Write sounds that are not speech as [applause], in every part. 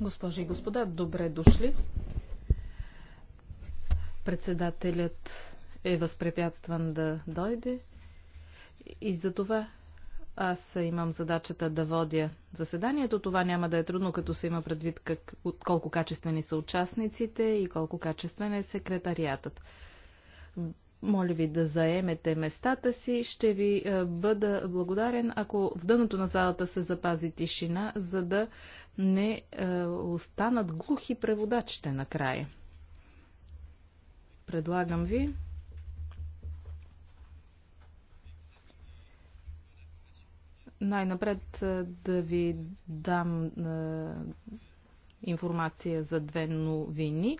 Госпожи и господа, добре дошли. Председателят е възпрепятстван да дойде и за това аз имам задачата да водя заседанието. Това няма да е трудно, като се има предвид как, колко качествени са участниците и колко качествен е секретариатът. Моля ви да заемете местата си. Ще ви е, бъда благодарен, ако в дъното на залата се запази тишина, за да не е, останат глухи преводачите накрая. Предлагам ви най-напред е, да ви дам информация за две новини.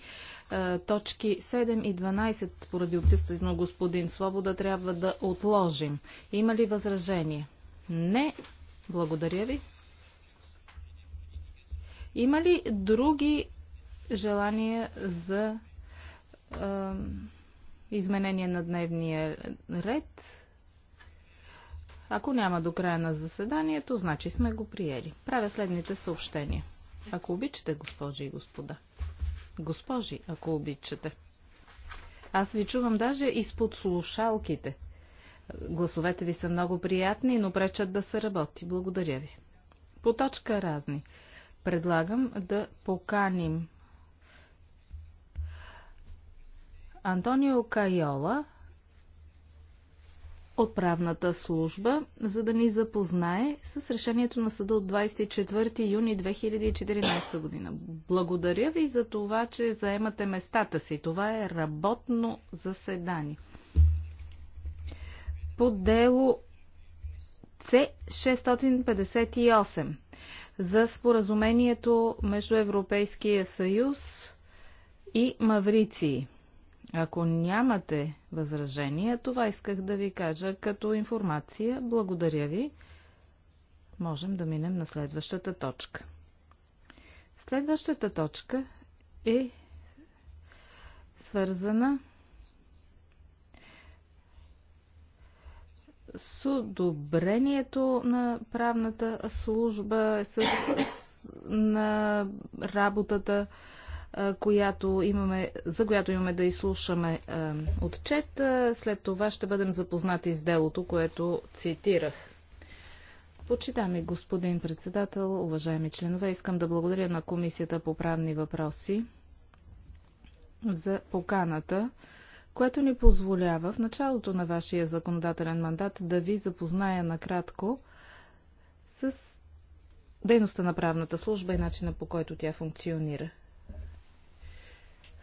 Е, точки 7 и 12 поради обществото на господин Свобода трябва да отложим. Има ли възражение? Не. Благодаря ви. Има ли други желания за е, изменение на дневния ред? Ако няма до края на заседанието, значи сме го приели. Правя следните съобщения. Ако обичате, госпожи и господа. Госпожи, ако обичате. Аз ви чувам даже изпод слушалките. Гласовете ви са много приятни, но пречат да се работи. Благодаря ви. По точка разни. Предлагам да поканим Антонио Кайола, от правната служба, за да ни запознае с решението на съда от 24 юни 2014 година. Благодаря ви за това, че заемате местата си. Това е работно заседание. По дело С-658 за споразумението между Европейския съюз и Маврици. Ако нямате възражения, това исках да ви кажа като информация. Благодаря ви. Можем да минем на следващата точка. Следващата точка е свързана с одобрението на правната служба, с, с на работата която имаме, за която имаме да изслушаме отчет. След това ще бъдем запознати с делото, което цитирах. Почитаме, господин председател, уважаеми членове, искам да благодаря на Комисията по правни въпроси за поканата, което ни позволява в началото на вашия законодателен мандат да ви запозная накратко с дейността на правната служба и начина по който тя функционира.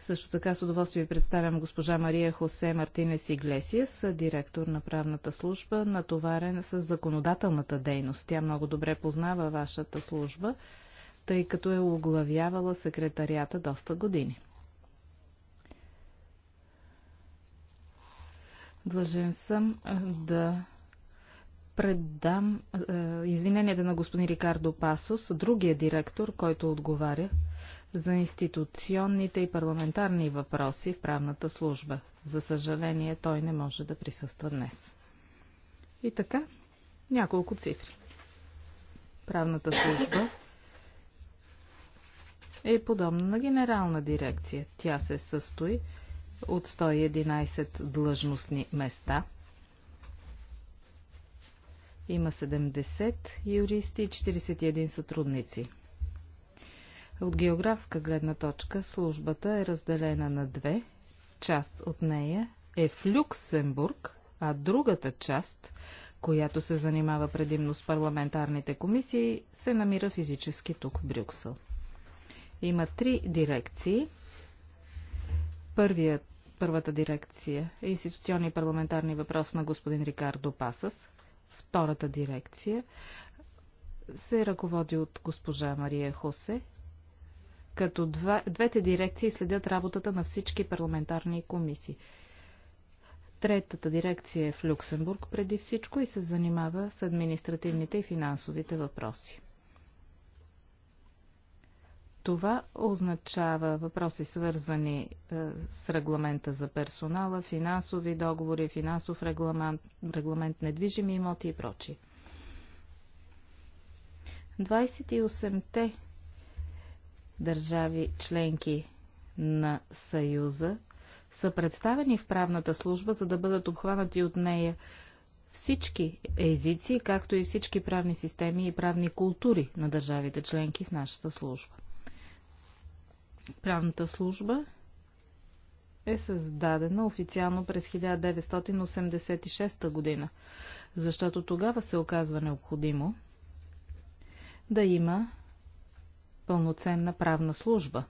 Също така с удоволствие ви представям госпожа Мария Хосе Мартинес Иглесиас, директор на правната служба, натоварен с законодателната дейност. Тя много добре познава вашата служба, тъй като е оглавявала секретарията доста години. Длъжен съм да предам е, извиненията на господин Рикардо Пасос, другия директор, който отговаря за институционните и парламентарни въпроси в правната служба. За съжаление, той не може да присъства днес. И така, няколко цифри. Правната служба е подобна на генерална дирекция. Тя се състои от 111 длъжностни места. Има 70 юристи и 41 сътрудници. От географска гледна точка службата е разделена на две. Част от нея е в Люксембург, а другата част, която се занимава предимно с парламентарните комисии, се намира физически тук в Брюксел. Има три дирекции. Първият първата дирекция е институционни и парламентарни въпрос на господин Рикардо Пасас. Втората дирекция се ръководи от госпожа Мария Хосе, като два, двете дирекции следят работата на всички парламентарни комисии. Третата дирекция е в Люксембург преди всичко и се занимава с административните и финансовите въпроси. Това означава въпроси свързани е, с регламента за персонала, финансови договори, финансов регламент, регламент недвижими имоти и прочие. 28-те държави членки на Съюза са представени в правната служба, за да бъдат обхванати от нея всички езици, както и всички правни системи и правни култури на държавите членки в нашата служба. Правната служба е създадена официално през 1986 година, защото тогава се оказва необходимо да има пълноценна правна служба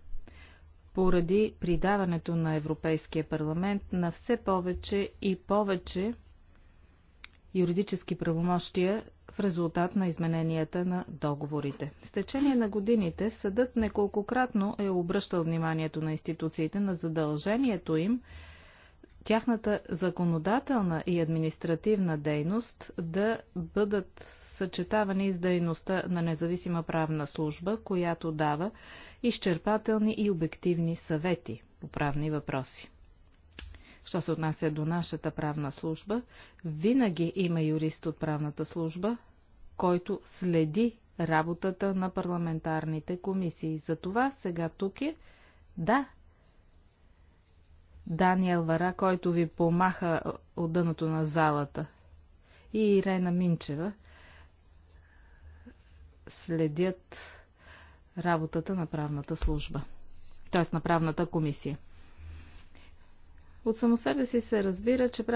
поради придаването на Европейския парламент на все повече и повече юридически правомощия в резултат на измененията на договорите. С течение на годините съдът неколкократно е обръщал вниманието на институциите на задължението им тяхната законодателна и административна дейност да бъдат съчетавани с дейността на независима правна служба, която дава изчерпателни и обективни съвети по правни въпроси. Що се отнася до нашата правна служба, винаги има юрист от правната служба, който следи работата на парламентарните комисии. За това сега тук е, да, Даниел Вара, който ви помаха от дъното на залата, и Ирена Минчева – следят работата на правната служба, т.е. на правната комисия. От само себе си се разбира, че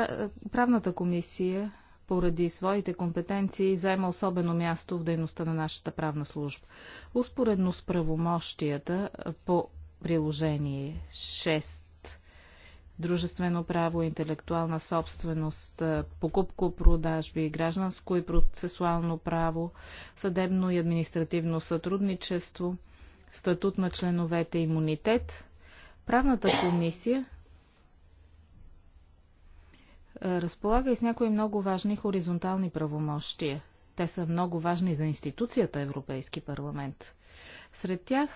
правната комисия поради своите компетенции заема особено място в дейността на нашата правна служба. Успоредно с правомощията по приложение 6 дружествено право, интелектуална собственост, покупко-продажби, гражданско и процесуално право, съдебно и административно сътрудничество, статут на членовете имунитет. Правната комисия разполага и с някои много важни хоризонтални правомощия. Те са много важни за институцията Европейски парламент. Сред тях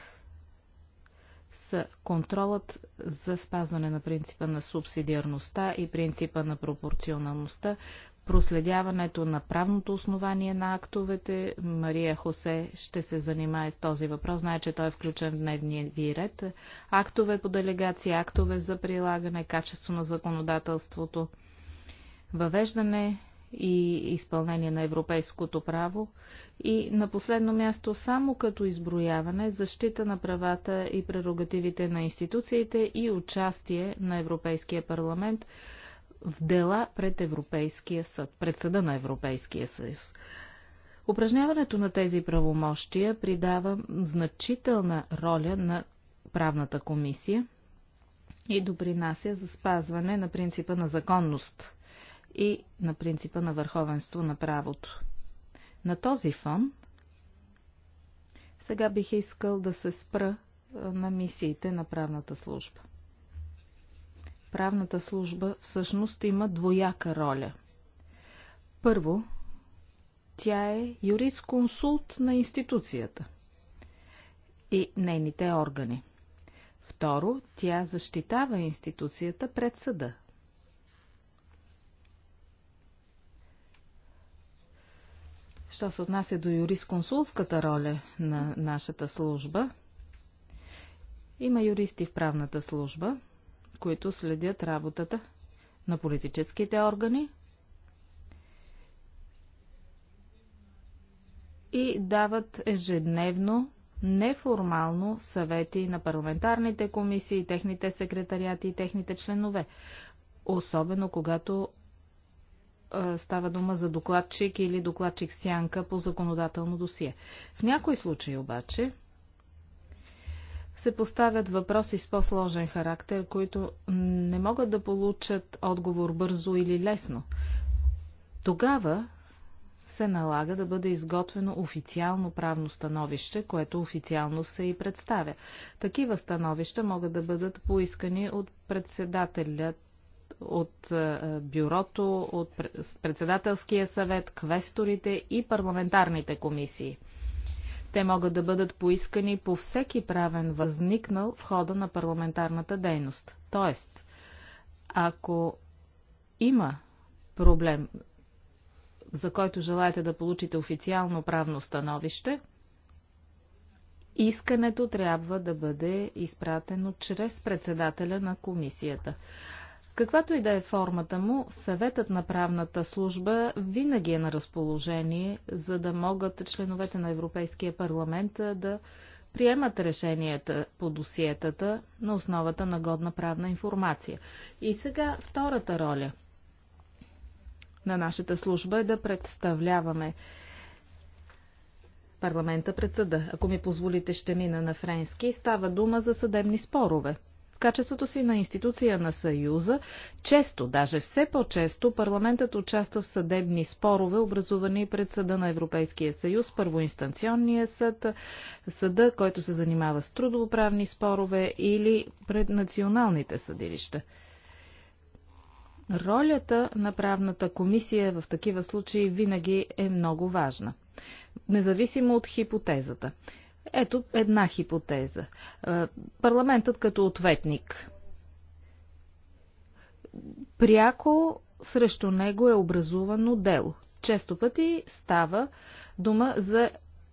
са контролът за спазване на принципа на субсидиарността и принципа на пропорционалността, проследяването на правното основание на актовете. Мария Хосе ще се занимае с този въпрос. Знае, че той е включен в дневния ви ред. Актове по делегация, актове за прилагане, качество на законодателството, въвеждане и изпълнение на европейското право. И на последно място, само като изброяване, защита на правата и прерогативите на институциите и участие на Европейския парламент в дела пред Европейския съд, пред съда на Европейския съюз. Упражняването на тези правомощия придава значителна роля на правната комисия и допринася за спазване на принципа на законност и на принципа на върховенство на правото. На този фон сега бих искал да се спра на мисиите на правната служба. Правната служба всъщност има двояка роля. Първо, тя е юрисконсулт на институцията и нейните органи. Второ, тя защитава институцията пред съда, що се отнася до юрисконсулската роля на нашата служба, има юристи в правната служба, които следят работата на политическите органи и дават ежедневно неформално съвети на парламентарните комисии, техните секретариати и техните членове особено когато става дума за докладчик или докладчик сянка по законодателно досие. В някои случаи обаче се поставят въпроси с по-сложен характер, които не могат да получат отговор бързо или лесно. Тогава се налага да бъде изготвено официално правно становище, което официално се и представя. Такива становища могат да бъдат поискани от председателят от е, бюрото, от председателския съвет, квесторите и парламентарните комисии. Те могат да бъдат поискани по всеки правен възникнал в хода на парламентарната дейност. Тоест, ако има проблем, за който желаете да получите официално правно становище, искането трябва да бъде изпратено чрез председателя на комисията. Каквато и да е формата му, съветът на правната служба винаги е на разположение, за да могат членовете на Европейския парламент да приемат решенията по досиетата на основата на годна правна информация. И сега втората роля на нашата служба е да представляваме парламента пред съда. Ако ми позволите, ще мина на френски. Става дума за съдебни спорове – качеството си на институция на Съюза, често, даже все по-често, парламентът участва в съдебни спорове, образувани пред Съда на Европейския съюз, първоинстанционния съд, съда, който се занимава с трудовоправни спорове или пред националните съдилища. Ролята на правната комисия в такива случаи винаги е много важна, независимо от хипотезата. Ето една хипотеза. Е, парламентът като ответник. Пряко срещу него е образувано дело. Често пъти става дума за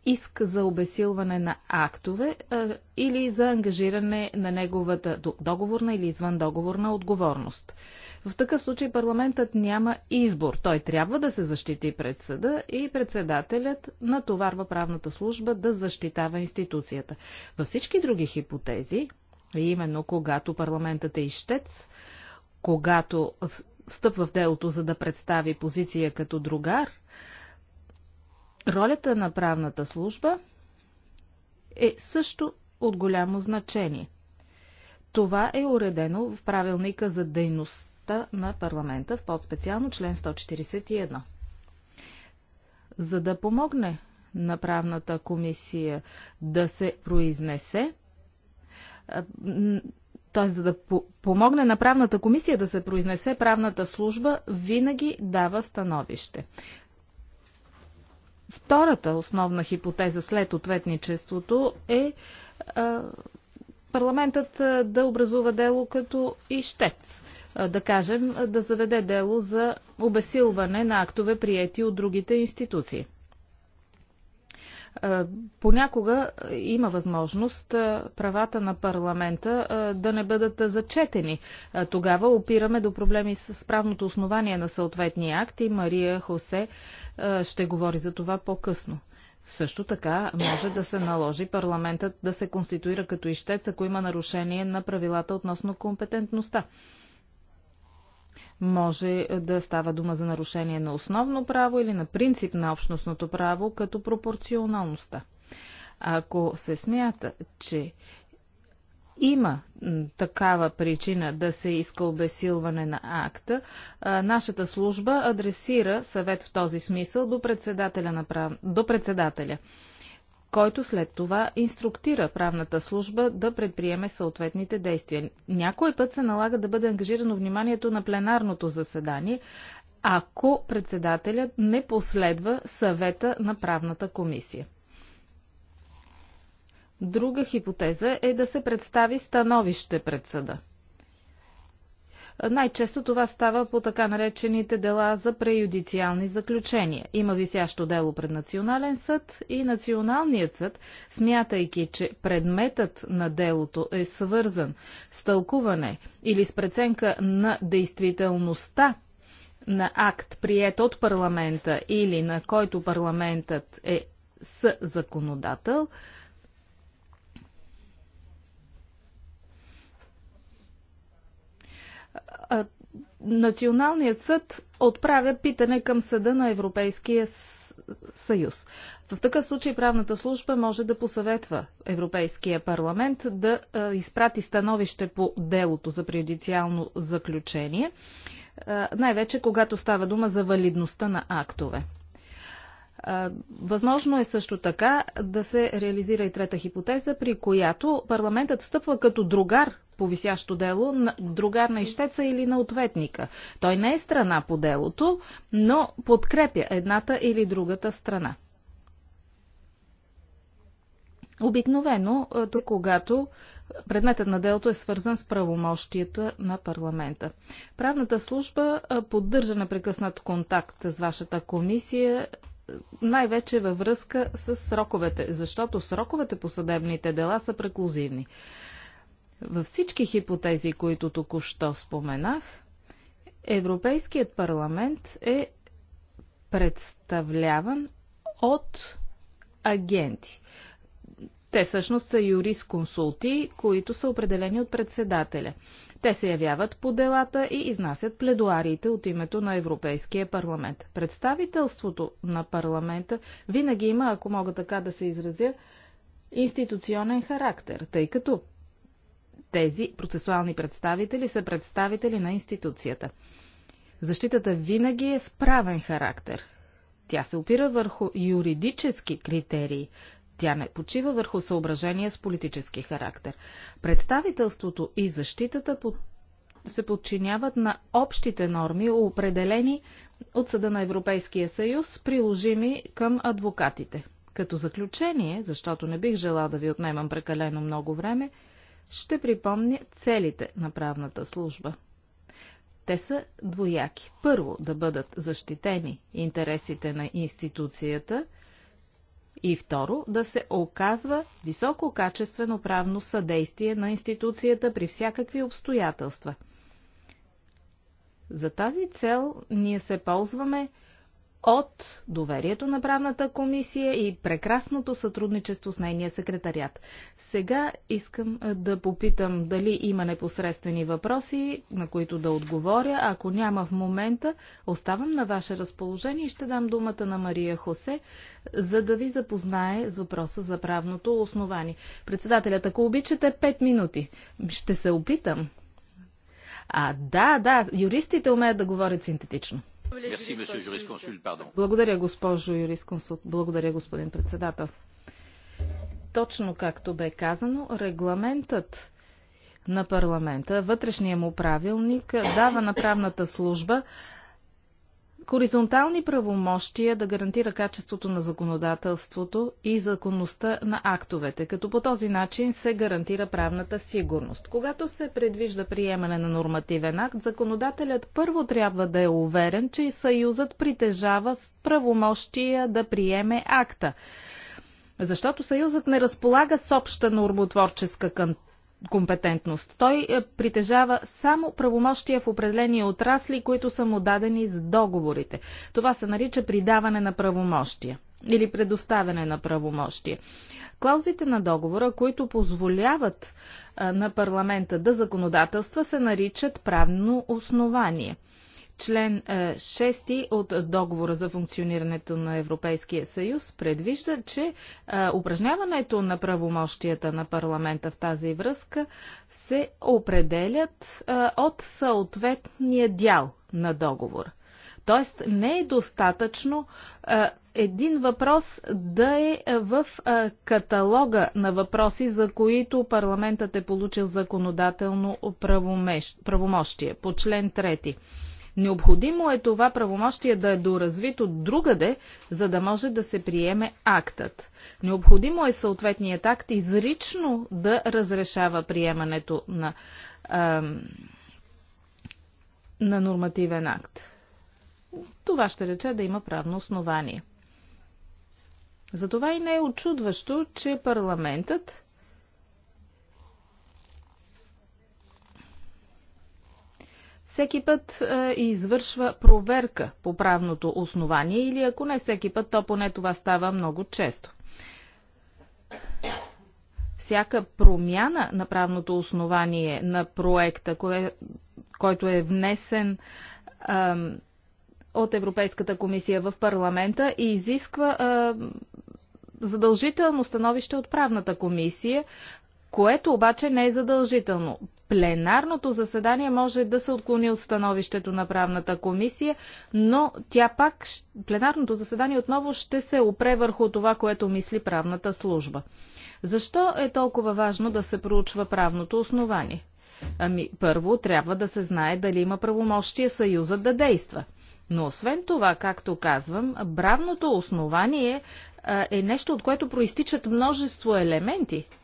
иск за обесилване на актове а, или за ангажиране на неговата договорна или извън договорна отговорност. В такъв случай парламентът няма избор. Той трябва да се защити пред съда и председателят натоварва правната служба да защитава институцията. Във всички други хипотези, именно когато парламентът е ищец, когато встъпва в делото за да представи позиция като другар, Ролята на правната служба е също от голямо значение. Това е уредено в правилника за дейността на парламента в подспециално член 141. За да помогне на правната комисия да се произнесе, т.е. за да помогне на правната комисия да се произнесе, правната служба винаги дава становище. Втората основна хипотеза след ответничеството е парламентът да образува дело като ищец. Да кажем, да заведе дело за обесилване на актове, приети от другите институции. Е, понякога има възможност е, правата на парламента е, да не бъдат зачетени. Тогава опираме до проблеми с правното основание на съответния акт и Мария Хосе ще говори за това по-късно. Също така може да се наложи парламентът да се конституира като ищец, ако има нарушение на правилата относно компетентността. Може да става дума за нарушение на основно право или на принцип на общностното право, като пропорционалността. Ако се смята, че има такава причина да се иска обесилване на акта, нашата служба адресира съвет в този смисъл до председателя. На прав... до председателя който след това инструктира правната служба да предприеме съответните действия. Някой път се налага да бъде ангажирано вниманието на пленарното заседание, ако председателят не последва съвета на правната комисия. Друга хипотеза е да се представи становище пред съда. Най-често това става по така наречените дела за преюдициални заключения. Има висящо дело пред Национален съд и Националният съд, смятайки, че предметът на делото е свързан с тълкуване или с преценка на действителността на акт, прият от парламента или на който парламентът е с законодател, Националният съд отправя питане към съда на Европейския съюз. В такъв случай правната служба може да посъветва Европейския парламент да изпрати становище по делото за преюдициално заключение, най-вече когато става дума за валидността на актове. Възможно е също така да се реализира и трета хипотеза, при която парламентът встъпва като другар по висящо дело, другар на ищеца или на ответника. Той не е страна по делото, но подкрепя едната или другата страна. Обикновено, когато предметът на делото е свързан с правомощията на парламента. Правната служба поддържа непрекъснат контакт с вашата комисия най-вече във връзка с сроковете, защото сроковете по съдебните дела са преклузивни. Във всички хипотези, които току-що споменах, Европейският парламент е представляван от агенти. Те всъщност са юрисконсулти, които са определени от председателя. Те се явяват по делата и изнасят пледуариите от името на Европейския парламент. Представителството на парламента винаги има, ако мога така да се изразя, институционен характер, тъй като тези процесуални представители са представители на институцията. Защитата винаги е с правен характер. Тя се опира върху юридически критерии, тя не почива върху съображения с политически характер. Представителството и защитата по... се подчиняват на общите норми, определени от Съда на Европейския съюз, приложими към адвокатите. Като заключение, защото не бих желал да ви отнемам прекалено много време, ще припомня целите на правната служба. Те са двояки. Първо, да бъдат защитени интересите на институцията и второ, да се оказва висококачествено правно съдействие на институцията при всякакви обстоятелства. За тази цел ние се ползваме от доверието на правната комисия и прекрасното сътрудничество с нейния секретарят. Сега искам да попитам дали има непосредствени въпроси, на които да отговоря. Ако няма в момента, оставам на ваше разположение и ще дам думата на Мария Хосе, за да ви запознае с въпроса за правното основание. Председателят, ако обичате 5 минути, ще се опитам. А, да, да, юристите умеят да говорят синтетично. Благодаря, госпожо юрисконсулт. Благодаря, господин председател. Точно както бе казано, регламентът на парламента, вътрешния му правилник, дава на правната служба хоризонтални правомощия да гарантира качеството на законодателството и законността на актовете, като по този начин се гарантира правната сигурност. Когато се предвижда приемане на нормативен акт, законодателят първо трябва да е уверен, че Съюзът притежава правомощия да приеме акта. Защото Съюзът не разполага с обща нормотворческа компетентност. Той е, притежава само правомощия в определени отрасли, които са му дадени с договорите. Това се нарича придаване на правомощия или предоставяне на правомощия. Клаузите на договора, които позволяват на парламента да законодателства, се наричат правно основание – Член 6 е, от договора за функционирането на Европейския съюз предвижда, че е, упражняването на правомощията на парламента в тази връзка се определят е, от съответния дял на договора. Тоест не е достатъчно един въпрос да е в каталога на въпроси, за които парламентът е получил законодателно правомещ, правомощие по член Необходимо е това правомощие да е доразвито другаде, за да може да се приеме актът. Необходимо е съответният акт изрично да разрешава приемането на, ам, на нормативен акт. Това ще рече да има правно основание. Затова и не е очудващо, че парламентът всеки път е, извършва проверка по правното основание или ако не всеки път, то поне това става много често. Всяка промяна на правното основание на проекта, кое, който е внесен е, от Европейската комисия в парламента, и изисква е, задължително становище от правната комисия, което обаче не е задължително. Пленарното заседание може да се отклони от становището на правната комисия, но тя пак, пленарното заседание отново ще се опре върху това, което мисли правната служба. Защо е толкова важно да се проучва правното основание? Ами, първо трябва да се знае дали има правомощие Съюза да действа. Но освен това, както казвам, правното основание а, е нещо, от което проистичат множество елементи –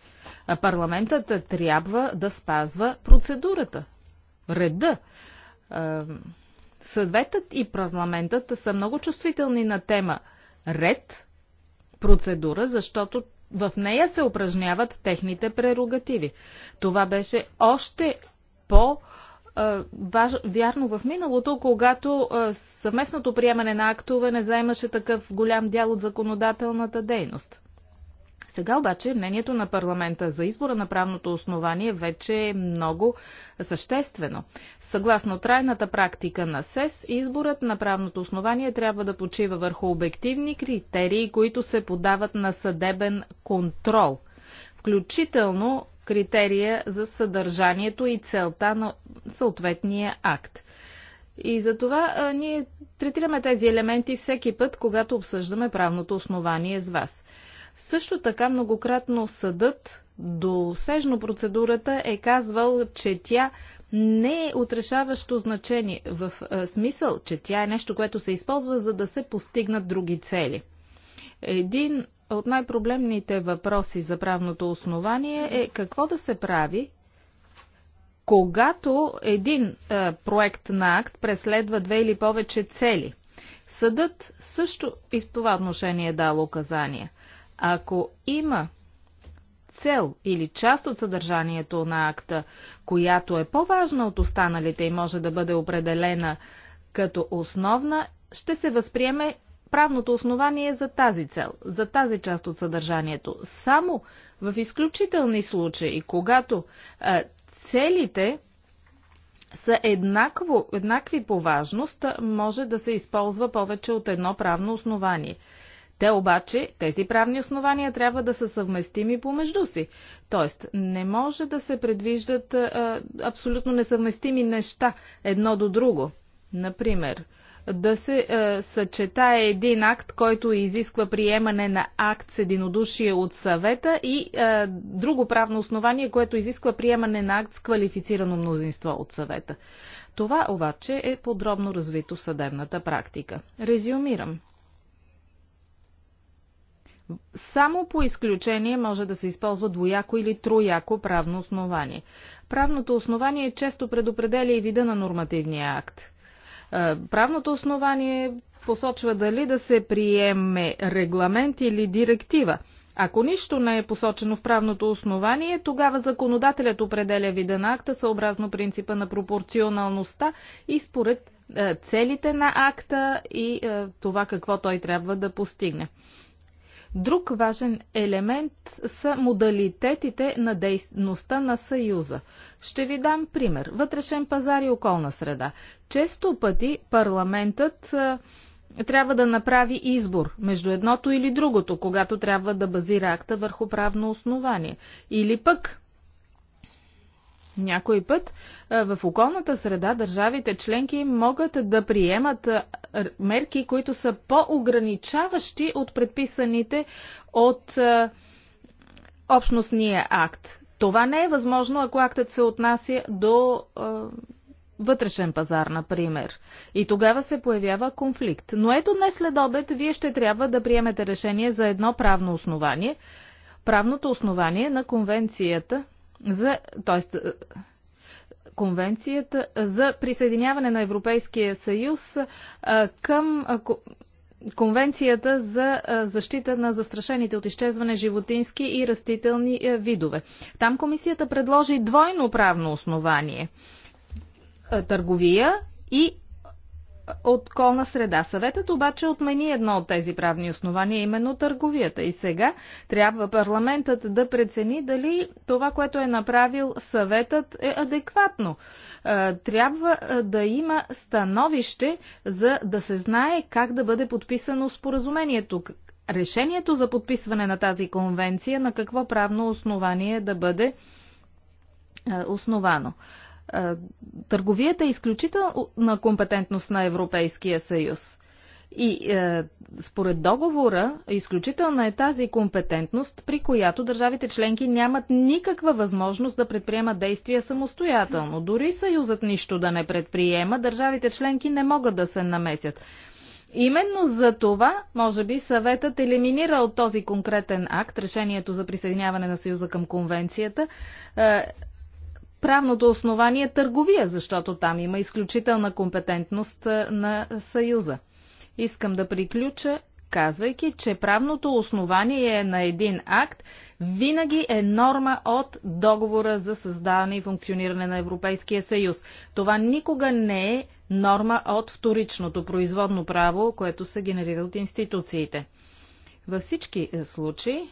Парламентът трябва да спазва процедурата, реда. Съветът и парламентът са много чувствителни на тема ред, процедура, защото в нея се упражняват техните прерогативи. Това беше още по- вярно в миналото, когато съвместното приемане на актове не заемаше такъв голям дял от законодателната дейност. Сега обаче мнението на парламента за избора на правното основание вече е много съществено. Съгласно трайната практика на СЕС, изборът на правното основание трябва да почива върху обективни критерии, които се подават на съдебен контрол, включително критерия за съдържанието и целта на съответния акт. И това а, ние третираме тези елементи всеки път, когато обсъждаме правното основание с вас. Също така многократно съдът досежно процедурата е казвал, че тя не е отрешаващо значение, в е, смисъл, че тя е нещо, което се използва, за да се постигнат други цели. Един от най-проблемните въпроси за правното основание е какво да се прави, когато един е, проект на акт преследва две или повече цели. Съдът също и в това отношение е дал указания – ако има цел или част от съдържанието на акта, която е по-важна от останалите и може да бъде определена като основна, ще се възприеме правното основание за тази цел, за тази част от съдържанието. Само в изключителни случаи, когато а, целите са еднакво, еднакви по важност, може да се използва повече от едно правно основание. Те обаче, тези правни основания трябва да са съвместими помежду си. Тоест, не може да се предвиждат а, абсолютно несъвместими неща едно до друго. Например, да се е, съчетае един акт, който изисква приемане на акт с единодушие от съвета и е, друго правно основание, което изисква приемане на акт с квалифицирано мнозинство от съвета. Това обаче е подробно развито в съдебната практика. Резюмирам. Само по изключение може да се използва двояко или трояко правно основание. Правното основание често предопределя и вида на нормативния акт. Е, правното основание посочва дали да се приеме регламент или директива. Ако нищо не е посочено в правното основание, тогава законодателят определя вида на акта съобразно принципа на пропорционалността и според е, целите на акта и е, това какво той трябва да постигне. Друг важен елемент са модалитетите на дейността на Съюза. Ще ви дам пример. Вътрешен пазар и околна среда. Често пъти парламентът трябва да направи избор между едното или другото, когато трябва да базира акта върху правно основание. Или пък някой път в околната среда държавите членки могат да приемат мерки, които са по-ограничаващи от предписаните от общностния акт. Това не е възможно, ако актът се отнася до вътрешен пазар, например. И тогава се появява конфликт. Но ето днес след обед вие ще трябва да приемете решение за едно правно основание. Правното основание на конвенцията за, т.е. конвенцията за присъединяване на Европейския съюз е, към е, Конвенцията за е, защита на застрашените от изчезване животински и растителни видове. Там комисията предложи двойно правно основание търговия и от колна среда. Съветът обаче отмени едно от тези правни основания, именно търговията. И сега трябва парламентът да прецени дали това, което е направил съветът е адекватно. Е, трябва е, да има становище, за да се знае как да бъде подписано споразумението. Решението за подписване на тази конвенция на какво правно основание да бъде е, основано. Е, търговията е изключителна компетентност на Европейския съюз. И е, според договора, изключителна е тази компетентност, при която държавите членки нямат никаква възможност да предприемат действия самостоятелно. Дори съюзът нищо да не предприема, държавите членки не могат да се намесят. Именно за това, може би, съветът елиминира от този конкретен акт решението за присъединяване на Съюза към конвенцията е, правното основание търговия, защото там има изключителна компетентност на Съюза. Искам да приключа, казвайки, че правното основание е на един акт винаги е норма от договора за създаване и функциониране на Европейския съюз. Това никога не е норма от вторичното производно право, което се генерира от институциите. Във всички е, случаи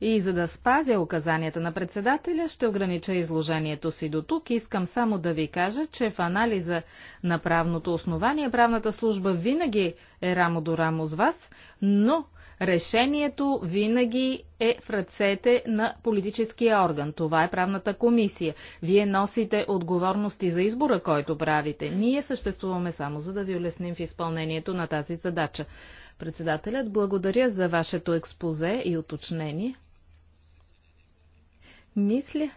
и за да спазя указанията на председателя, ще огранича изложението си до тук. Искам само да ви кажа, че в анализа на правното основание правната служба винаги е рамо до рамо с вас, но решението винаги е в ръцете на политическия орган. Това е правната комисия. Вие носите отговорности за избора, който правите. Ние съществуваме само за да ви улесним в изпълнението на тази задача. Председателят, благодаря за вашето експозе и уточнение. Мисля.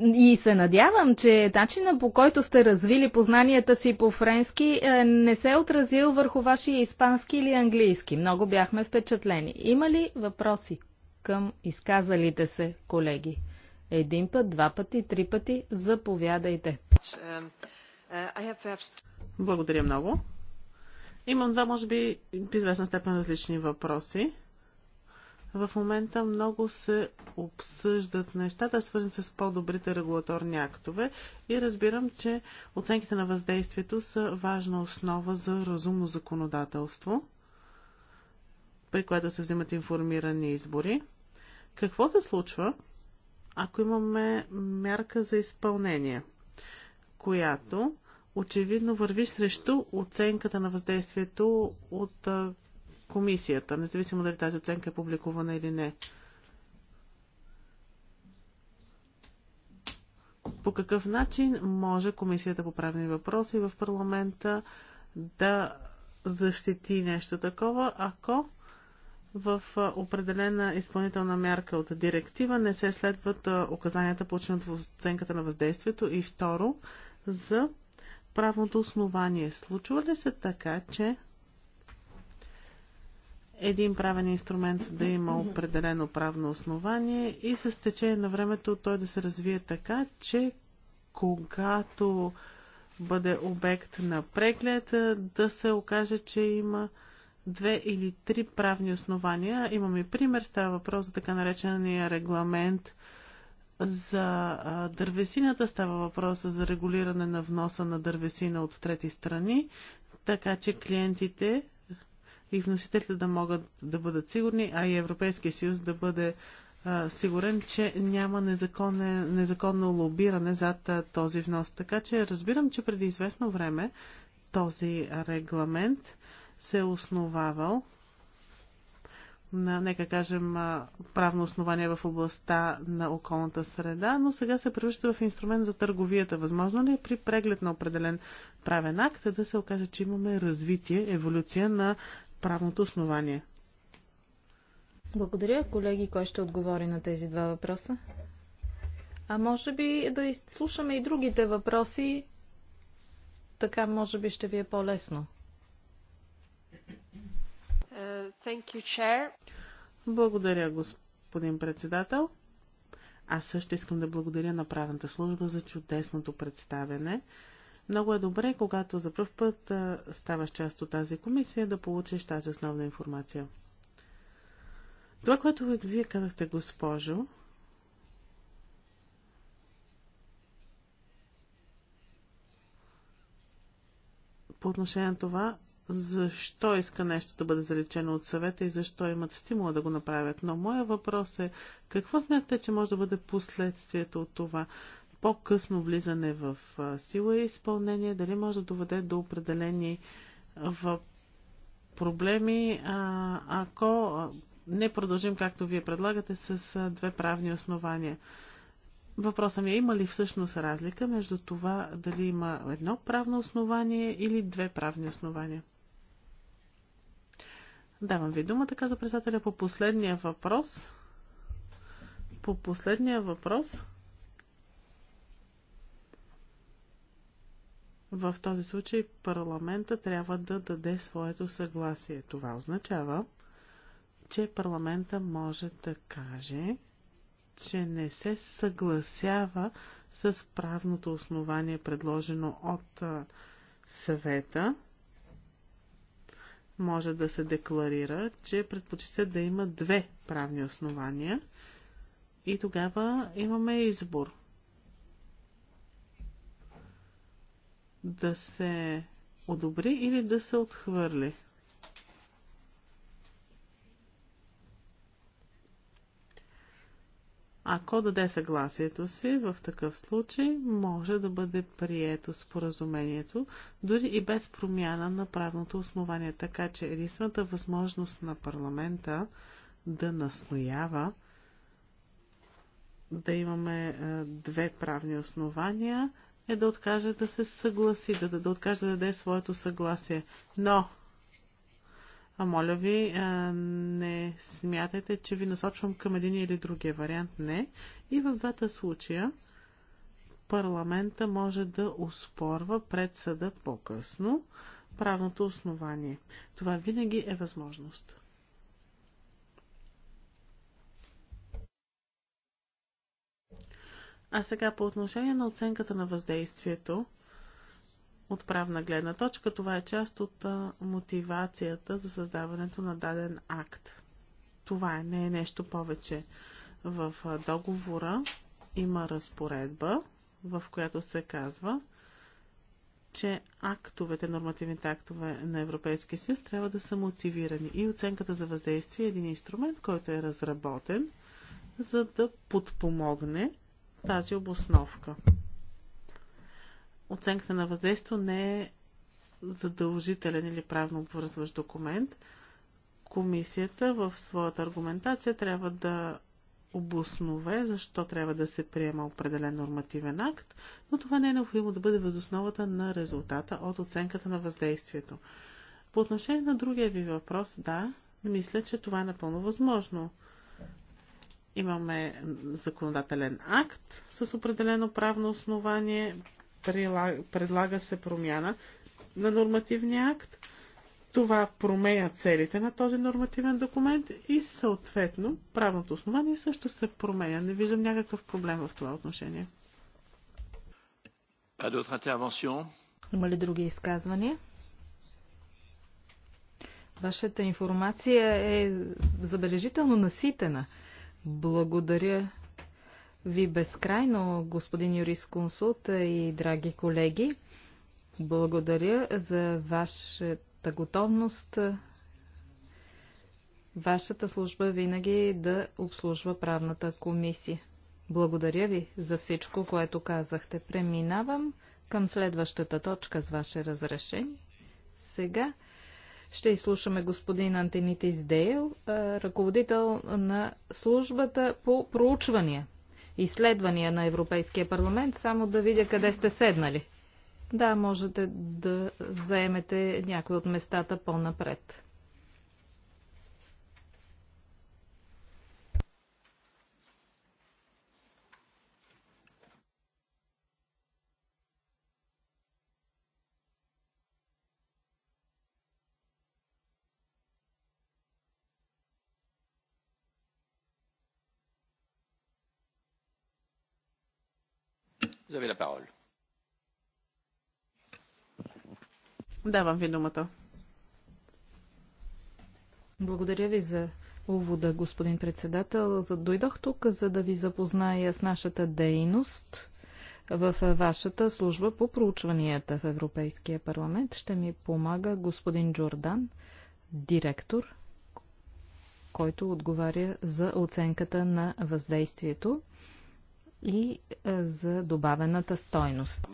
И се надявам, че начина по който сте развили познанията си по френски е, не се е отразил върху вашия испански или английски. Много бяхме впечатлени. Има ли въпроси към изказалите се колеги? Един път, два пъти, три пъти. Заповядайте. Благодаря много. Имам два, може би, в известна степен различни въпроси. В момента много се обсъждат нещата, свързани с по-добрите регулаторни актове и разбирам, че оценките на въздействието са важна основа за разумно законодателство, при което се взимат информирани избори. Какво се случва, ако имаме мярка за изпълнение, която очевидно върви срещу оценката на въздействието от комисията, независимо дали тази оценка е публикувана или не. По какъв начин може комисията по правни въпроси в парламента да защити нещо такова, ако в определена изпълнителна мярка от директива не се следват указанията, получени в оценката на въздействието и второ за правното основание. Случва ли се така, че един правен инструмент да има определено правно основание и с течение на времето той да се развие така, че когато бъде обект на преглед, да се окаже, че има две или три правни основания. Имаме пример, става въпрос за така наречения регламент за дървесината, става въпрос за регулиране на вноса на дървесина от трети страни, така че клиентите и вносителите да могат да бъдат сигурни, а и Европейския съюз да бъде сигурен, че няма незаконно, незаконно лобиране зад този внос. Така че разбирам, че преди известно време този регламент се е основавал на, нека кажем, правно основание в областта на околната среда, но сега се превръща в инструмент за търговията. Възможно ли е при преглед на определен правен акт да се окаже, че имаме развитие, еволюция на правното основание. Благодаря, колеги. Кой ще отговори на тези два въпроса? А може би да изслушаме и другите въпроси. Така може би ще ви е по-лесно. Uh, благодаря, господин председател. Аз също искам да благодаря на правната служба за чудесното представяне. Uh, много е добре, когато за пръв път ставаш част от тази комисия, да получиш тази основна информация. Това, което вие казахте, госпожо, по отношение на това, защо иска нещо да бъде залечено от съвета и защо имат стимула да го направят. Но моя въпрос е, какво смятате, че може да бъде последствието от това? по-късно влизане в сила и изпълнение, дали може да доведе до определени в проблеми, а, ако не продължим, както вие предлагате, с две правни основания. Въпросът ми е, има ли всъщност разлика между това дали има едно правно основание или две правни основания? Давам ви думата, каза председателя, по последния въпрос. По последния въпрос В този случай парламента трябва да даде своето съгласие. Това означава, че парламента може да каже, че не се съгласява с правното основание, предложено от съвета. Може да се декларира, че предпочита да има две правни основания и тогава имаме избор. да се одобри или да се отхвърли. Ако даде съгласието си, в такъв случай може да бъде прието споразумението, дори и без промяна на правното основание. Така че единствената възможност на парламента да настоява да имаме е, две правни основания – е да откаже да се съгласи, да, да, да откаже да даде своето съгласие. Но, а моля ви, а, не смятайте, че ви насочвам към един или другия вариант. Не. И в двата случая парламента може да успорва пред съда по-късно правното основание. Това винаги е възможност. А сега по отношение на оценката на въздействието от правна гледна точка, това е част от мотивацията за създаването на даден акт. Това е, не е нещо повече. В договора има разпоредба, в която се казва, че актовете, нормативните актове на Европейския съюз трябва да са мотивирани. И оценката за въздействие е един инструмент, който е разработен, за да подпомогне тази обосновка. Оценката на въздействието не е задължителен или правно обвързващ документ. Комисията в своята аргументация трябва да обоснове защо трябва да се приема определен нормативен акт, но това не е необходимо да бъде възосновата на резултата от оценката на въздействието. По отношение на другия ви въпрос, да, мисля, че това е напълно възможно. Имаме законодателен акт с определено правно основание. Предлага се промяна на нормативния акт. Това променя целите на този нормативен документ и съответно правното основание също се променя. Не виждам някакъв проблем в това отношение. Има ли други изказвания? Вашата информация е забележително наситена. Благодаря ви безкрайно, господин юрисконсулт и драги колеги. Благодаря за вашата готовност, вашата служба винаги да обслужва правната комисия. Благодаря ви за всичко, което казахте. Преминавам към следващата точка с ваше разрешение. Сега ще изслушаме господин Антенитис Дейл, ръководител на службата по проучвания, и изследвания на Европейския парламент. Само да видя къде сте седнали. Да, можете да заемете някои от местата по-напред. avez la parole. Давам ви Благодаря ви за увода, господин председател. Дойдох тук, за да ви запозная с нашата дейност в вашата служба по проучванията в Европейския парламент. Ще ми помага господин Джордан, директор, който отговаря за оценката на въздействието и е, за добавената стойност.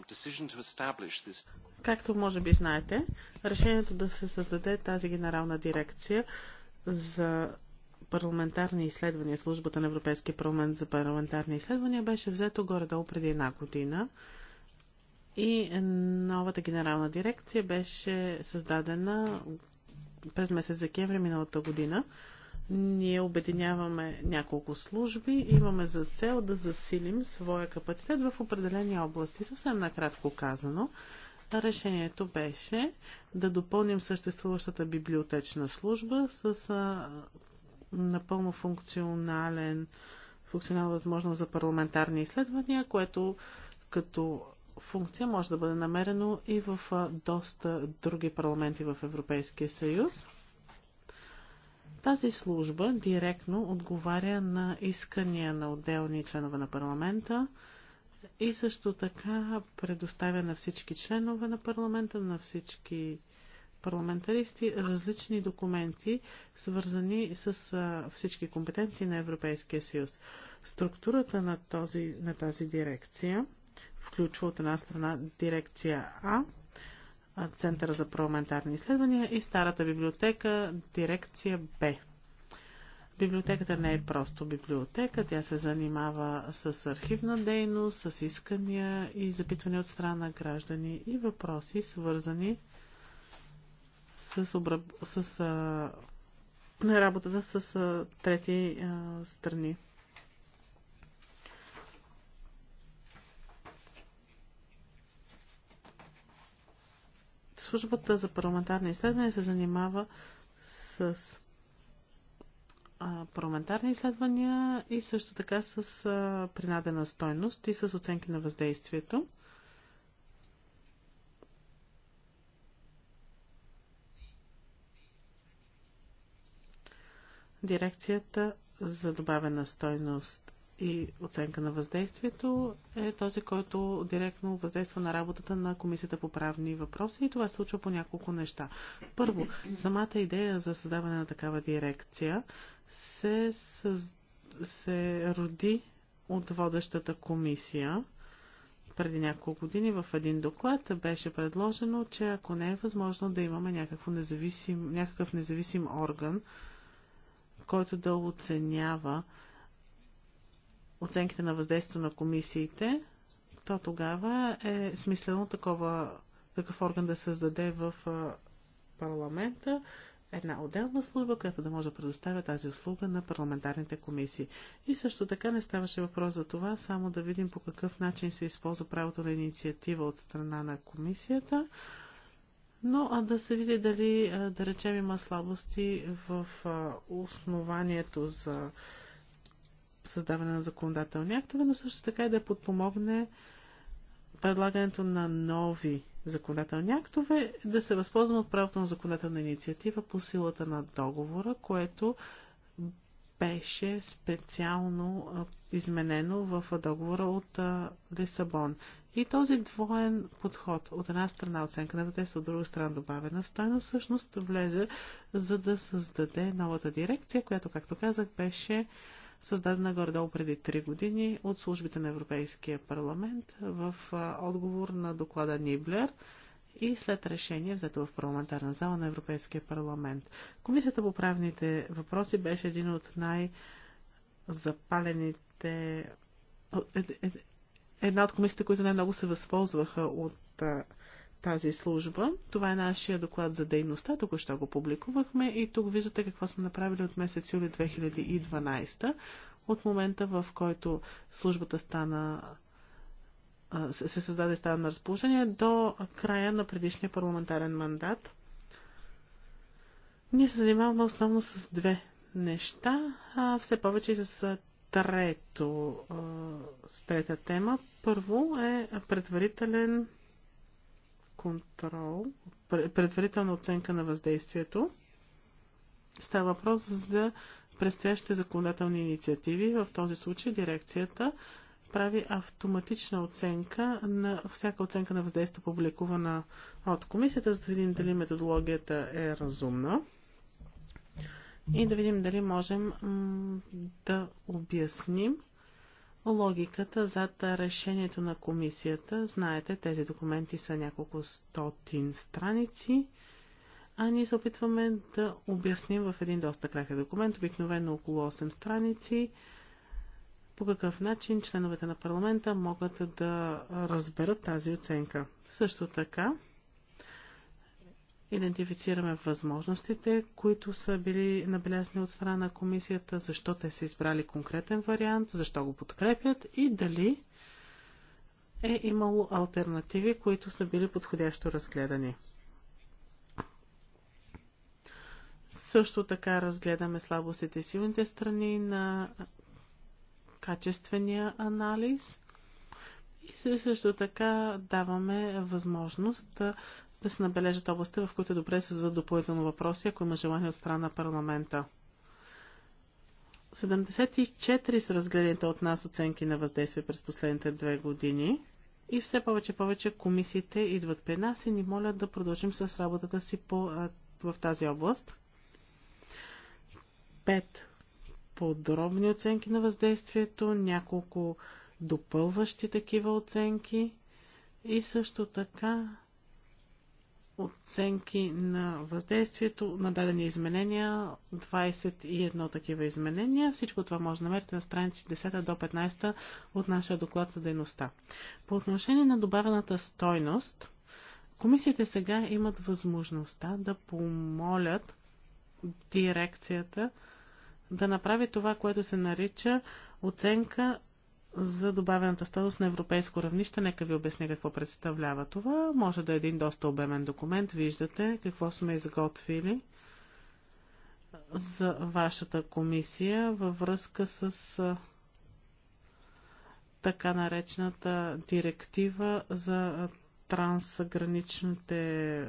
Както може би знаете, решението да се създаде тази генерална дирекция за парламентарни изследвания, службата на Европейския парламент за парламентарни изследвания беше взето горе-долу преди една година. И новата генерална дирекция беше създадена през месец декември миналата година. Ние обединяваме няколко служби и имаме за цел да засилим своя капацитет в определени области. Съвсем накратко казано, решението беше да допълним съществуващата библиотечна служба с а, напълно функционален, функционална възможност за парламентарни изследвания, което като функция може да бъде намерено и в доста други парламенти в Европейския съюз. Тази служба директно отговаря на искания на отделни членове на парламента и също така предоставя на всички членове на парламента, на всички парламентаристи различни документи, свързани с всички компетенции на Европейския съюз. Структурата на, този, на тази дирекция включва от една страна дирекция А, Центъра за парламентарни изследвания и старата библиотека, дирекция Б. Библиотеката не е просто библиотека, тя се занимава с архивна дейност, с искания и запитвания от страна на граждани и въпроси, свързани с, обраб... с а... работата с а... трети а... страни. службата за парламентарни изследвания се занимава с парламентарни изследвания и също така с принадена стойност и с оценки на въздействието. Дирекцията за добавена стойност и оценка на въздействието е този, който директно въздейства на работата на Комисията по правни въпроси и това се случва по няколко неща. Първо, самата идея за създаване на такава дирекция се, съз... се роди от водещата комисия преди няколко години в един доклад беше предложено, че ако не е възможно да имаме независим, някакъв независим орган, който да оценява оценките на въздействието на комисиите, то тогава е смислено такова, такъв орган да създаде в парламента една отделна служба, която да може да предоставя тази услуга на парламентарните комисии. И също така не ставаше въпрос за това, само да видим по какъв начин се използва правото на инициатива от страна на комисията, но а да се види дали, да речем, има слабости в основанието за създаване на законодателни актове, но също така и да подпомогне предлагането на нови законодателни актове, да се възползваме от правото на законодателна инициатива по силата на договора, което беше специално изменено в договора от Лисабон. И този двоен подход, от една страна оценка на въздействие, от друга страна добавена стойност, всъщност влезе за да създаде новата дирекция, която, както казах, беше създадена гордо преди три години от службите на Европейския парламент в отговор на доклада Ниблер и след решение взето в парламентарна зала на Европейския парламент. Комисията по правните въпроси беше един от най-запалените е, е, е, една от комисиите, които най-много се възползваха от тази служба. Това е нашия доклад за дейността, току-що го публикувахме и тук виждате какво сме направили от месец юли 2012, от момента в който службата стана се създаде стана на разположение до края на предишния парламентарен мандат. Ние се занимаваме основно с две неща, а все повече и с трето, с трета тема. Първо е предварителен контрол, предварителна оценка на въздействието. Става въпрос за предстоящите законодателни инициативи. В този случай дирекцията прави автоматична оценка на всяка оценка на въздействие, публикувана от комисията, за да видим дали методологията е разумна и да видим дали можем да обясним логиката зад решението на комисията. Знаете, тези документи са няколко стотин страници, а ние се опитваме да обясним в един доста кратък документ, обикновено около 8 страници, по какъв начин членовете на парламента могат да разберат тази оценка. Също така, идентифицираме възможностите, които са били набелязани от страна на комисията, защо те са избрали конкретен вариант, защо го подкрепят и дали е имало альтернативи, които са били подходящо разгледани. Също така разгледаме слабостите и силните страни на качествения анализ – и също така даваме възможност да се набележат области, в които е добре се зададат допълнително въпроси, ако има желание от страна на парламента. 74 са разгледаните от нас оценки на въздействие през последните две години и все повече повече комисиите идват при нас и ни молят да продължим с работата си по, а, в тази област. 5 подробни оценки на въздействието, няколко допълващи такива оценки и също така оценки на въздействието на дадени изменения, 21 такива изменения. Всичко това може да намерите на страници 10 до 15 от нашия доклад за дейността. По отношение на добавената стойност, комисиите сега имат възможността да помолят дирекцията да направи това, което се нарича оценка за добавената стойност на европейско равнище. Нека ви обясня какво представлява това. Може да е един доста обемен документ. Виждате какво сме изготвили за вашата комисия във връзка с така наречената директива за трансграничните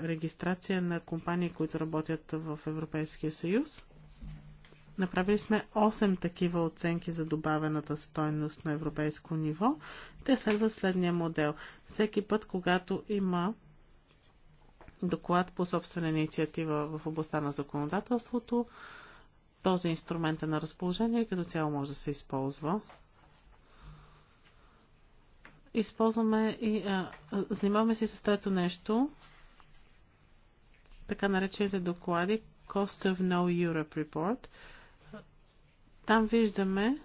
регистрация на компании, които работят в Европейския съюз. Направили сме 8 такива оценки за добавената стойност на европейско ниво. Те следват следния модел. Всеки път, когато има доклад по собствена инициатива в областта на законодателството, този инструмент е на разположение и като цяло може да се използва. Използваме и а, занимаваме се с трето нещо, така наречените доклади Cost of No Europe Report – там виждаме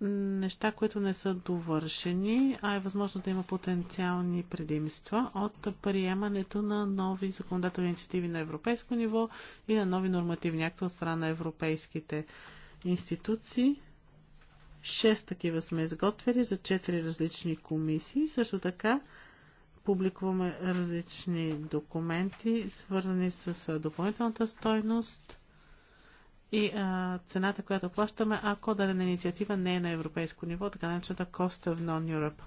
неща, които не са довършени, а е възможно да има потенциални предимства от приемането на нови законодателни инициативи на европейско ниво и на нови нормативни акта от страна на европейските институции. Шест такива сме изготвили за четири различни комисии. Също така публикуваме различни документи, свързани с допълнителната стойност – и а, цената, която плащаме, ако дадена инициатива не е на европейско ниво, така наречената Cost of Non-Europe.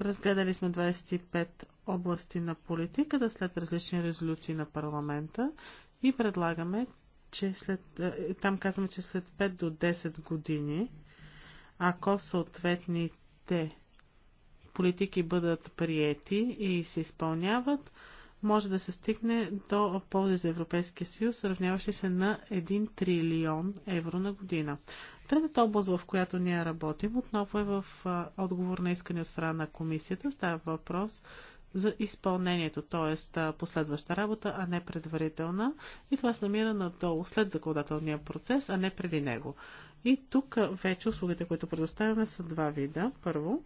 Разгледали сме 25 области на политиката след различни резолюции на парламента и предлагаме, че след, там казваме, че след 5 до 10 години, ако съответните политики бъдат приети и се изпълняват, може да се стигне до ползи за Европейския съюз, сравняващи се на 1 трилион евро на година. Третата област, в която ние работим, отново е в отговор на искане от страна на комисията. Става въпрос за изпълнението, т.е. последваща работа, а не предварителна. И това се намира надолу след законодателния процес, а не преди него. И тук вече услугите, които предоставяме, са два вида. Първо,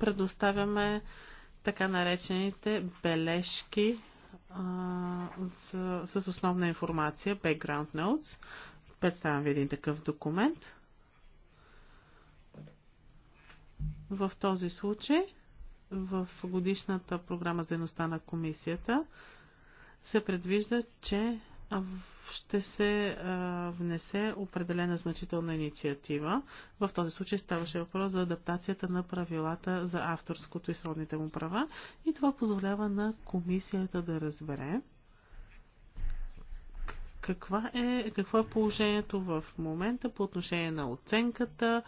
предоставяме така наречените бележки а, за, с основна информация, background notes. Представям ви един такъв документ. В този случай, в годишната програма за дейността на комисията, се предвижда, че в ще се а, внесе определена значителна инициатива. В този случай ставаше въпрос за адаптацията на правилата за авторското и сродните му права и това позволява на комисията да разбере каква е, какво е положението в момента по отношение на оценката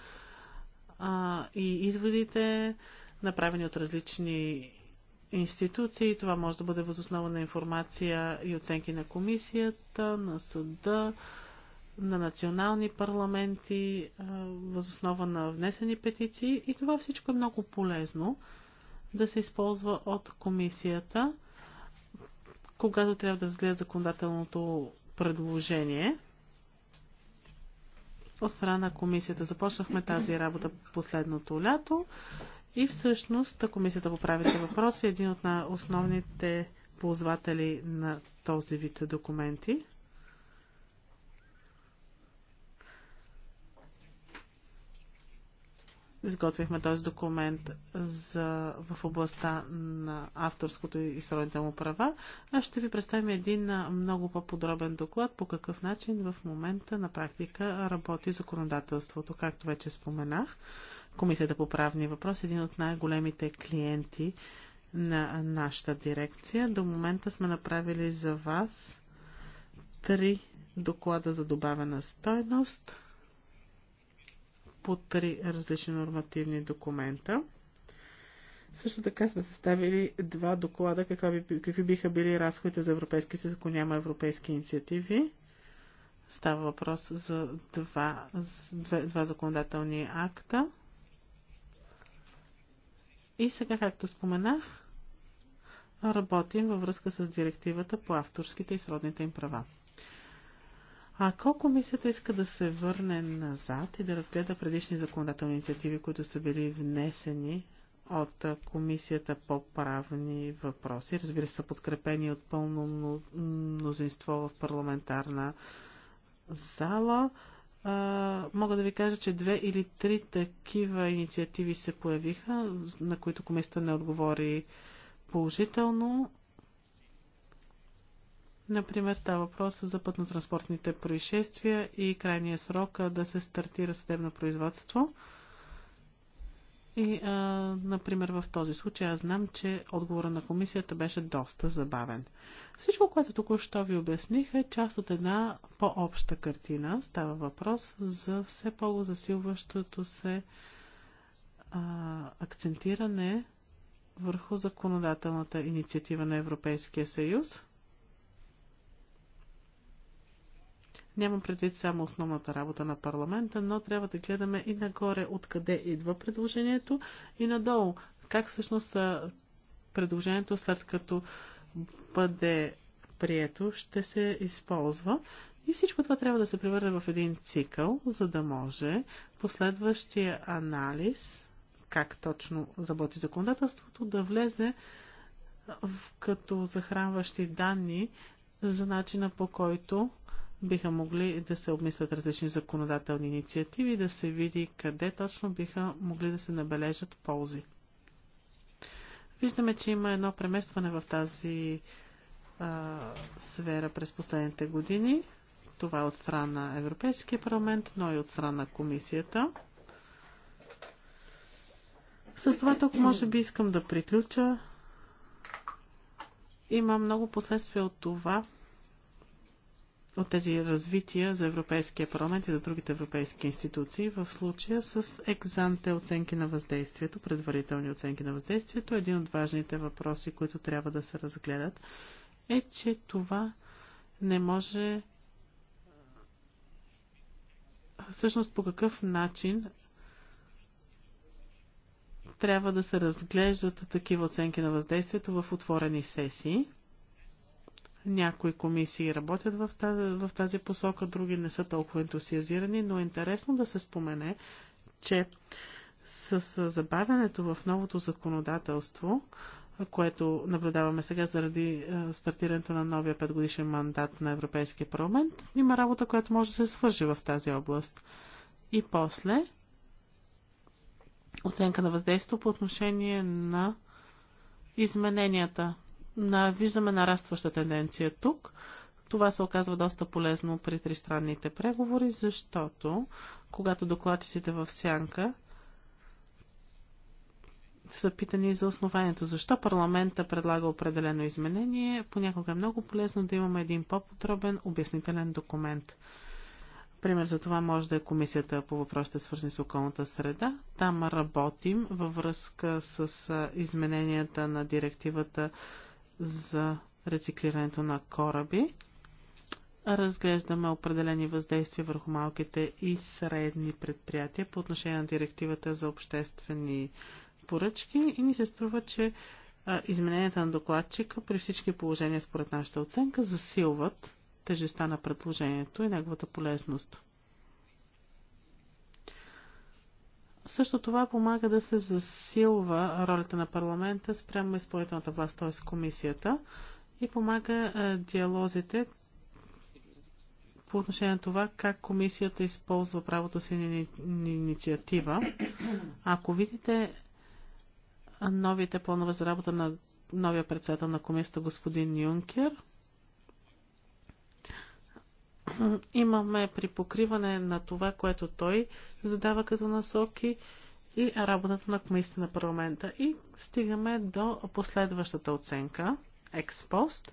а, и изводите, направени от различни институции. Това може да бъде възоснова на информация и оценки на комисията, на съда, на национални парламенти, възоснова на внесени петиции. И това всичко е много полезно да се използва от комисията, когато трябва да разгледа законодателното предложение от страна на комисията. Започнахме тази работа последното лято и всъщност комисията по правите въпроси е един от на основните ползватели на този вид документи. Изготвихме този документ за, в областта на авторското и сродните му права. А ще ви представим един много по-подробен доклад по какъв начин в момента на практика работи законодателството, както вече споменах. Комисията по правни въпроси, е един от най-големите клиенти на нашата дирекция. До момента сме направили за вас три доклада за добавена стойност по три различни нормативни документа. Също така сме съставили два доклада, какви, какви биха били разходите за Европейски съюз, ако няма европейски инициативи. Става въпрос за два, два, два законодателни акта. И сега, както споменах, работим във връзка с директивата по авторските и сродните им права. Ако комисията иска да се върне назад и да разгледа предишни законодателни инициативи, които са били внесени от комисията по правни въпроси, разбира се, са подкрепени от пълно мнозинство в парламентарна зала, а, мога да ви кажа, че две или три такива инициативи се появиха, на които комисията не отговори положително. Например, става въпрос за пътно-транспортните происшествия и крайния срок да се стартира съдебно производство. И, а, например, в този случай аз знам, че отговора на комисията беше доста забавен. Всичко, което току-що ви обясних, е част от една по-обща картина. Става въпрос за все по-засилващото се а, акцентиране върху законодателната инициатива на Европейския съюз. Нямам предвид само основната работа на парламента, но трябва да гледаме и нагоре откъде идва предложението и надолу как всъщност предложението след като бъде прието ще се използва. И всичко това трябва да се превърне в един цикъл, за да може последващия анализ, как точно работи законодателството, да влезе в, като захранващи данни за начина по който биха могли да се обмислят различни законодателни инициативи, да се види къде точно биха могли да се набележат ползи. Виждаме, че има едно преместване в тази а, сфера през последните години. Това е от страна на Европейския парламент, но и от страна на комисията. С това тук може би искам да приключа. Има много последствия от това, от тези развития за Европейския парламент и за другите европейски институции, в случая с екзанте оценки на въздействието, предварителни оценки на въздействието. Един от важните въпроси, които трябва да се разгледат, е, че това не може всъщност по какъв начин трябва да се разглеждат такива оценки на въздействието в отворени сесии. Някои комисии работят в тази, в тази посока, други не са толкова ентусиазирани, но е интересно да се спомене, че с забавянето в новото законодателство, което наблюдаваме сега заради е, стартирането на новия петгодишен мандат на Европейския парламент, има работа, която може да се свържи в тази област. И после оценка на въздействието по отношение на измененията виждаме нарастваща тенденция тук. Това се оказва доста полезно при тристранните преговори, защото когато докладчиците в сянка са питани за основанието. Защо парламента предлага определено изменение? Понякога е много полезно да имаме един по-подробен обяснителен документ. Пример за това може да е комисията по въпросите свързани с околната среда. Там работим във връзка с измененията на директивата за рециклирането на кораби. Разглеждаме определени въздействия върху малките и средни предприятия по отношение на директивата за обществени поръчки и ни се струва, че измененията на докладчика при всички положения според нашата оценка засилват тежестта на предложението и неговата полезност. Също това помага да се засилва ролята на парламента спрямо изпълнителната власт, т.е. комисията, и помага диалозите по отношение на това как комисията използва правото си на инициатива. Ако видите новите планове за работа на новия председател на комисията господин Юнкер, имаме при покриване на това, което той задава като насоки и работата на комисията на парламента. И стигаме до последващата оценка, експост.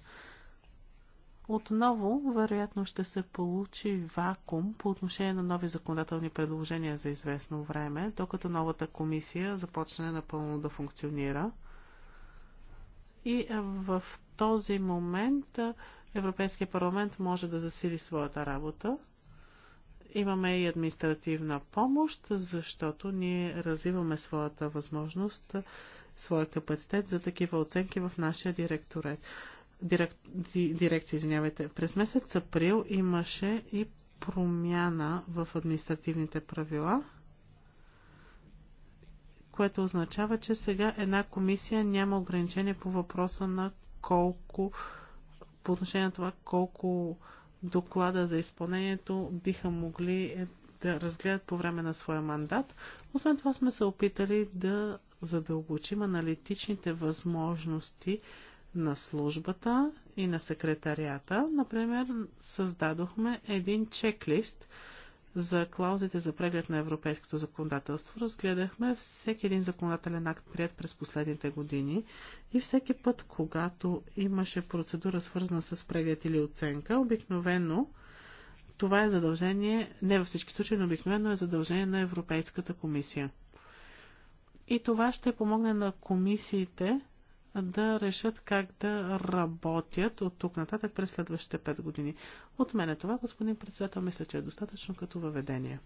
Отново, вероятно, ще се получи вакуум по отношение на нови законодателни предложения за известно време, докато новата комисия започне напълно да функционира. И в този момент Европейския парламент може да засили своята работа. Имаме и административна помощ, защото ние развиваме своята възможност, своя капацитет за такива оценки в нашия директорет. Дирек, дирекция, извинявайте. През месец април имаше и промяна в административните правила, което означава, че сега една комисия няма ограничение по въпроса на колко uh, по отношение на това колко доклада за изпълнението биха могли е, да разгледат по време на своя мандат. Освен това сме се опитали да задълбочим аналитичните възможности на службата и на секретарията. Например, създадохме един чеклист, за клаузите за преглед на европейското законодателство разгледахме всеки един законодателен акт прият през последните години и всеки път, когато имаше процедура свързана с преглед или оценка, обикновено това е задължение, не във всички случаи, но обикновено е задължение на Европейската комисия. И това ще помогне на комисиите да решат как да работят от тук нататък през следващите 5 години. От мен е това, господин председател, мисля, че е достатъчно като въведение.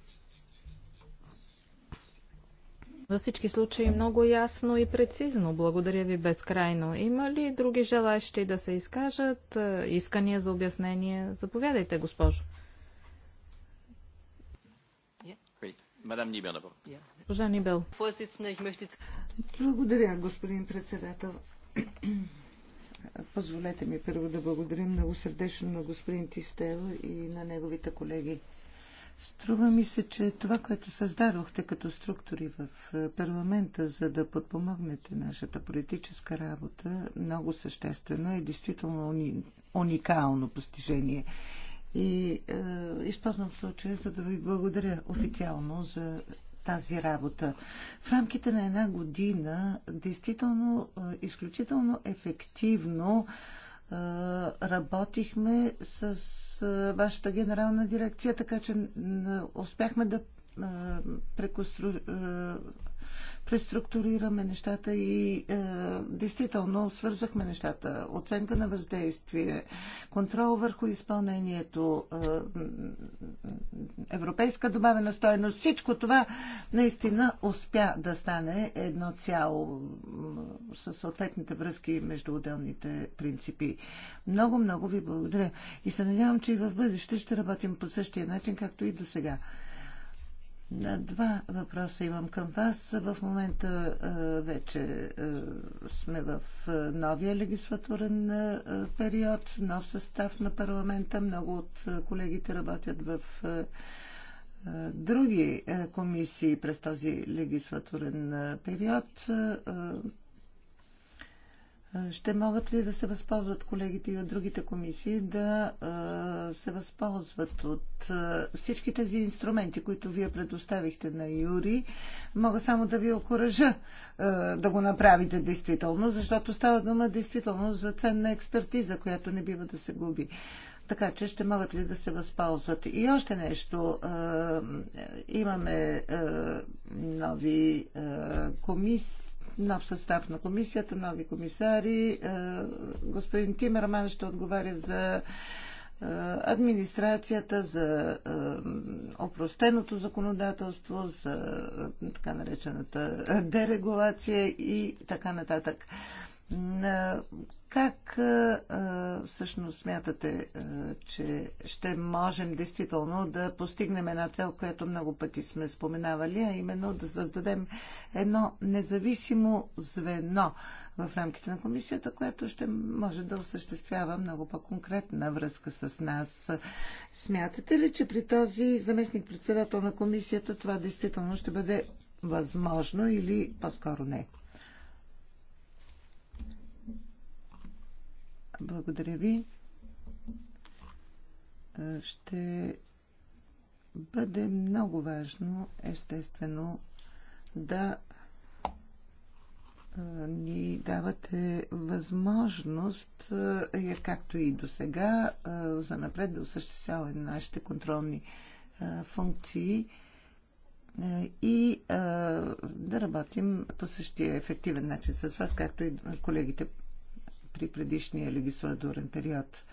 Във всички случаи много ясно и прецизно. Благодаря ви безкрайно. Има ли други желащи да се изкажат? Е, искания за обяснение? Заповядайте, госпожо. Мадам Yeah. Госпожа Нибел. Благодаря, господин председател. Позволете ми първо да благодарим много сърдечно на господин Тистел и на неговите колеги. Струва ми се, че това, което създадохте като структури в е, парламента, за да подпомогнете нашата политическа работа, много съществено е действително уни... уникално постижение. И е, използвам случая, за да ви благодаря официално за тази работа. В рамките на една година, действително, е, изключително ефективно е, работихме с е, вашата генерална дирекция, така че успяхме да прекостру преструктурираме нещата и е, действително свързахме нещата. Оценка на въздействие, контрол върху изпълнението, е, европейска добавена стоеност, всичко това наистина успя да стане едно цяло с съответните връзки между отделните принципи. Много, много ви благодаря и се надявам, че и в бъдеще ще работим по същия начин, както и до сега. Два въпроса имам към вас. В момента е, вече е, сме в е, новия легислатурен период, нов състав на парламента. Много от колегите работят в други комисии през този легислатурен период. Ще могат ли да се възползват колегите и от другите комисии да се възползват от всички тези инструменти, които вие предоставихте на Юри? Мога само да ви окоръжа да го направите действително, защото става дума действително за ценна експертиза, която не бива да се губи. Така че ще могат ли да се възползват? И още нещо. Имаме нови комисии нов състав на комисията, нови комисари. Е, господин Тимерман ще отговаря за е, администрацията, за е, опростеното законодателство, за така наречената дерегулация и така нататък. Как всъщност смятате, че ще можем действително да постигнем една цел, която много пъти сме споменавали, а именно да създадем едно независимо звено в рамките на комисията, което ще може да осъществява много по-конкретна връзка с нас. Смятате ли, че при този заместник-председател на комисията това действително ще бъде възможно или по-скоро не? Благодаря ви. Ще бъде много важно, естествено, да ни давате възможност, е, както и до сега, за напред да осъществяваме нашите контролни функции и да работим по същия ефективен начин с вас, както и колегите при предишния легислатурен период.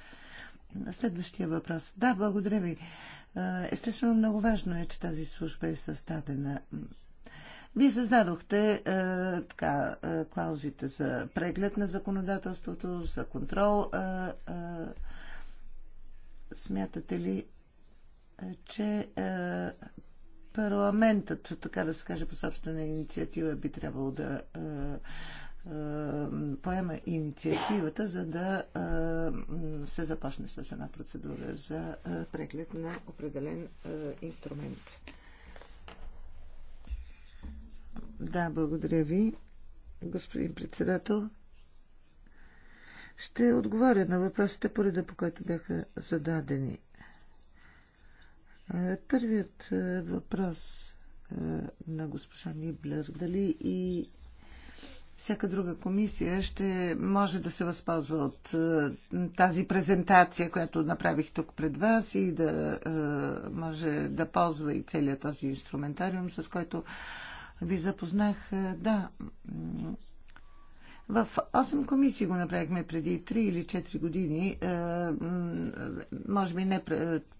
Следващия въпрос. Да, благодаря ви. Естествено, много важно е, че тази служба е създадена. Вие създадохте е, така, е, клаузите за преглед на законодателството, за контрол. Е, е, смятате ли, че е, парламентът, така да се каже по собствена инициатива, би трябвало да е, е, поема инициативата, за да е, се започне с една процедура за е, преглед на определен инструмент. Да, благодаря ви, господин председател. Ще отговоря на въпросите по реда, по който бяха зададени. Първият въпрос на госпожа Ниблер. Дали и всяка друга комисия ще може да се възползва от е, тази презентация, която направих тук пред вас и да е, може да ползва и целият този инструментариум, с който ви запознах. Е, да, в 8 комисии го направихме преди 3 или 4 години. Може би не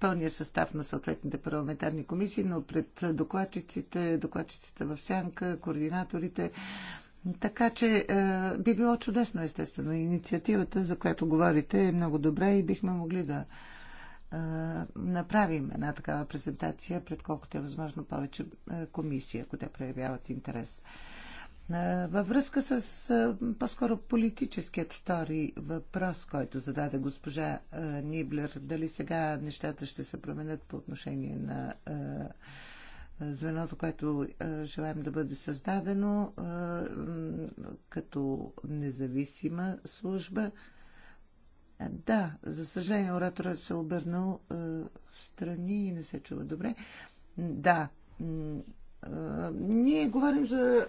пълния състав на съответните парламентарни комисии, но пред докладчиците, докладчиците в сянка, координаторите така че е, би било чудесно, естествено. Инициативата, за която говорите, е много добре и бихме могли да е, направим една такава презентация, пред колкото е възможно повече е, комисии, ако те проявяват интерес. Е, във връзка с е, по-скоро политическият втори въпрос, който зададе госпожа е, Ниблер, дали сега нещата ще се променят по отношение на. Е, звеното, което е, желаем да бъде създадено е, като независима служба. Да, за съжаление ораторът се е обърнал в страни и не се чува добре. Да, ние говорим за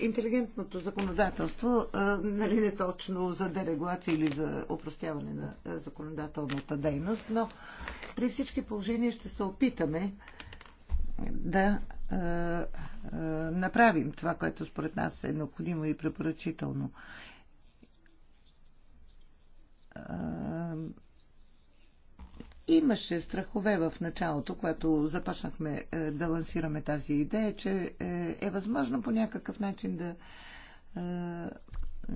интелигентното законодателство, нали не точно за дерегулация или за опростяване на законодателната дейност, но при всички положения ще се опитаме да направим това, което според нас е необходимо и препоръчително. имаше страхове в началото, когато започнахме да лансираме тази идея, че е, е възможно по някакъв начин да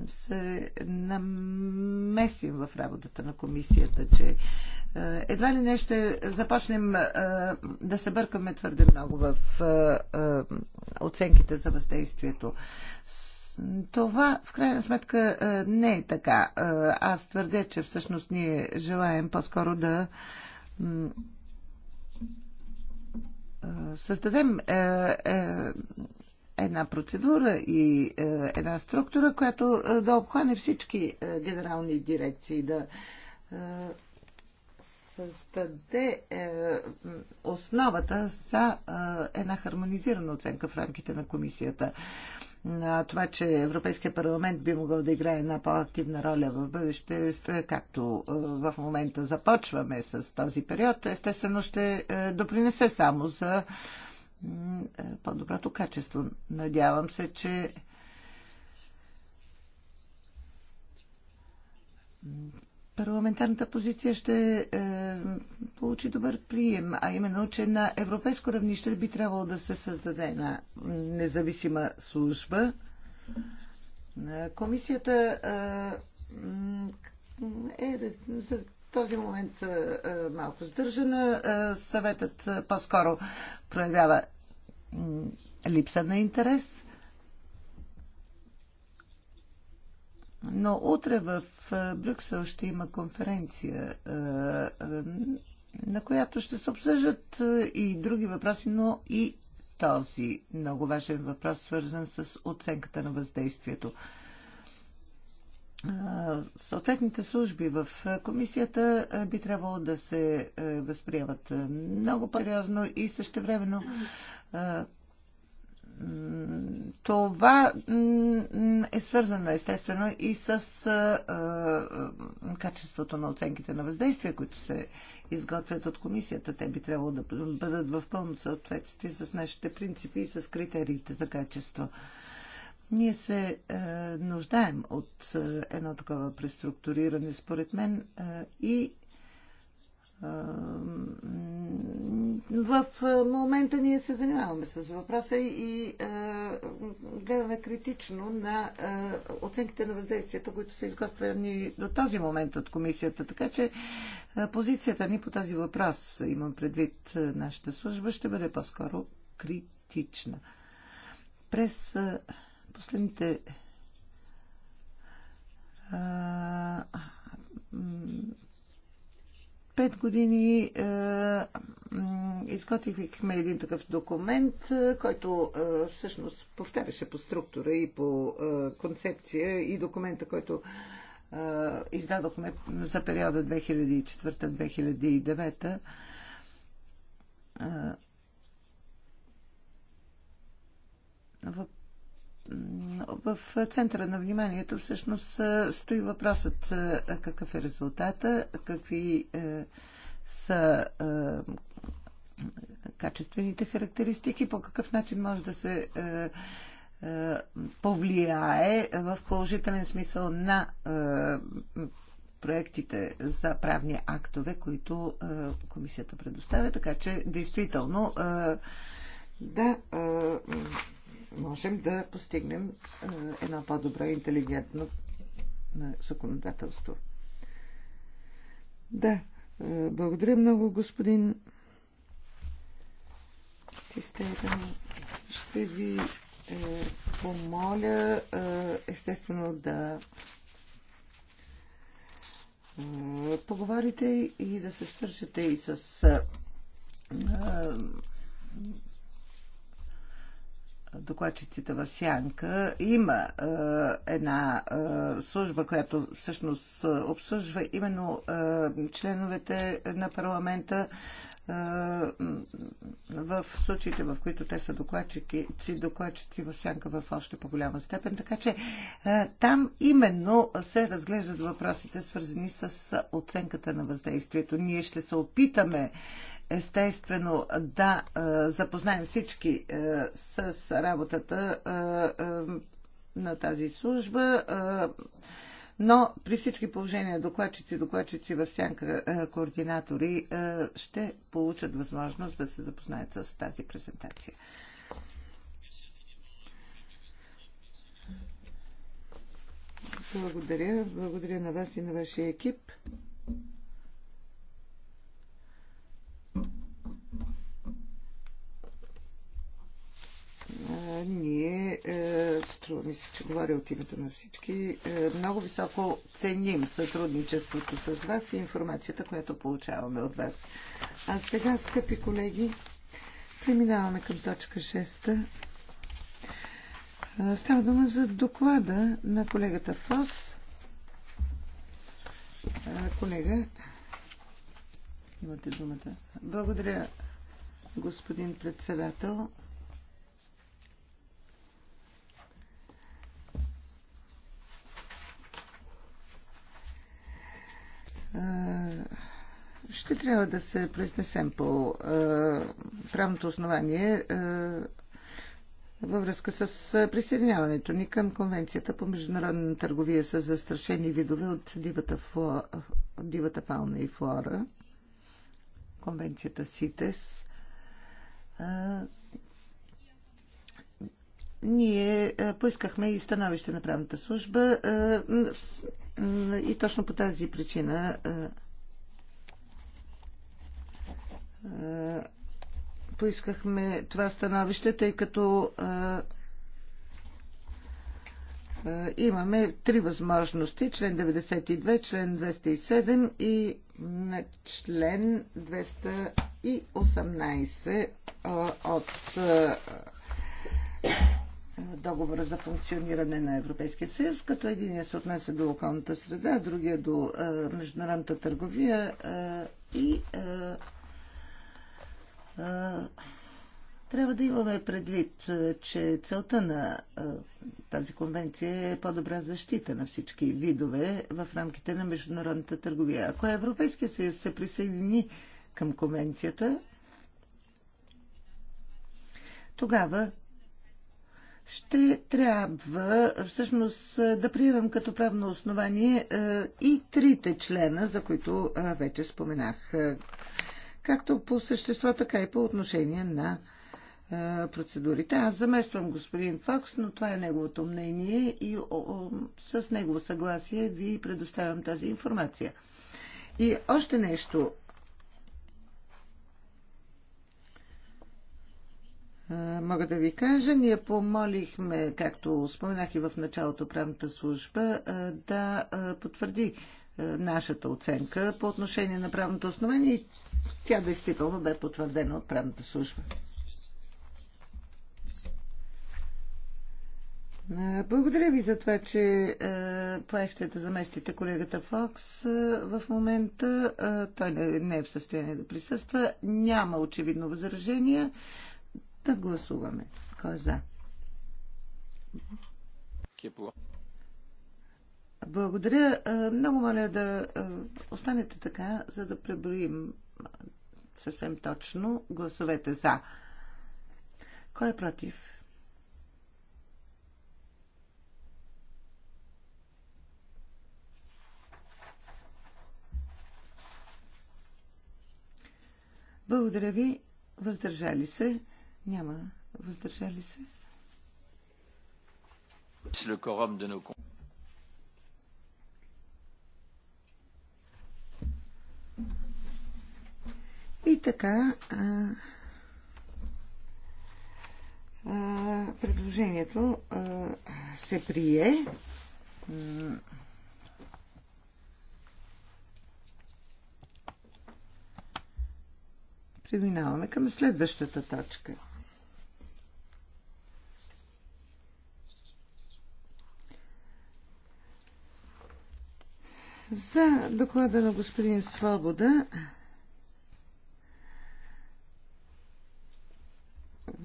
се намесим в работата на комисията, че е, едва ли не ще започнем е, да се бъркаме твърде много в е, оценките за въздействието. Това в крайна сметка не е така. Аз твърдя, че всъщност ние желаем по-скоро да създадем една процедура и е, една структура, която е, да обхване всички е, генерални дирекции, да създаде основата за една хармонизирана оценка в рамките на комисията на това, че Европейския парламент би могъл да играе една по-активна роля в бъдеще, както в момента започваме с този период, естествено ще допринесе само за е, по-доброто качество. Надявам се, че парламентарната позиция ще е, получи добър прием, а именно, че на европейско равнище би трябвало да се създаде една независима служба. Е, комисията е, е този момент а, е, е, малко сдържана. Е, съветът по-скоро проявява липса на интерес. Но утре в Брюксел ще има конференция, на която ще се обсъждат и други въпроси, но и този много важен въпрос, свързан с оценката на въздействието съответните служби в комисията би трябвало да се възприемат много сериозно и същевременно това е свързано естествено и с качеството на оценките на въздействие, които се изготвят от комисията. Те би трябвало да бъдат в пълно съответствие с нашите принципи и с критериите за качество. Ние се е, нуждаем от е, едно такова преструктуриране, според мен, е, и е, в е, момента ние се занимаваме с въпроса и е, гледаме критично на оценките на въздействията, които са изготвени до този момент от комисията. Така че позицията ни по този въпрос, имам предвид нашата служба, ще бъде по-скоро критична. През Последните а, пет години е, изготвихме един такъв документ, който всъщност повтаряше по структура и по концепция и документа, който издадохме за периода 2004-2009. Е, в центъра на вниманието всъщност стои въпросът какъв е резултата, какви е, са е, качествените характеристики, по какъв начин може да се е, повлияе в положителен смисъл на проектите за правни актове, които комисията предоставя, така че действително да можем да постигнем едно по-добро интелигентно законодателство. Да, благодаря много, господин Ще ви е, помоля е, естествено да е, поговорите и да се свържете и с е, докладчицата в Сянка, има е, една е, служба, която всъщност е, обслужва именно е, членовете на парламента е, в случаите, в които те са докладчици, докладчици в Сянка в още по-голяма степен. Така че е, там именно се разглеждат въпросите, свързани с оценката на въздействието. Ние ще се опитаме е, естествено да е, запознаем всички е, с работата е, на тази служба. Но при всички положения докладчици, докладчици в сянка координатори ще получат възможност да се запознаят с тази презентация. Благодаря. Благодаря на вас и на вашия екип. ние, е, струва ми се, че говоря от името на всички, е, много високо ценим сътрудничеството с вас и информацията, която получаваме от вас. А сега, скъпи колеги, преминаваме към точка 6. Е, става дума за доклада на колегата Фос. Колега, имате думата. Благодаря, господин председател. Ще трябва да се произнесем по е, правното основание е, във връзка с е, присъединяването ни към Конвенцията по международна търговия с застрашени видове от дивата, фло... дивата фауна и флора, Конвенцията СИТЕС. Ние поискахме и становище на правната служба и точно по тази причина е, поискахме това становище, тъй като е, е, имаме три възможности. Член 92, член 207 и член 218 от договора за функциониране на Европейския съюз, като единия се отнася до околната среда, другия до международната търговия и трябва да имаме предвид, че целта на тази конвенция е по-добра защита на всички видове в рамките на международната търговия. Ако Европейския съюз се присъедини към конвенцията, тогава ще трябва всъщност да приемем като правно основание и трите члена, за които вече споменах както по същество, така и по отношение на процедурите. Аз замествам господин Фокс, но това е неговото мнение и с негово съгласие ви предоставям тази информация. И още нещо. Мога да ви кажа, ние помолихме, както споменах и в началото правната служба, да потвърди нашата оценка по отношение на правното основание и тя действително бе потвърдена от правната служба. Благодаря ви за това, че е, поехте да заместите колегата Фокс е, в момента. Е, той не, не е в състояние да присъства. Няма очевидно възражения. Да гласуваме. Кой е за? Кипло. Благодаря. Много моля да останете така, за да преброим съвсем точно гласовете за. Кой е против? Благодаря ви. Въздържали се? Няма. Въздържали се? И така, а, а, предложението а, се прие. Преминаваме към следващата точка. За доклада на господин Свобода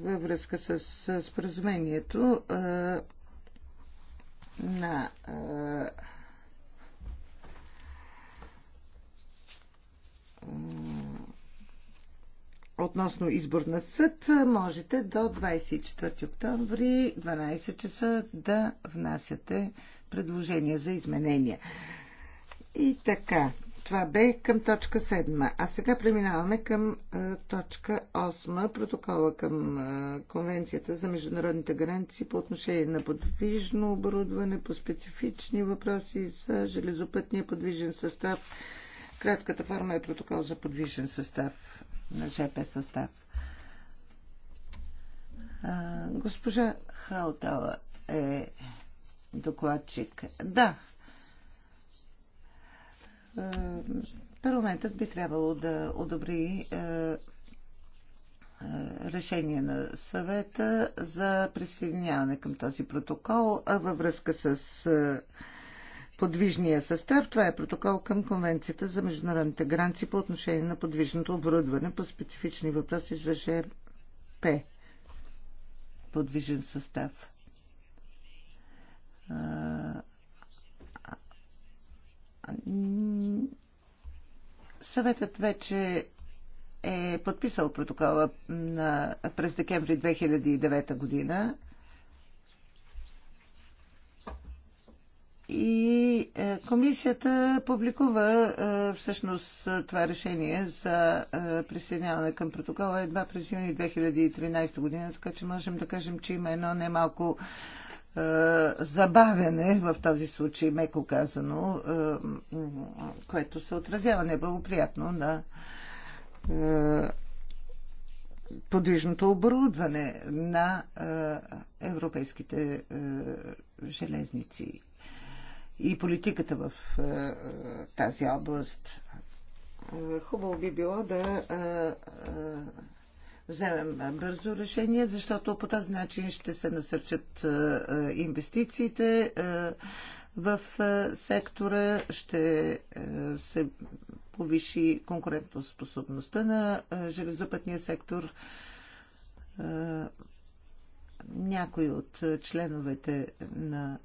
във връзка с споразумението на относно избор на съд, можете до 24 октомври 12 часа да внасяте предложения за изменения. И така, това бе към точка 7. А сега преминаваме към а, точка 8, протокола към а, Конвенцията за международните гаранции по отношение на подвижно оборудване по специфични въпроси за железопътния подвижен състав. Кратката форма е протокол за подвижен състав на ЖП състав. А, госпожа Хаутала е докладчик. Да, е, парламентът би трябвало да одобри е, е, решение на съвета за присъединяване към този протокол във връзка с подвижния състав. Това е протокол към Конвенцията за международните гранци по отношение на подвижното оборудване по специфични въпроси за ЖП. Подвижен състав Съветът вече е подписал протокола на, през декември 2009 година и е, комисията публикува е, всъщност това решение за е, присъединяване към протокола едва през юни 2013 година, така че можем да кажем, че има едно немалко малко е, забавяне, в този случай меко казано, е, което се отразява неблагоприятно на е, подвижното оборудване на европейските железници и политиката в тази област. Хубаво би било да вземем бързо решение, защото по този начин ще се насърчат е, е, инвестициите е, в сектора, ще се повиши конкурентоспособността на железопътния сектор. Някои от членовете на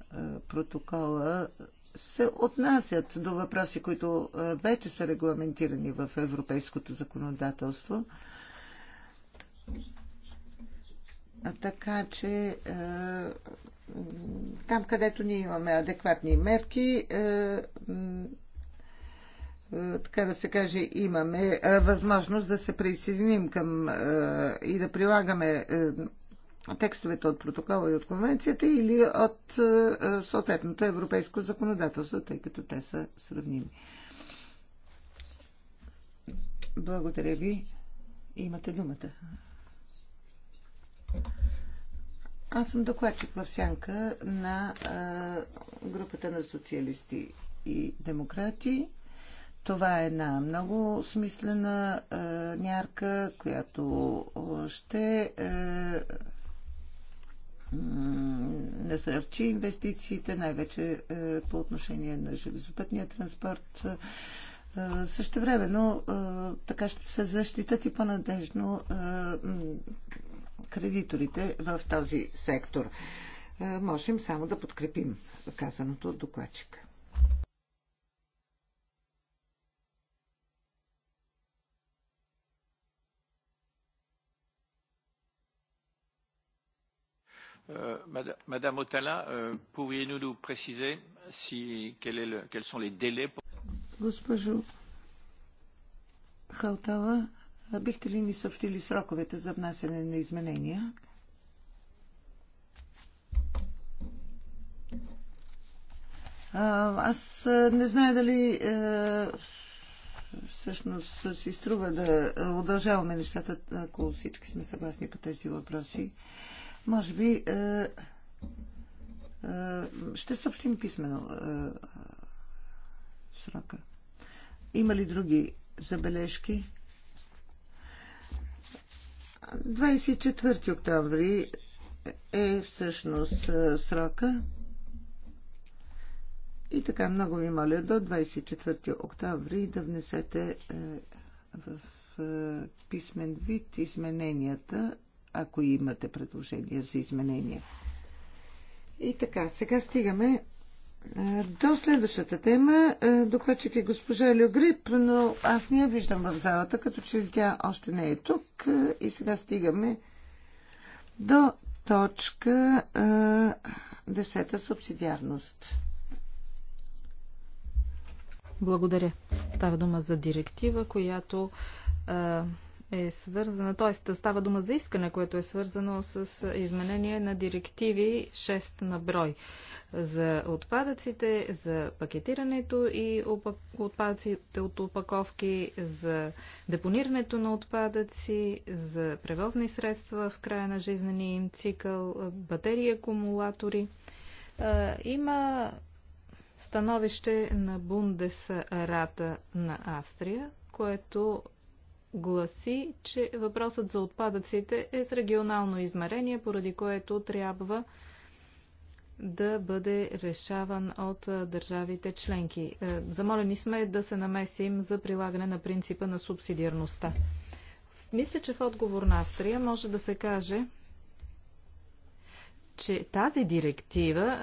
протокола се отнасят до въпроси, които вече са регламентирани в европейското законодателство. Така че е, там, където ние имаме адекватни мерки, е, е, така да се каже, имаме възможност да се присъединим към и да прилагаме текстовете от протокола и от конвенцията или от съответното европейско законодателство, тъй като те са сравними. Благодаря ви. Имате думата. Аз съм докладчик в сянка на а, групата на социалисти и демократи. Това е една много смислена а, мярка, която ще а, насърчи инвестициите, най-вече а, по отношение на железопътния транспорт. А, също времено така ще се защитат и по-надежно кредиторите в този сектор. Е, можем само да подкрепим казаното от докладчика. Е, Madame Otala, е, pourriez-vous nous préciser si, quel est le, quels sont les délais pour... Госпожо Халтала, Бихте ли ни съобщили сроковете за внасяне на изменения? Аз не знае дали всъщност си струва да удължаваме нещата, ако всички сме съгласни по тези въпроси. Може би ще съобщим писменно срока. Има ли други забележки? 24 октомври е всъщност е, срока. И така, много ви моля до 24 октомври да внесете е, в е, писмен вид измененията, ако имате предложения за изменения. И така, сега стигаме до следващата тема, е, докладчик е госпожа Люгрип, но аз не я виждам в залата, като че тя още не е тук е, и сега стигаме до точка е, десета субсидиарност. Благодаря. Става дума за директива, която е свързана, т.е. става дума за искане, което е свързано с изменение на директиви 6 на брой за отпадъците, за пакетирането и отпадъците от опаковки, за депонирането на отпадъци, за превозни средства в края на жизнения им цикъл, батерии, акумулатори. Има становище на Бундесрата на Австрия, което гласи, че въпросът за отпадъците е с регионално измерение, поради което трябва да бъде решаван от държавите членки. Е, замолени сме да се намесим за прилагане на принципа на субсидиарността. Мисля, че в отговор на Австрия може да се каже, че тази директива,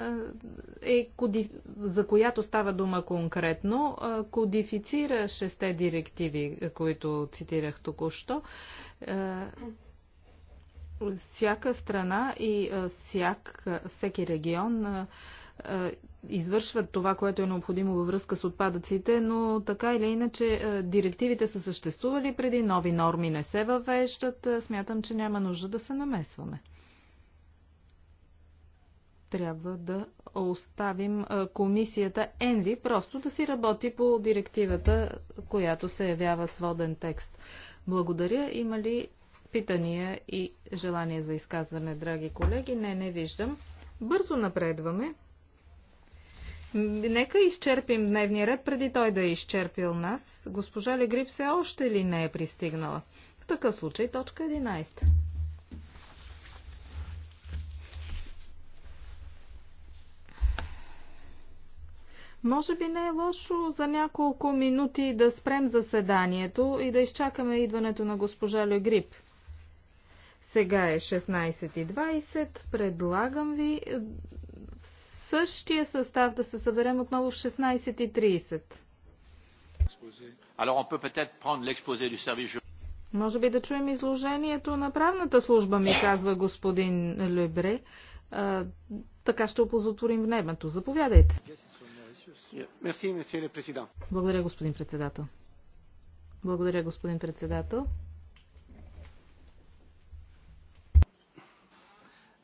е, е за която става дума конкретно, е, кодифицира шесте директиви, които цитирах току-що всяка страна и всяк, всеки регион извършват това, което е необходимо във връзка с отпадъците, но така или иначе директивите са съществували преди, нови норми не се въвеждат. Смятам, че няма нужда да се намесваме. Трябва да оставим комисията Енви просто да си работи по директивата, която се явява своден текст. Благодаря. Има ли питания и желание за изказване, драги колеги? Не, не виждам. Бързо напредваме. Нека изчерпим дневния ред, преди той да е изчерпил нас. Госпожа Легрип все още ли не е пристигнала? В такъв случай точка 11. Може би не е лошо за няколко минути да спрем заседанието и да изчакаме идването на госпожа Легрип. Сега е 16.20. Предлагам ви е, в същия състав да се съберем отново в 16.30. Може би да чуем изложението на правната служба, ми казва господин Лебре. А, е, така ще опозотворим времето. Заповядайте. Благодаря, господин председател. Благодаря, господин председател.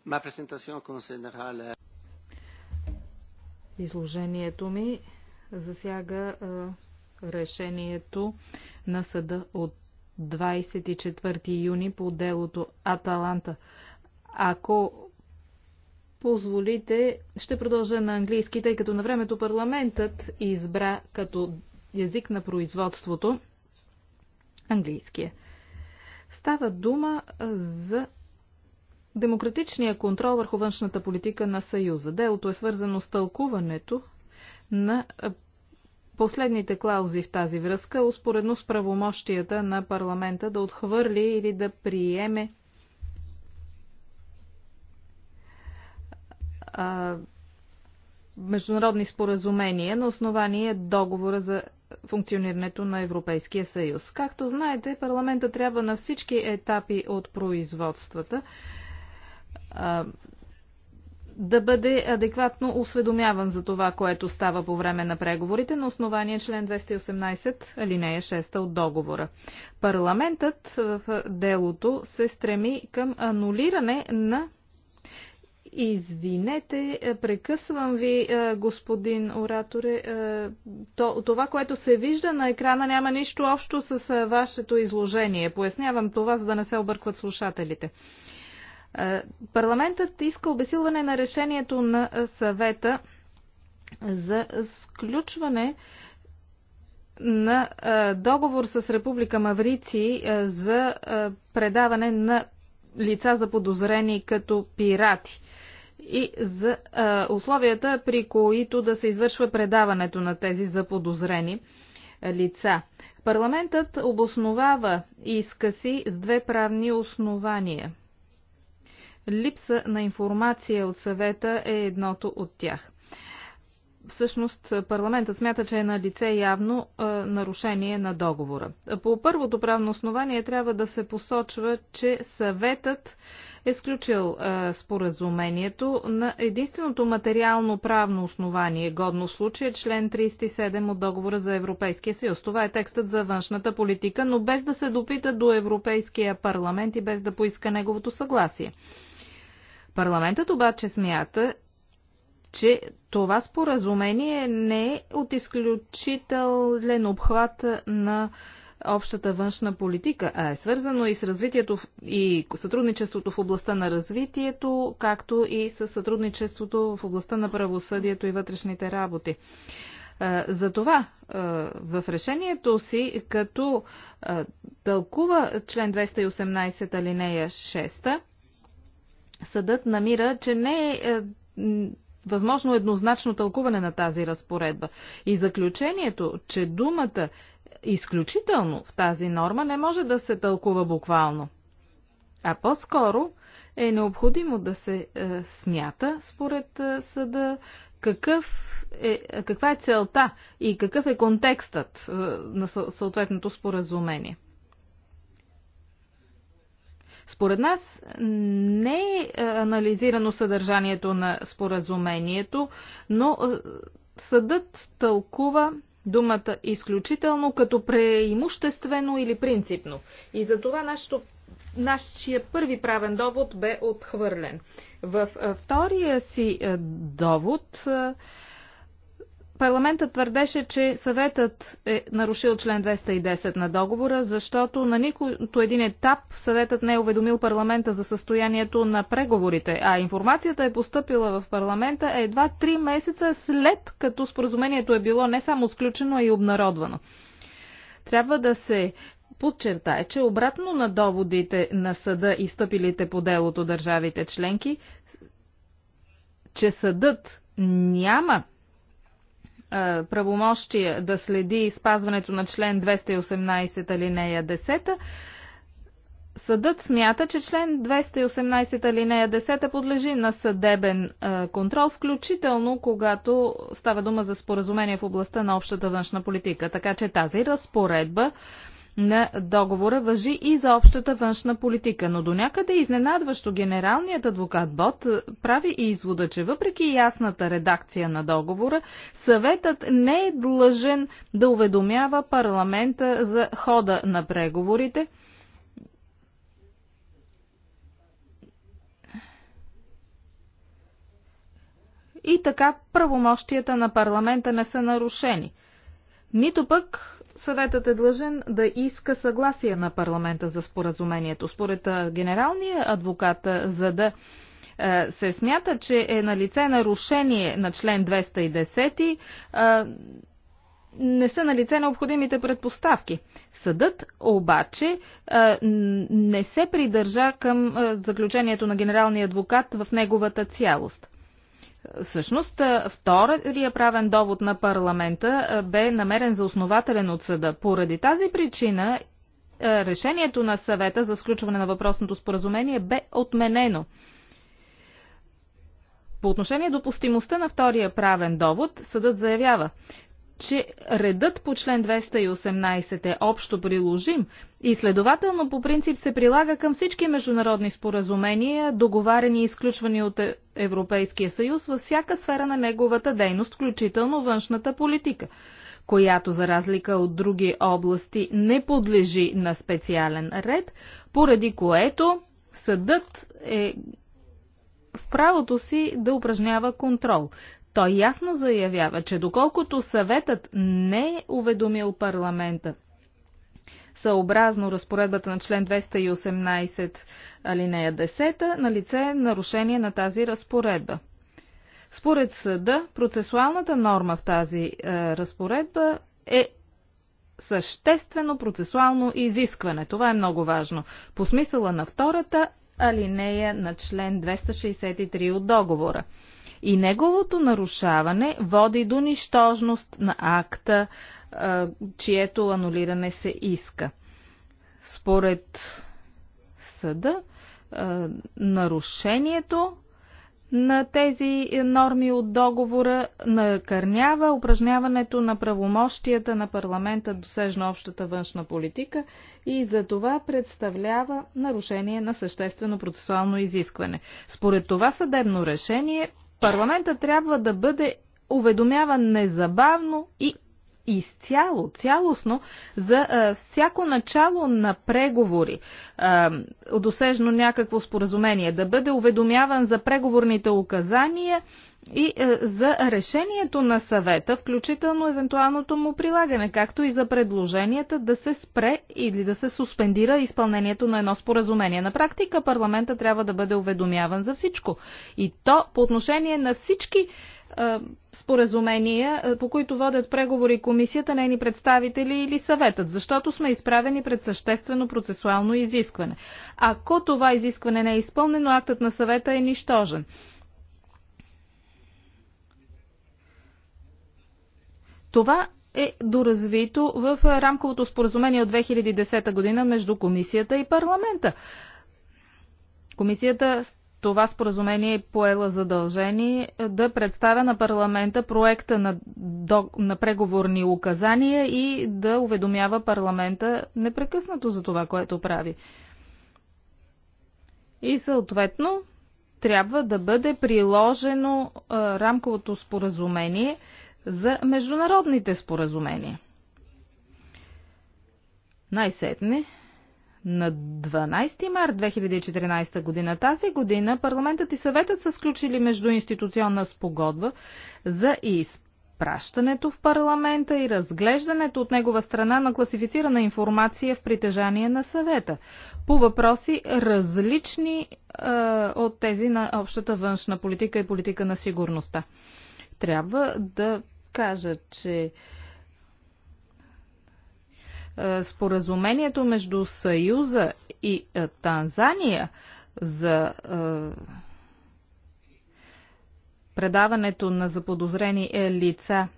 Ma presentación la... Eh, Изложението ми засяга е, решението на съда от 24 юни по делото Аталанта. Ако позволите, ще продължа на английски, тъй като на времето парламентът избра като език на производството английския. Става дума за демократичния контрол върху външната политика на Съюза. Делото е свързано с тълкуването на последните клаузи в тази връзка, успоредно с правомощията на парламента да отхвърли или да приеме а, международни споразумения на основание договора за функционирането на Европейския съюз. Както знаете, парламента трябва на всички етапи от производствата да бъде адекватно осведомяван за това, което става по време на преговорите на основание член 218, алинея 6 от договора. Парламентът в делото се стреми към анулиране на Извинете, прекъсвам ви, господин ораторе. Това, което се вижда на екрана, няма нищо общо с вашето изложение. Пояснявам това, за да не се объркват слушателите. Е, парламентът иска обесилване на решението на е, съвета за сключване на е, договор с Република Маврици за предаване на лица за подозрени като пирати и за условията, при които да се извършва предаването на тези заподозрени лица. Парламентът обосновава иска си с две правни основания – Липса на информация от съвета е едното от тях. Всъщност парламентът смята, че е на лице явно е, нарушение на договора. По първото правно основание трябва да се посочва, че съветът е сключил е, споразумението на единственото материално правно основание, годно в случая член 37 от договора за Европейския съюз. Това е текстът за външната политика, но без да се допита до Европейския парламент и без да поиска неговото съгласие. Парламентът обаче смята, че това споразумение не е от изключителен обхват на общата външна политика, а е свързано и с развитието и сътрудничеството в областта на развитието, както и с сътрудничеството в областта на правосъдието и вътрешните работи. Затова в решението си, като тълкува член 218 алинея 6, съдът намира, че не е, е възможно еднозначно тълкуване на тази разпоредба. И заключението, че думата изключително в тази норма не може да се тълкува буквално. А по-скоро е необходимо да се е, смята, според е, съда, какъв е, каква е целта и какъв е контекстът е, на съответното споразумение. Според нас не е, е анализирано съдържанието на споразумението, но е, съдът тълкува думата изключително като преимуществено или принципно. И за това нашето нашия първи правен довод бе отхвърлен. Във е, втория си довод Парламентът твърдеше, че съветът е нарушил член 210 на договора, защото на никото един етап съветът не е уведомил парламента за състоянието на преговорите, а информацията е поступила в парламента едва 3 месеца след като споразумението е било не само сключено, а и обнародвано. Трябва да се подчертае, че обратно на доводите на съда и стъпилите по делото държавите членки, че съдът няма е, правомощия да следи спазването на член 218 алинея 10, Съдът смята, че член 218 алинея 10 подлежи на съдебен е, контрол, включително когато става дума за споразумение в областта на общата външна политика. Така че тази разпоредба на договора въжи и за общата външна политика, но до някъде изненадващо генералният адвокат Бот прави и извода, че въпреки ясната редакция на договора, съветът не е длъжен да уведомява парламента за хода на преговорите, и така правомощията на парламента не са нарушени. Нито пък съветът е длъжен да иска съгласие на парламента за споразумението. Според генералния адвокат, за да се смята, че е на лице нарушение на член 210, не са на лице необходимите предпоставки. Съдът обаче не се придържа към заключението на генералния адвокат в неговата цялост. Всъщност, втория правен довод на парламента бе намерен за основателен от съда. Поради тази причина решението на съвета за сключване на въпросното споразумение бе отменено. По отношение допустимостта на втория правен довод, съдът заявява, че редът по член 218 е общо приложим и следователно по принцип се прилага към всички международни споразумения, договарени и изключвани от Европейския съюз във всяка сфера на неговата дейност, включително външната политика, която за разлика от други области не подлежи на специален ред, поради което съдът е в правото си да упражнява контрол. Той ясно заявява, че доколкото съветът не е уведомил парламента, съобразно разпоредбата на член 218 алинея 10, на лице е нарушение на тази разпоредба. Според съда, процесуалната норма в тази е, разпоредба е съществено процесуално изискване. Това е много важно. По смисъла на втората алинея на член 263 от договора. И неговото нарушаване води до нищожност на акта, чието анулиране се иска. Според съда, нарушението на тези норми от договора накърнява упражняването на правомощията на парламента досежно общата външна политика и за това представлява нарушение на съществено процесуално изискване. Според това съдебно решение Парламента трябва да бъде уведомяван незабавно и изцяло, цялостно за а, всяко начало на преговори, а, досежно някакво споразумение, да бъде уведомяван за преговорните указания и е, за решението на съвета, включително евентуалното му прилагане, както и за предложенията да се спре или да се суспендира изпълнението на едно споразумение. На практика парламента трябва да бъде уведомяван за всичко. И то по отношение на всички е, споразумения, е, по които водят преговори комисията, нейни представители или съветът, защото сме изправени пред съществено процесуално изискване. Ако това изискване не е изпълнено, актът на съвета е нищожен. Това е доразвито в рамковото споразумение от 2010 година между комисията и парламента. Комисията с това споразумение е поела задължение е, да представя на парламента проекта на, до, на преговорни указания и да уведомява парламента непрекъснато за това, което прави. И съответно трябва да бъде приложено а, е, рамковото споразумение – за международните споразумения. Най-сетне, на 12 март 2014 година тази година парламентът и съветът са сключили междуинституционна спогодба за изпращането в парламента и разглеждането от негова страна на класифицирана информация в притежание на съвета по въпроси различни е, от тези на общата външна политика и политика на сигурността трябва да кажа, че е, споразумението между Съюза и е, Танзания за е, предаването на заподозрени лица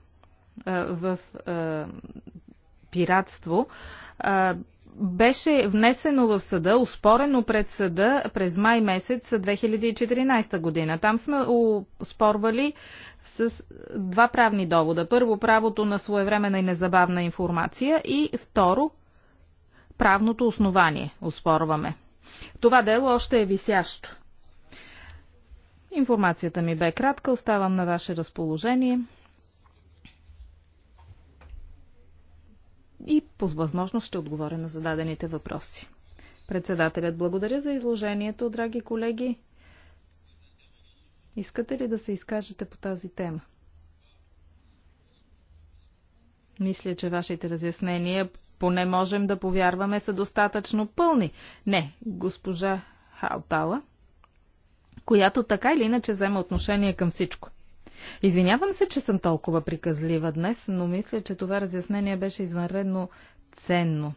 в пиратство беше внесено в съда, успорено пред съда през май месец 2014 година. Там сме успорвали с два правни довода. Първо, правото на своевременна и незабавна информация и второ, правното основание, оспорваме. Това дело още е висящо. Информацията ми бе кратка, оставам на ваше разположение. И по възможност ще отговоря на зададените въпроси. Председателят благодаря за изложението, драги колеги. Искате ли да се изкажете по тази тема? Мисля, че вашите разяснения, поне можем да повярваме, са достатъчно пълни. Не, госпожа Халтала, която така или иначе взема отношение към всичко. Извинявам се, че съм толкова приказлива днес, но мисля, че това разяснение беше извънредно ценно.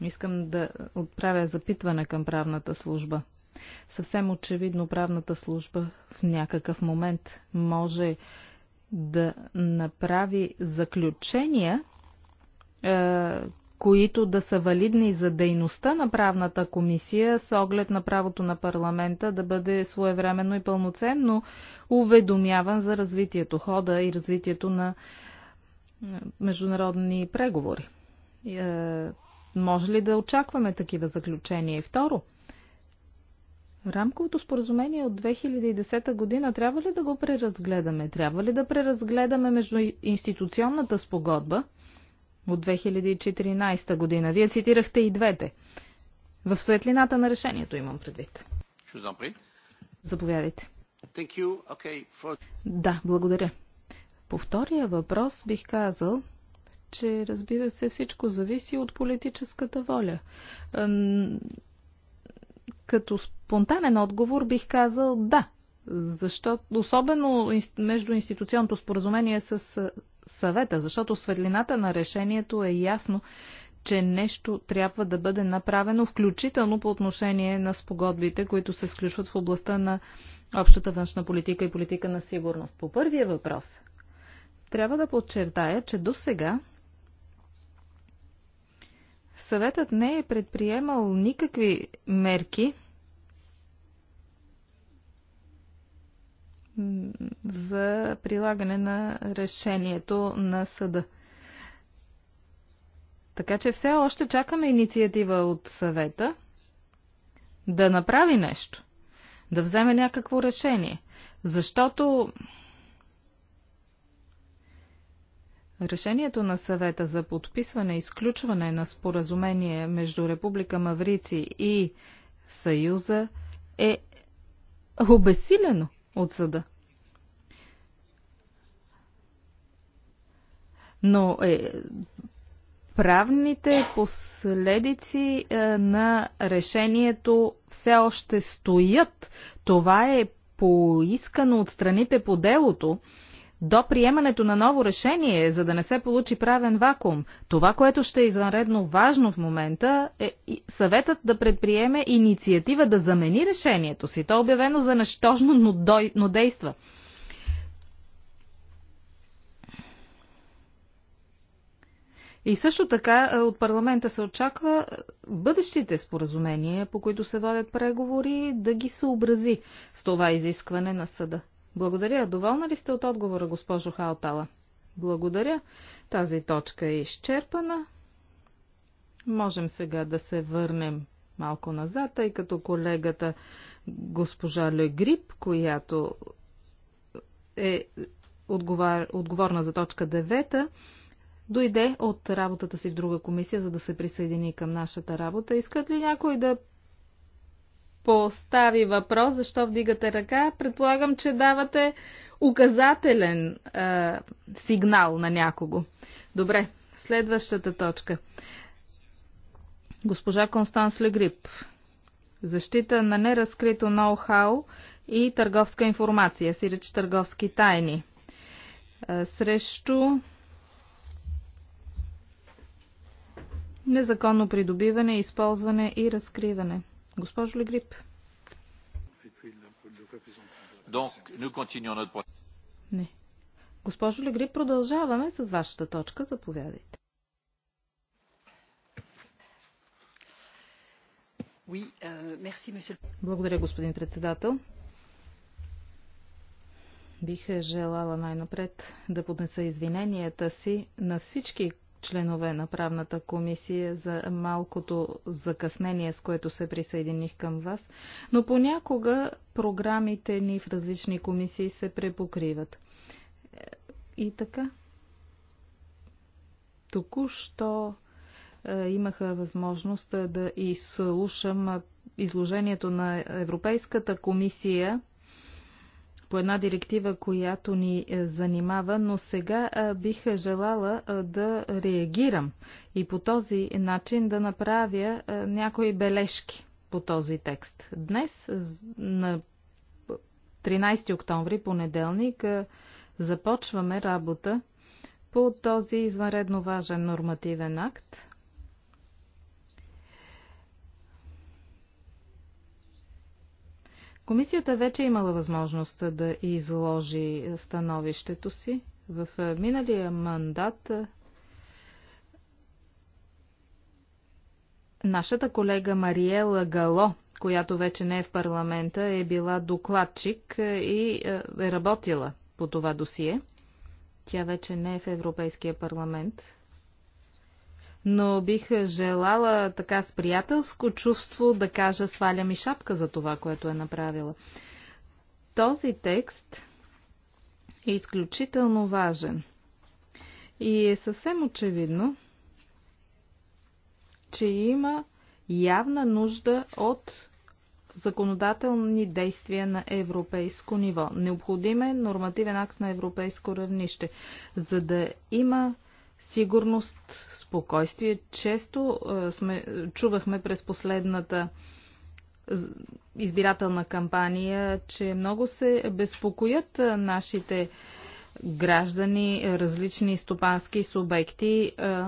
Искам да отправя запитване към правната служба. Съвсем очевидно правната служба в някакъв момент може да направи заключения, е, които да са валидни за дейността на правната комисия с оглед на правото на парламента да бъде своевременно и пълноценно уведомяван за развитието, хода и развитието на е, международни преговори. Е, може ли да очакваме такива заключения? И второ, Рамковото споразумение от 2010 година трябва ли да го преразгледаме? Трябва ли да преразгледаме между институционната спогодба от 2014 година? Вие цитирахте и двете. В светлината на решението имам предвид. Заповядайте. Okay, for... Да, благодаря. По втория въпрос бих казал, че разбира се всичко зависи от политическата воля. Като спонтанен отговор бих казал да, защото, особено между институционното споразумение с съвета, защото светлината на решението е ясно, че нещо трябва да бъде направено, включително по отношение на спогодбите, които се сключват в областта на общата външна политика и политика на сигурност. По първия въпрос, трябва да подчертая, че до сега съветът не е предприемал никакви мерки за прилагане на решението на съда. Така че все още чакаме инициатива от съвета да направи нещо, да вземе някакво решение, защото Решението на съвета за подписване и изключване на споразумение между Република Маврици и Съюза е обесилено от съда. Но е, правните последици е, на решението все още стоят. Това е поискано от страните по делото. Е, до приемането на ново решение, за да не се получи правен вакуум. Това, което ще е извънредно важно в момента, е съветът да предприеме инициатива да замени решението си. То е обявено за нещожно, но, но действа. И също така е, от парламента се очаква е, бъдещите споразумения, по които се водят преговори, да ги съобрази с това изискване на съда. Благодаря. Доволна ли сте от отговора, госпожо Халтала? Благодаря. Тази точка е изчерпана. Можем сега да се върнем малко назад, тъй като колегата госпожа Легрип, която е отговор... отговорна за точка 9, дойде от работата си в друга комисия, за да се присъедини към нашата работа. Искат ли някой да постави въпрос, защо вдигате ръка, предполагам, че давате указателен е, сигнал на някого. Добре, следващата точка. Госпожа Констанс Легрип. Защита на неразкрито ноу-хау и търговска информация, сиреч търговски тайни. Е, срещу незаконно придобиване, използване и разкриване. Госпожо Легрип. Не. Госпожо Легрип, продължаваме с вашата точка. Заповядайте. Euh, Благодаря, господин председател. Бих желала най-напред да поднеса извиненията си на всички членове на правната комисия за малкото закъснение, с което се присъединих към вас, но понякога програмите ни в различни комисии се препокриват. И така. Току-що е, имаха възможност е, да изслушам е, изложението на Европейската комисия по една директива, която ни е, занимава, но сега бих желала да реагирам и по този начин да направя някои бележки по този текст. Днес, на 13 октомври, понеделник, започваме работа по този извънредно важен нормативен акт – Комисията вече е имала възможност да изложи становището си. В е, миналия мандат е, нашата колега Мариела Гало, която вече не е в парламента, е била докладчик и е работила по това досие. Тя вече не е в Европейския парламент, но бих желала така с приятелско чувство да кажа сваля ми шапка за това, което е направила. Този текст е изключително важен. И е съвсем очевидно, че има явна нужда от законодателни действия на европейско ниво. Необходим е нормативен акт на европейско равнище, за да има сигурност, спокойствие. Често е, сме, чувахме през последната избирателна кампания, че много се безпокоят е, нашите граждани, различни стопански субекти е,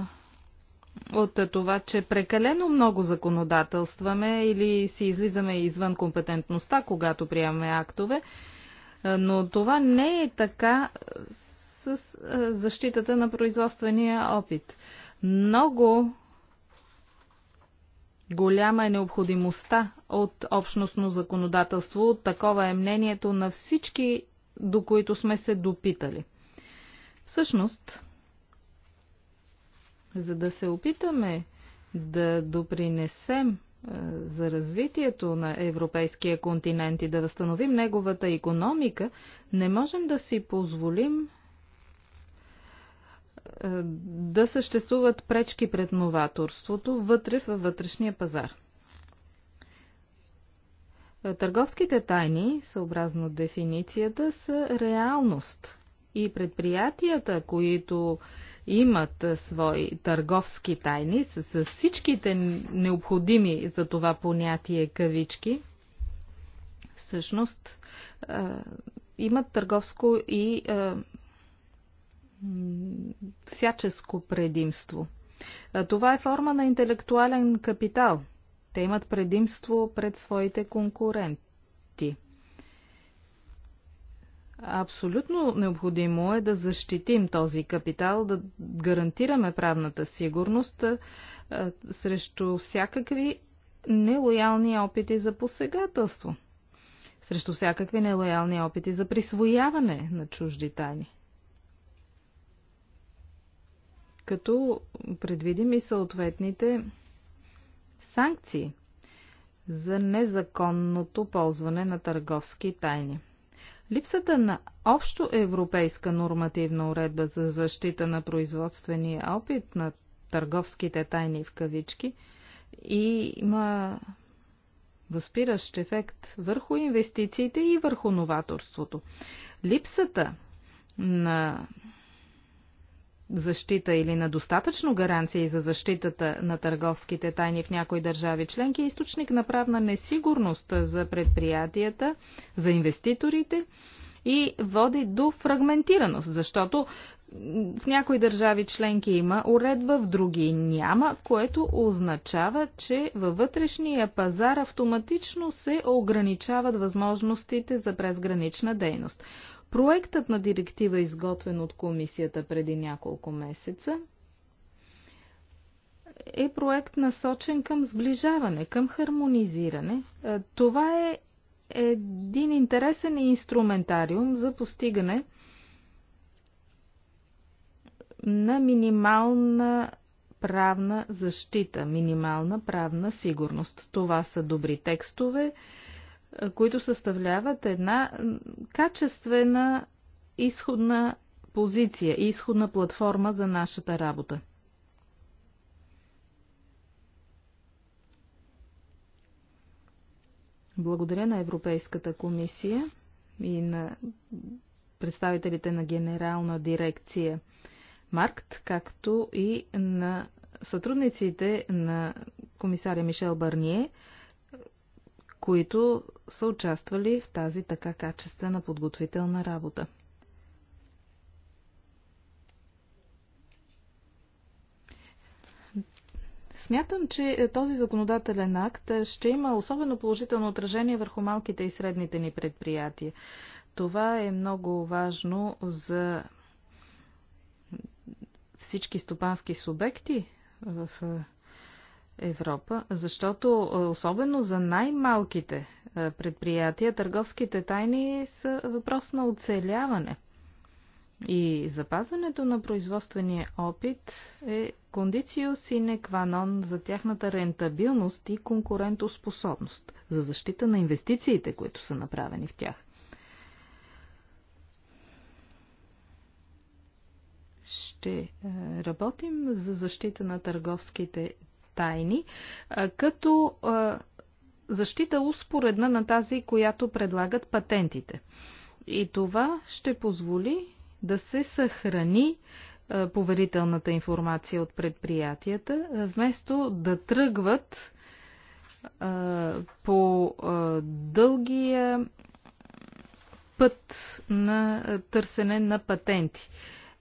от това, че прекалено много законодателстваме или си излизаме извън компетентността, когато приемаме актове. Но това не е така с е, защитата на производствения опит. Много голяма е необходимостта от общностно законодателство. Такова е мнението на всички, до които сме се допитали. Всъщност, за да се опитаме да допринесем е, за развитието на европейския континент и да възстановим неговата економика, не можем да си позволим е, да съществуват пречки пред новаторството вътре във вътрешния пазар. Е, търговските тайни, съобразно дефиницията, са реалност и предприятията, които имат е, свои търговски тайни, с всичките необходими за това понятие кавички, всъщност имат търговско и всяческо предимство. Това е форма на интелектуален капитал. Те имат предимство пред своите конкуренти. Абсолютно необходимо е да защитим този капитал, да гарантираме правната сигурност срещу всякакви нелоялни опити за посегателство, срещу всякакви нелоялни опити за присвояване на чужди тайни. като предвидим и съответните санкции за незаконното ползване на търговски тайни. Липсата на общо европейска нормативна уредба за защита на производствения опит на търговските тайни в кавички и има възпиращ ефект върху инвестициите и върху новаторството. Липсата на защита или на достатъчно гаранции за защитата на търговските тайни в някои държави членки е източник на правна несигурност за предприятията, за инвеститорите и води до фрагментираност, защото в някои държави членки има уредба, в други няма, което означава, че във вътрешния пазар автоматично се ограничават възможностите за презгранична дейност. Проектът на директива, изготвен от комисията преди няколко месеца, е проект насочен към сближаване, към хармонизиране. Е, това е един интересен инструментариум за постигане на минимална правна защита, минимална правна сигурност. Това са добри текстове, които съставляват една качествена изходна позиция, изходна платформа за нашата работа. Благодаря на Европейската комисия и на представителите на Генерална дирекция Маркт, както и на сътрудниците на комисаря Мишел Барние, които са участвали в тази така качествена подготвителна работа. Смятам, че този законодателен акт ще има особено положително отражение върху малките и средните ни предприятия. Това е много важно за всички стопански субекти в Европа, защото е, особено за най-малките е, предприятия търговските тайни са въпрос на оцеляване. И запазването на производствения опит е кондицио sine qua non за тяхната рентабилност и конкурентоспособност, за защита на инвестициите, които са направени в тях. Ще е, работим за защита на търговските тайни, като защита успоредна на тази, която предлагат патентите. И това ще позволи да се съхрани поверителната информация от предприятията, вместо да тръгват по дългия път на търсене на патенти.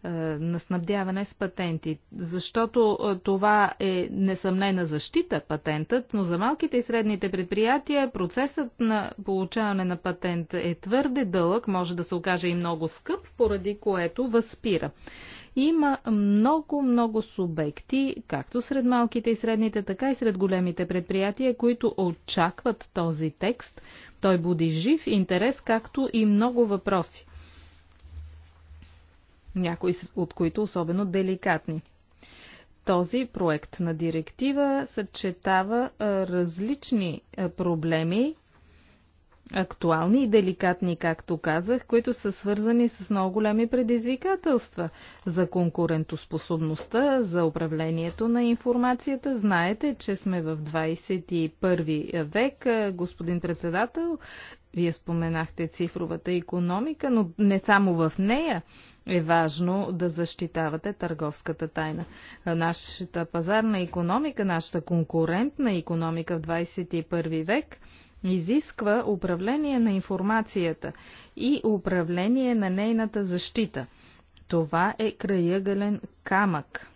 Е, на снабдяване с патенти. Защото е, това е несъмнена защита патентът, но за малките и средните предприятия процесът на получаване на патент е твърде дълъг, може да се окаже и много скъп, поради което възпира. Има много, много субекти, както сред малките и средните, така и сред големите предприятия, които очакват този текст. Той буди жив интерес, както и много въпроси някои от които особено деликатни. Този проект на директива съчетава различни проблеми, актуални и деликатни, както казах, които са свързани с много големи предизвикателства за конкурентоспособността, за управлението на информацията. Знаете, че сме в 21 век, господин председател. Вие споменахте цифровата економика, но не само в нея е важно да защитавате търговската тайна. Нашата пазарна економика, нашата конкурентна економика в 21 век изисква управление на информацията и управление на нейната защита. Това е краягълен камък.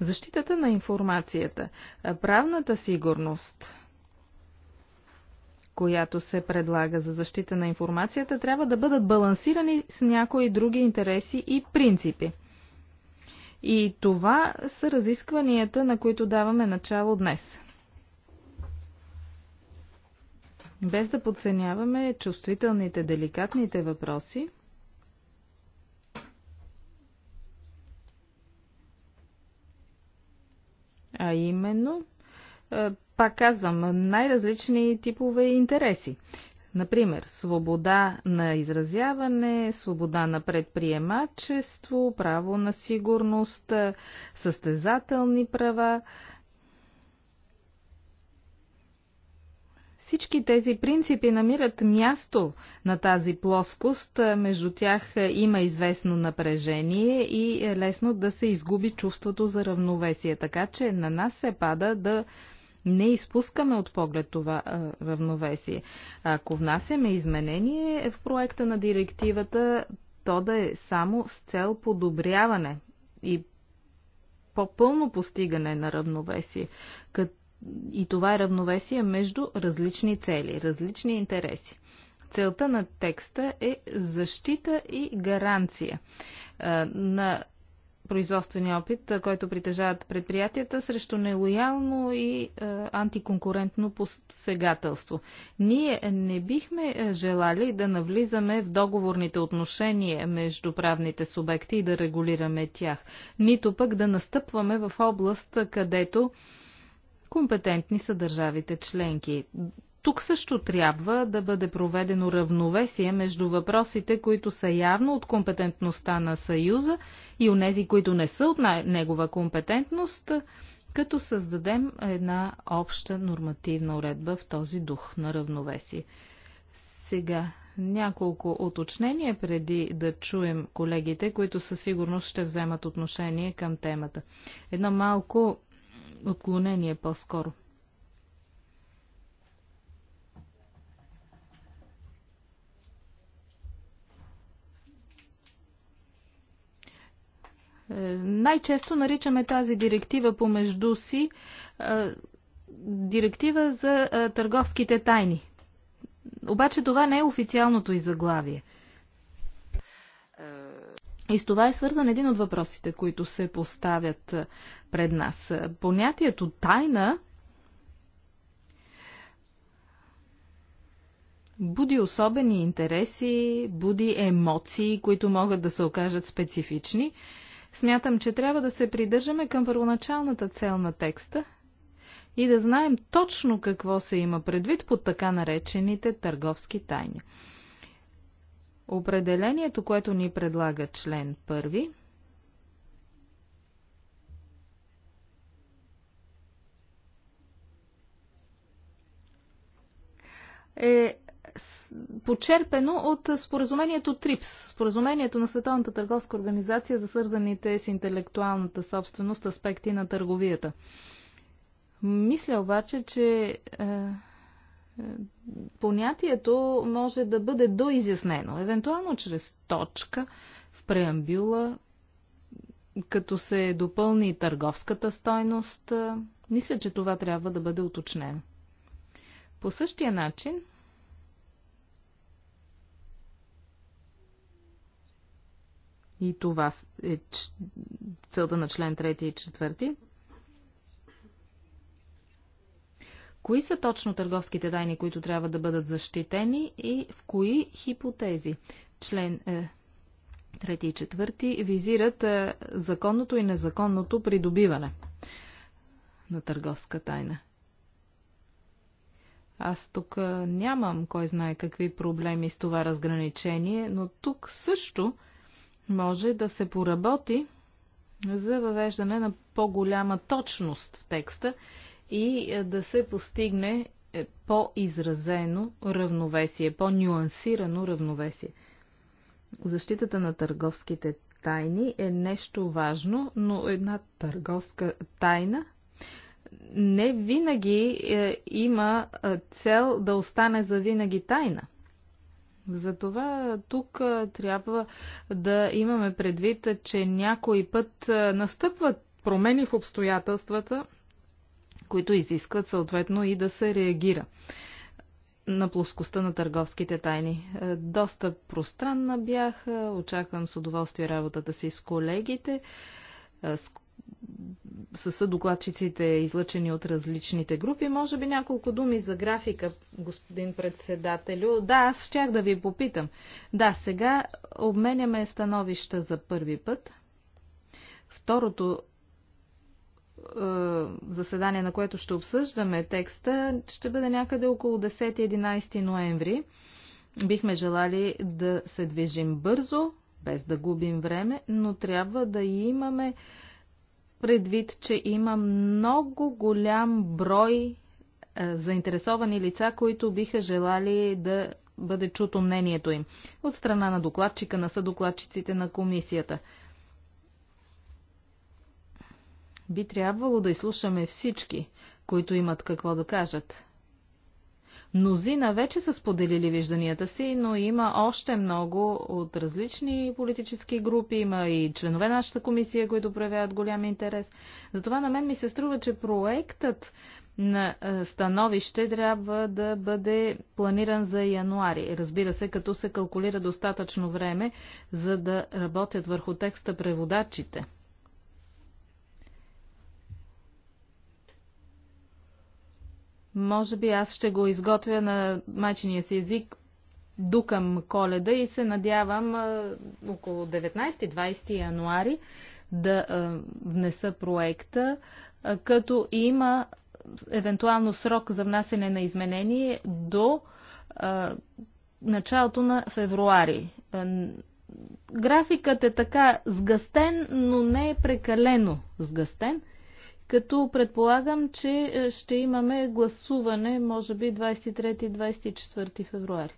Защитата на информацията, правната сигурност която се предлага за защита на информацията, трябва да бъдат балансирани с някои други интереси и принципи. И това са разискванията, на които даваме начало днес. Без да подценяваме чувствителните, деликатните въпроси, а именно пак казвам, най-различни типове интереси. Например, свобода на изразяване, свобода на предприемачество, право на сигурност, състезателни права. Всички тези принципи намират място на тази плоскост, между тях има известно напрежение и е лесно да се изгуби чувството за равновесие, така че на нас се пада да не изпускаме от поглед това равновесие. Ако внасяме изменение в проекта на директивата, то да е само с цел подобряване и по-пълно постигане на равновесие. И това е равновесие между различни цели, различни интереси. Целта на текста е защита и гаранция на производствения опит, който притежават предприятията срещу нелоялно и антиконкурентно посегателство. Ние не бихме желали да навлизаме в договорните отношения между правните субекти и да регулираме тях, нито пък да настъпваме в област, където Компетентни са държавите членки. Тук също трябва да бъде проведено равновесие между въпросите, които са явно от компетентността на Съюза и онези, които не са от негова компетентност, като създадем една обща нормативна уредба в този дух на равновесие. Сега няколко уточнения преди да чуем колегите, които със сигурност ще вземат отношение към темата. Едно малко отклонение по-скоро – Най-често наричаме тази директива помежду си е, директива за е, търговските тайни. Обаче това не е официалното и заглавие. И с това е свързан един от въпросите, които се поставят е, пред нас. Понятието тайна буди особени интереси, буди емоции, които могат да се окажат специфични. Смятам, че трябва да се придържаме към първоначалната цел на текста и да знаем точно какво се има предвид под така наречените търговски тайни. Определението, което ни предлага член първи, е почерпено от споразумението ТРИПС, споразумението на Световната търговска организация за свързаните с интелектуалната собственост аспекти на търговията. Мисля обаче, че е, е, понятието може да бъде доизяснено, евентуално чрез точка в преамбюла, като се допълни търговската стойност. Мисля, че това трябва да бъде уточнено. По същия начин, И това е целта на член 3 и 4. Кои са точно търговските тайни, които трябва да бъдат защитени и в кои хипотези? Член е, 3 и 4 визират е, законното и незаконното придобиване на търговска тайна. Аз тук е, нямам кой знае какви проблеми с това разграничение, но тук също може да се поработи за въвеждане на по-голяма точност в текста и е, да се постигне е, по-изразено равновесие, по-нюансирано равновесие. Защитата на търговските тайни е нещо важно, но една търговска тайна не винаги е, има цел да остане за винаги тайна – затова тук трябва да имаме предвид, че някой път настъпват промени в обстоятелствата, които изискват съответно и да се реагира на плоскостта на търговските тайни. Доста пространна бях, очаквам с удоволствие работата си с колегите, с са докладчиците излъчени от различните групи. Може би няколко думи за графика, господин председателю. Да, аз щях да ви попитам. Да, сега обменяме становища за първи път. Второто е, заседание, на което ще обсъждаме текста, ще бъде някъде около 10-11 ноември. Бихме желали да се движим бързо, без да губим време, но трябва да имаме е, предвид, че има много голям брой е, заинтересовани лица, които биха желали да бъде чуто мнението им от страна на докладчика, на съдокладчиците на комисията. Би трябвало да изслушаме всички, които имат какво да кажат. Мнозина вече са споделили вижданията си, но има още много от различни политически групи, има и членове на нашата комисия, които проявяват голям интерес. Затова на мен ми се струва, че проектът на становище трябва да бъде планиран за януари. Разбира се, като се калкулира достатъчно време, за да работят върху текста преводачите – Може би аз ще го изготвя на майчиния си език до към коледа и се надявам около 19-20 януари да внеса проекта, като има евентуално срок за внасене на изменение до началото на февруари. Графикът е така сгъстен, но не е прекалено сгъстен – като предполагам, че е, ще имаме гласуване, може би 23-24 февруари.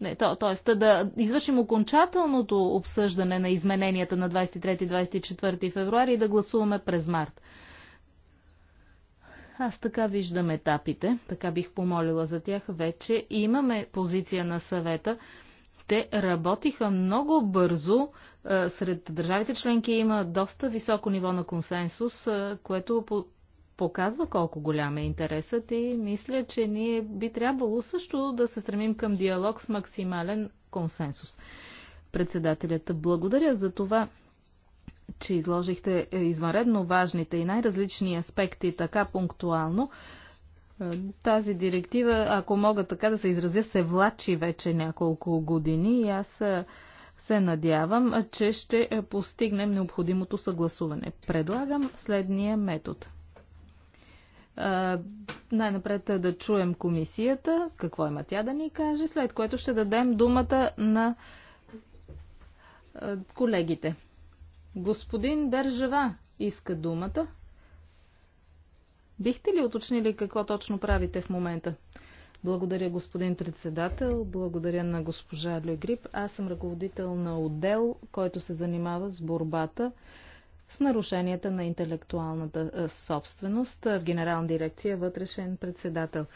Не, то, т.е. да извършим окончателното обсъждане на измененията на 23-24 февруари и да гласуваме през март. Аз така виждам етапите, така бих помолила за тях вече. Имаме позиция на съвета. Те работиха много бързо. Е, сред държавите членки има доста високо ниво на консенсус, е, което показва колко голям е интересът и мисля, че ние би трябвало също да се стремим към диалог с максимален консенсус. Председателят, благодаря за това, че изложихте е, извънредно важните и най-различни аспекти така пунктуално. Тази директива, ако мога така да се изразя, се влачи вече няколко години и аз се надявам, че ще постигнем необходимото съгласуване. Предлагам следния метод. Най-напред да чуем комисията, какво има тя да ни каже, след което ще дадем думата на колегите. Господин Бержева иска думата. Бихте ли уточнили какво точно правите в момента? Благодаря, господин председател. Благодаря на госпожа Легрип. Аз съм ръководител на отдел, който се занимава с борбата с нарушенията на интелектуалната е, собственост е, в Генерална дирекция вътрешен председател.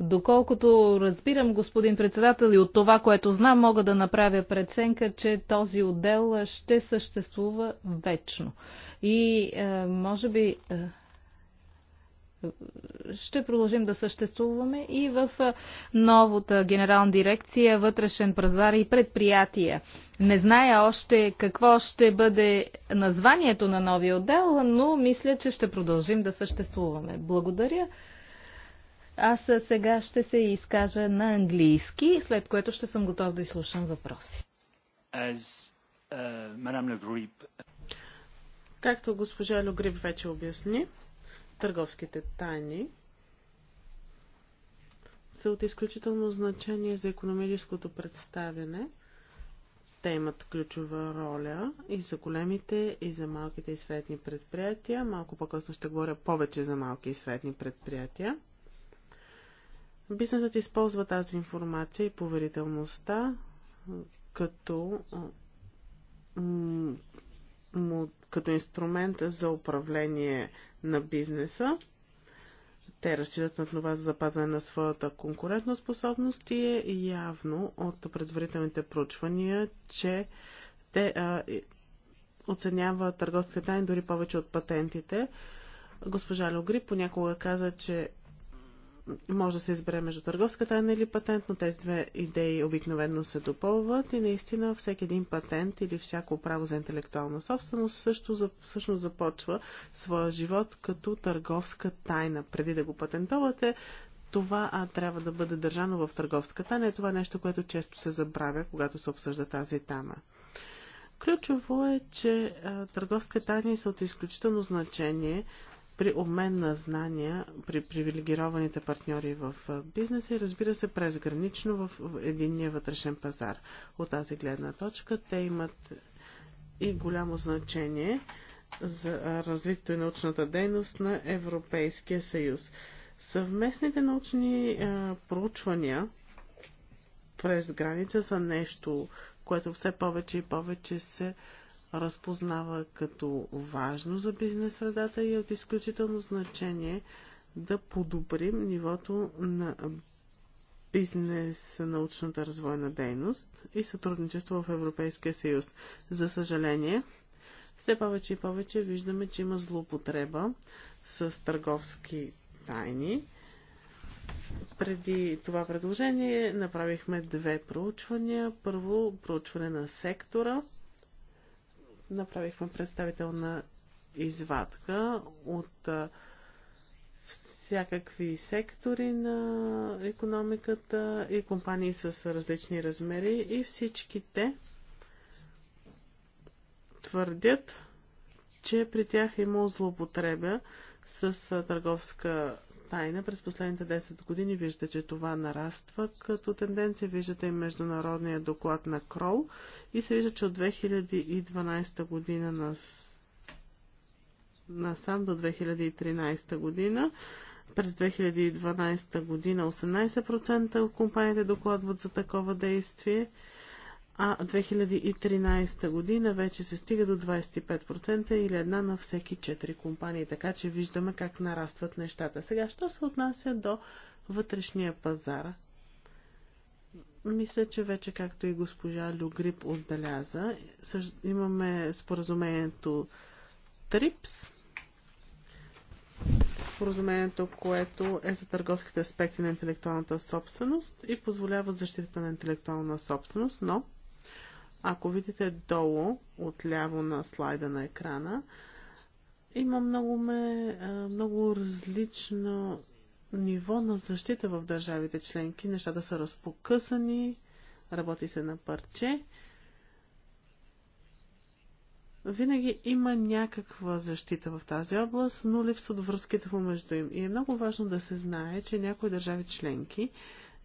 Доколкото разбирам, господин председател, и от това, което знам, мога да направя преценка, че този отдел ще съществува вечно. И е, може би е, ще продължим да съществуваме и в новата генерална дирекция вътрешен пазар и предприятия. Не зная още какво ще бъде названието на новия отдел, но мисля, че ще продължим да съществуваме. Благодаря. Аз сега ще се изкажа на английски, след което ще съм готов да изслушам въпроси. As, uh, Както госпожа Люгрип вече обясни, търговските тайни са от изключително значение за економическото представяне. Те имат ключова роля и за големите, и за малките и средни предприятия. Малко по-късно ще говоря повече за малки и средни предприятия. Бизнесът използва тази информация и поверителността като му като инструмент за управление на бизнеса. Те разчитат на това за запазване на своята конкурентоспособност и е явно от предварителните проучвания, че те а, оценява търговските тайни дори повече от патентите. Госпожа Леогри понякога каза, че може да се избере между търговска тайна или патент, но тези две идеи обикновено се допълват и наистина всеки един патент или всяко право за интелектуална собственост също всъщност започва своя живот като търговска тайна. Преди да го патентовате, това а, трябва да бъде държано в търговска тайна. Е това нещо, което често се забравя, когато се обсъжда тази тема. Ключово е, че а, търговска тайна са от изключително значение при обмен на знания при привилегированите партньори в бизнеса и разбира се гранично в единния вътрешен пазар. От тази гледна точка те имат и голямо значение за развитието и научната дейност на Европейския съюз. Съвместните научни а, проучвания през граница са нещо, което все повече и повече се разпознава като важно за бизнес средата и е от изключително значение да подобрим нивото на бизнес, научната развойна дейност и сътрудничество в Европейския съюз. За съжаление, все повече и повече виждаме, че има злоупотреба с търговски тайни. Преди това предложение направихме две проучвания. Първо, проучване на сектора – Направихме представителна извадка от всякакви сектори на економиката и компании с различни размери и всичките твърдят, че при тях е имало злоупотреба с търговска тайна. През последните 10 години виждате, че това нараства като тенденция. Виждате и международния доклад на Крол и се вижда, че от 2012 година на насам до 2013 година. През 2012 година 18% компаниите докладват за такова действие а 2013 година вече се стига до 25% или една на всеки 4 компании. Така че виждаме как нарастват нещата. Сега, що се отнася до вътрешния пазар? Мисля, че вече, както и госпожа Люгрип отбеляза, имаме споразумението ТРИПС, споразумението, което е за търговските аспекти на интелектуалната собственост и позволява защитата на интелектуална собственост, но ако видите долу, отляво на слайда на екрана, има много, ме, много различно ниво на защита в държавите членки. Нещата са разпокъсани, работи се на парче. Винаги има някаква защита в тази област, но липсват връзките помежду им. И е много важно да се знае, че някои държави членки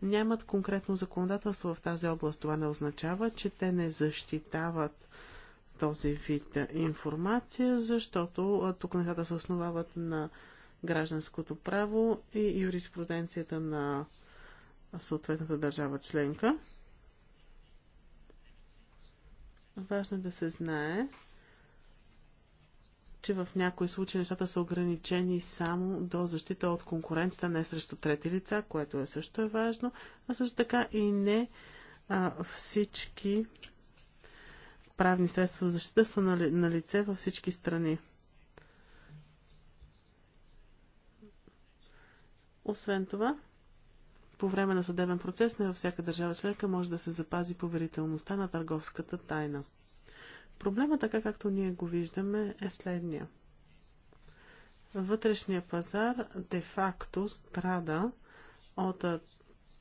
нямат конкретно законодателство в тази област. Това не означава, че те не защитават този вид информация, защото тук нещата се основават на гражданското право и юриспруденцията на съответната държава членка. Важно е да се знае, че в някои случаи нещата са ограничени само до защита от конкуренцията, не срещу трети лица, което е също е важно, а също така и не а, всички правни средства за защита са на, нали, на лице във всички страни. Освен това, по време на съдебен процес не във всяка държава членка може да се запази поверителността на търговската тайна. Проблема, така както ние го виждаме, е следния. Вътрешния пазар де-факто страда от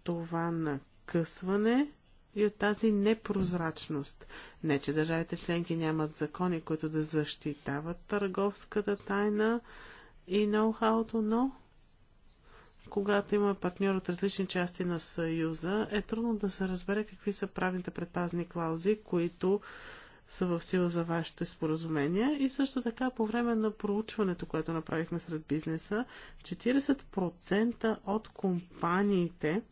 това накъсване и от тази непрозрачност. Не, че държавите членки нямат закони, които да защитават търговската тайна и ноу-хауто, но когато има партньор от различни части на Съюза, е трудно да се разбере какви са правните предпазни клаузи, които са в сила за вашите споразумения и също така по време на проучването, което направихме сред бизнеса, 40% от компаниите,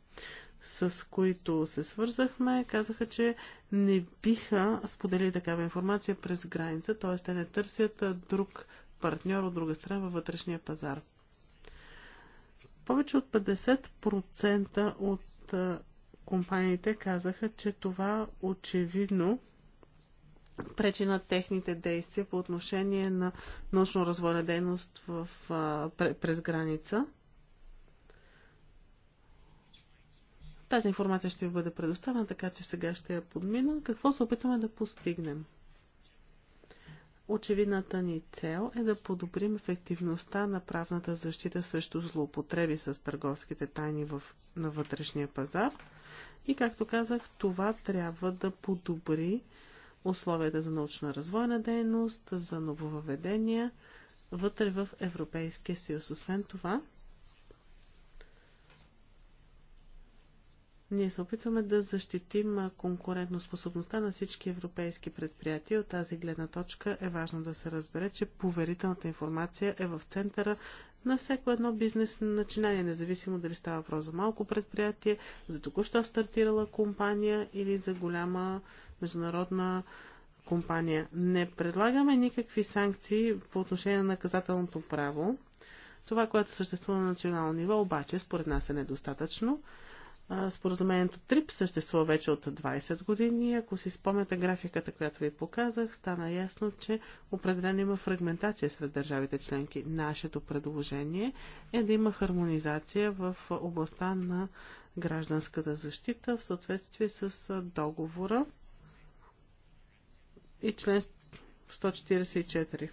с които се свързахме, казаха, че не биха споделили такава информация през граница, т.е. те не търсят друг партньор от друга страна във вътрешния пазар. Повече от 50% от компаниите казаха, че това очевидно пречи на техните действия по отношение на научно-развойна дейност в, а, през граница. Тази информация ще ви бъде предоставена, така че сега ще я подмина. Какво се опитваме да постигнем? Очевидната ни цел е да подобрим ефективността на правната защита срещу злоупотреби с търговските тайни в, на вътрешния пазар. И, както казах, това трябва да подобри условията за научна развойна дейност, за нововъведения вътре в Европейския съюз. Освен това, Ние се опитваме да защитим конкурентоспособността на всички европейски предприятия. От тази гледна точка е важно да се разбере, че поверителната информация е в центъра на всяко едно бизнес начинание, независимо дали става въпрос за малко предприятие, за току-що стартирала компания или за голяма международна компания. Не предлагаме никакви санкции по отношение на наказателното право. Това, което съществува на национално ниво, обаче, според нас е недостатъчно. Споразумението ТРИП съществува вече от 20 години. Ако си спомняте графиката, която ви показах, стана ясно, че определено има фрагментация сред държавите членки. Нашето предложение е да има хармонизация в областта на гражданската защита в съответствие с договора и член 144.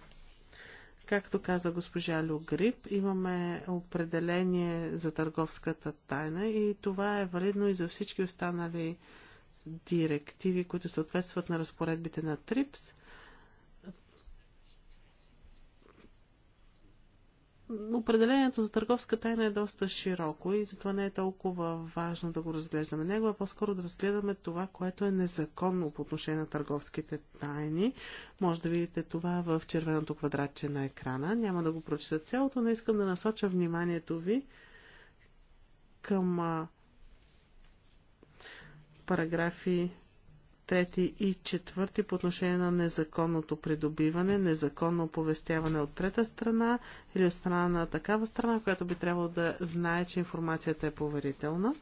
Както каза госпожа Лю Грип, имаме определение за търговската тайна и това е валидно и за всички останали директиви, които съответстват на разпоредбите на ТРИПС – определението за търговска тайна е доста широко и затова не е толкова важно да го разглеждаме него, е по-скоро да разгледаме това, което е незаконно по отношение на търговските тайни. Може да видите това в червеното квадратче на екрана. Няма да го прочета цялото, но искам да насоча вниманието ви към параграфи трети и четвърти по отношение на незаконното придобиване, незаконно оповестяване от трета страна или от страна на такава страна, която би трябвало да знае, че информацията е поверителна.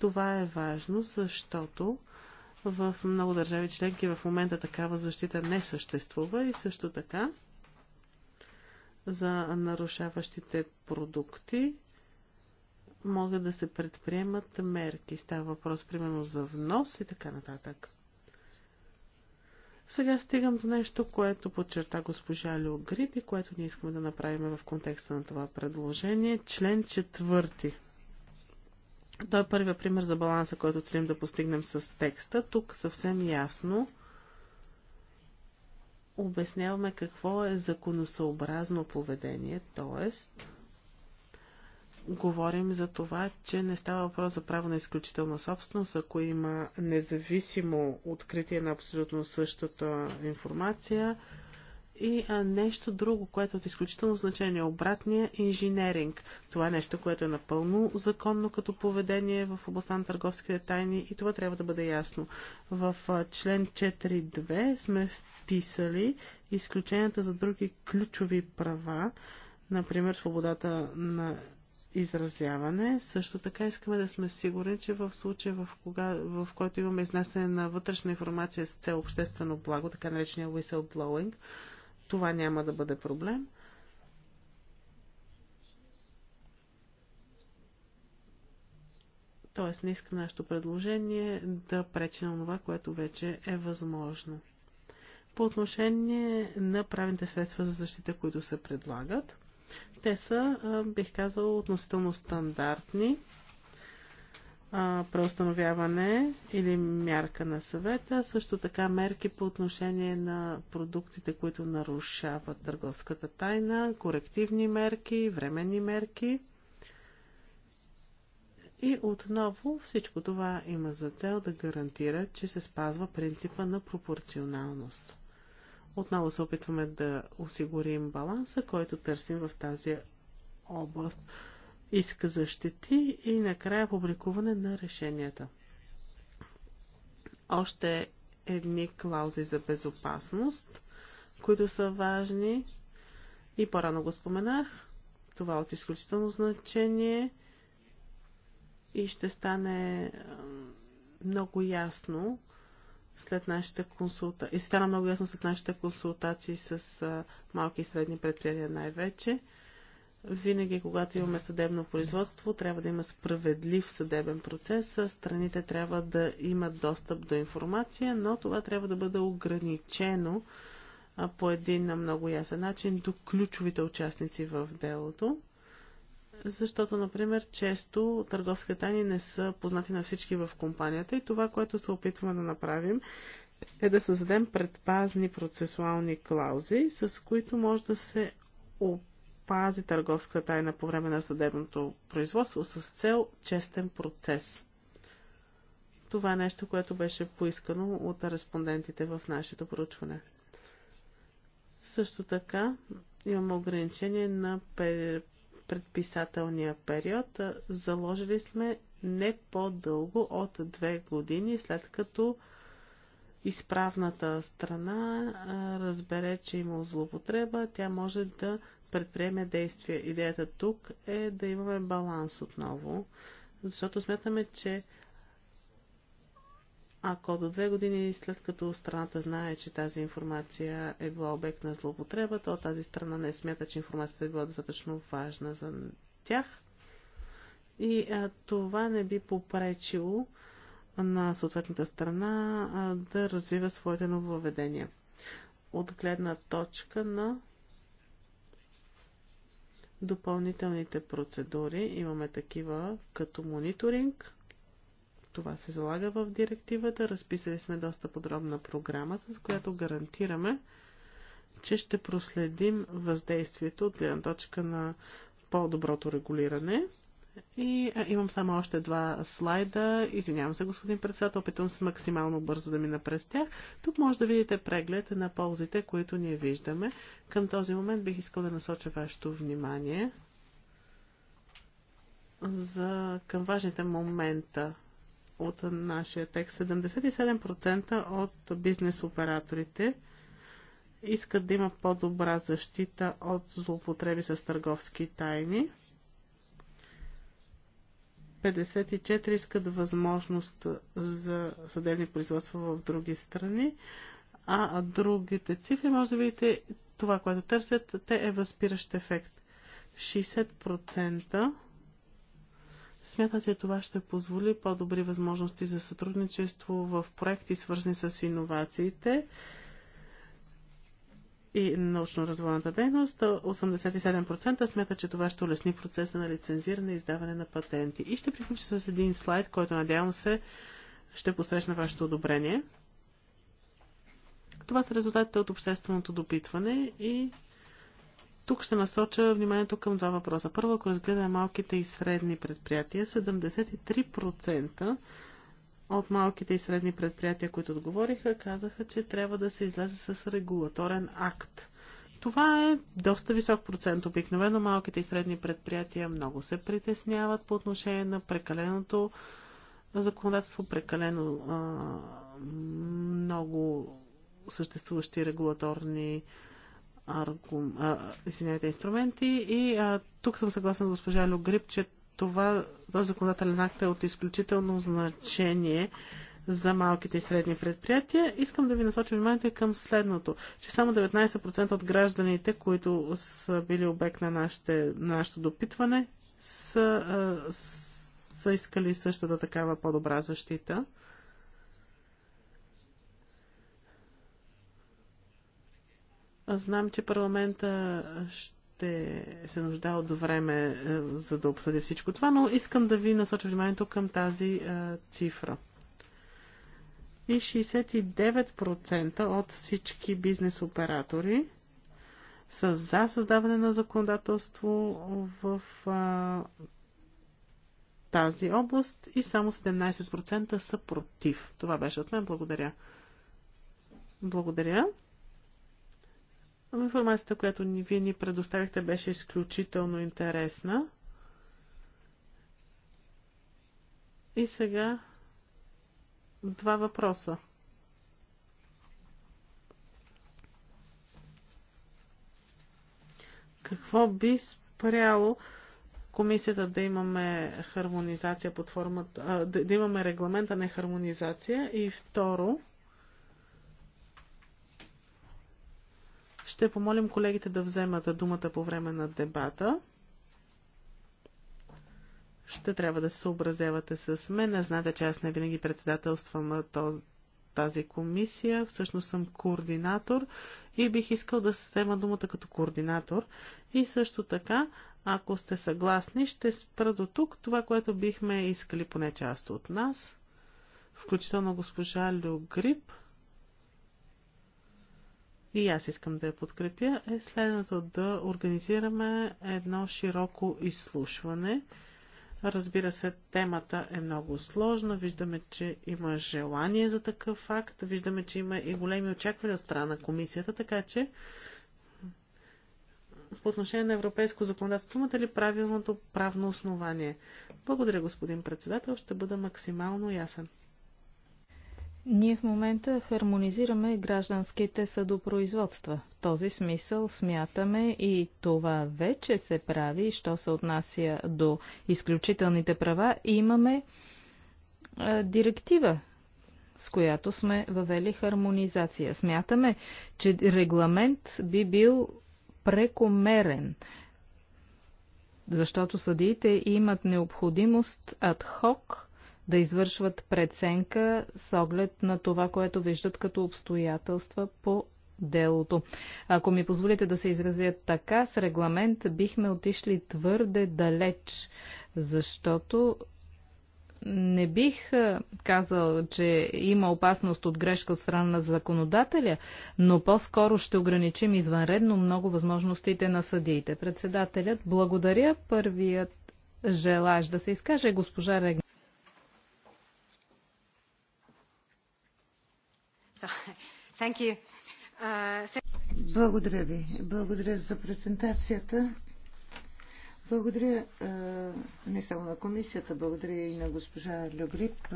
Това е важно, защото в много държави членки в момента такава защита не съществува и също така за нарушаващите продукти могат да се предприемат мерки. Става въпрос примерно за внос и така нататък. Сега стигам до нещо, което подчерта госпожа Лео Гриб и което ние искаме да направим в контекста на това предложение. Член четвърти. Той е първият пример за баланса, който целим да постигнем с текста. Тук съвсем ясно обясняваме какво е законосъобразно поведение, т.е говорим за това, че не става въпрос за право на изключителна собственост, ако има независимо откритие на абсолютно същата информация и а, нещо друго, което е от изключително значение, обратния инженеринг. Това е нещо, което е напълно законно като поведение в областта на търговските тайни и това трябва да бъде ясно. В а, член 4.2 сме вписали изключенията за други ключови права, например свободата на изразяване. Също така искаме да сме сигурни, че в случай, в, кога, в който имаме изнасяне на вътрешна информация с цел обществено благо, така наречения whistleblowing, това няма да бъде проблем. Тоест, не искам нашето предложение да пречи на това, което вече е възможно. По отношение на правните средства за защита, които се предлагат, те са, бих казал, относително стандартни. Преустановяване или мярка на съвета, също така мерки по отношение на продуктите, които нарушават търговската тайна, корективни мерки, временни мерки. И отново всичко това има за цел да гарантира, че се спазва принципа на пропорционалност. Отново се опитваме да осигурим баланса, който търсим в тази област. Иска защити и накрая публикуване на решенията. Още едни клаузи за безопасност, които са важни. И по-рано го споменах. Това е от изключително значение и ще стане много ясно след нашите консулта... и стана много ясно след нашите консултации с а, малки и средни предприятия най-вече. Винаги, когато имаме съдебно производство, трябва да има справедлив съдебен процес. Страните трябва да имат достъп до информация, но това трябва да бъде ограничено а, по един на много ясен начин до ключовите участници в делото защото, например, често търговските тайни не са познати на всички в компанията и това, което се опитваме да направим, е да създадем предпазни процесуални клаузи, с които може да се опази търговска тайна по време на съдебното производство с цел честен процес. Това е нещо, което беше поискано от респондентите в нашето проучване. Също така имаме ограничение на предписателния период заложили сме не по-дълго от две години, след като изправната страна разбере, че има злопотреба, тя може да предприеме действия. Идеята тук е да имаме баланс отново, защото смятаме, че ако до две години след като страната знае, че тази информация е била обект на злоупотреба, то тази страна не смята, че информацията е била достатъчно важна за тях. И а, това не би попречило на съответната страна а, да развива своите нововведения. От гледна точка на допълнителните процедури имаме такива като мониторинг – това се залага в директивата. Разписали сме доста подробна програма, с която гарантираме, че ще проследим въздействието от гледна точка на по-доброто регулиране. И а, имам само още два слайда. Извинявам се, господин председател, опитвам се максимално бързо да мина през тях. Тук може да видите преглед на ползите, които ние виждаме. Към този момент бих искал да насоча вашето внимание за, към важните момента от нашия текст. 77% от бизнес операторите искат да има по-добра защита от злоупотреби с търговски тайни. 54 искат възможност за съдебни производства в други страни, а другите цифри, може да видите, това, което търсят, те е възпиращ ефект. 60% Смятате, това ще позволи по-добри възможности за сътрудничество в проекти, свързани с иновациите и научно-развойната дейност. 87% смята, че това ще улесни процеса на лицензиране и издаване на патенти. И ще приключа с един слайд, който надявам се ще посрещна вашето одобрение. Това са резултатите от общественото допитване и тук ще насоча вниманието към два въпроса. Първо, ако разгледаме малките и средни предприятия, 73% от малките и средни предприятия, които отговориха, казаха, че трябва да се излезе с регулаторен акт. Това е доста висок процент. Обикновено малките и средни предприятия много се притесняват по отношение на прекаленото законодателство, прекалено а, много съществуващи регулаторни а, аргум... а, извинете, инструменти и а, тук съм съгласна с госпожа Люгрип, че това, този законодателен акт е от изключително значение за малките и средни предприятия. Искам да ви насоча вниманието и към следното, че само 19% от гражданите, които са били обект на нашите, нашето допитване, са, а, са искали същата такава по-добра защита. Знам, че парламента ще се нуждае от време, е, за да обсъди всичко това, но искам да ви насоча вниманието към тази е, цифра. И 69% от всички бизнес оператори са за създаване на законодателство в а, е, тази област и само 17% са против. Това беше от мен. Благодаря. Благодаря. Информацията, която ни, вие ни предоставихте, беше изключително интересна. И сега два въпроса. Какво би спряло комисията да имаме хармонизация под формата, да имаме регламента, не хармонизация? И второ, Ще помолим колегите да вземат думата по време на дебата. Ще трябва да се съобразявате с мен. Не знаете, че аз не винаги председателствам тази комисия. Всъщност съм координатор и бих искал да се взема думата като координатор. И също така, ако сте съгласни, ще спра до тук това, което бихме искали поне част от нас, включително госпожа Люгрип. Грип и аз искам да я подкрепя, е следното да организираме едно широко изслушване. Разбира се, темата е много сложна. Виждаме, че има желание за такъв факт. Виждаме, че има и големи очаквания от страна на комисията, така че по отношение на европейско законодателство, имате ли правилното правно основание? Благодаря, господин председател. Ще бъда максимално ясен. Ние в момента хармонизираме гражданските съдопроизводства. В този смисъл смятаме и това вече се прави, що се отнася до изключителните права. Имаме а, директива, с която сме въвели хармонизация. Смятаме, че регламент би бил прекомерен, защото съдиите имат необходимост адхок да извършват преценка с оглед на това, което виждат като обстоятелства по делото. Ако ми позволите да се изразя така, с регламент бихме отишли твърде далеч, защото не бих казал, че има опасност от грешка от страна на законодателя, но по-скоро ще ограничим извънредно много възможностите на съдиите. Председателят, благодаря. Първият желаж да се изкаже е госпожа Регна. [laughs] Uh, благодаря ви. Благодаря за презентацията. Благодаря не само на комисията, благодаря и на госпожа Люгрип,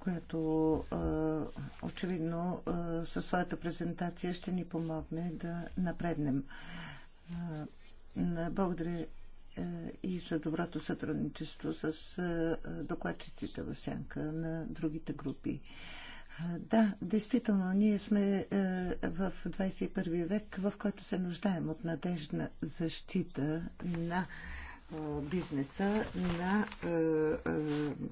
която очевидно със своята презентация ще ни помогне да напреднем. Благодаря и за доброто сътрудничество с докладчиците в сянка на другите групи. Да, действително, ние сме в 21 век, в който се нуждаем от надежна защита на бизнеса, на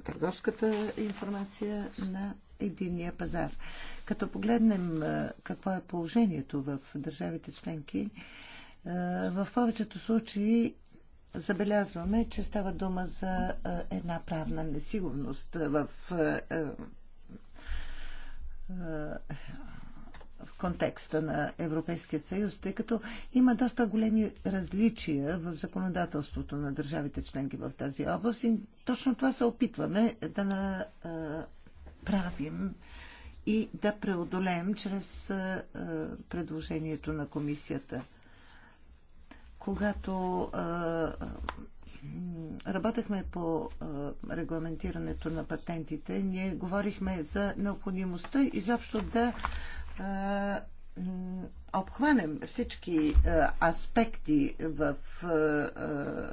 търговската информация, на единния пазар. Като погледнем какво е положението в държавите членки, в повечето случаи забелязваме, че става дума за е, една правна несигурност в, е, е, в контекста на Европейския съюз, тъй като има доста големи различия в законодателството на държавите членки в тази област и точно това се опитваме да направим и да преодолеем чрез предложението на комисията. Когато работехме по регламентирането на патентите, ние говорихме за необходимостта изобщо да обхванем всички аспекти в,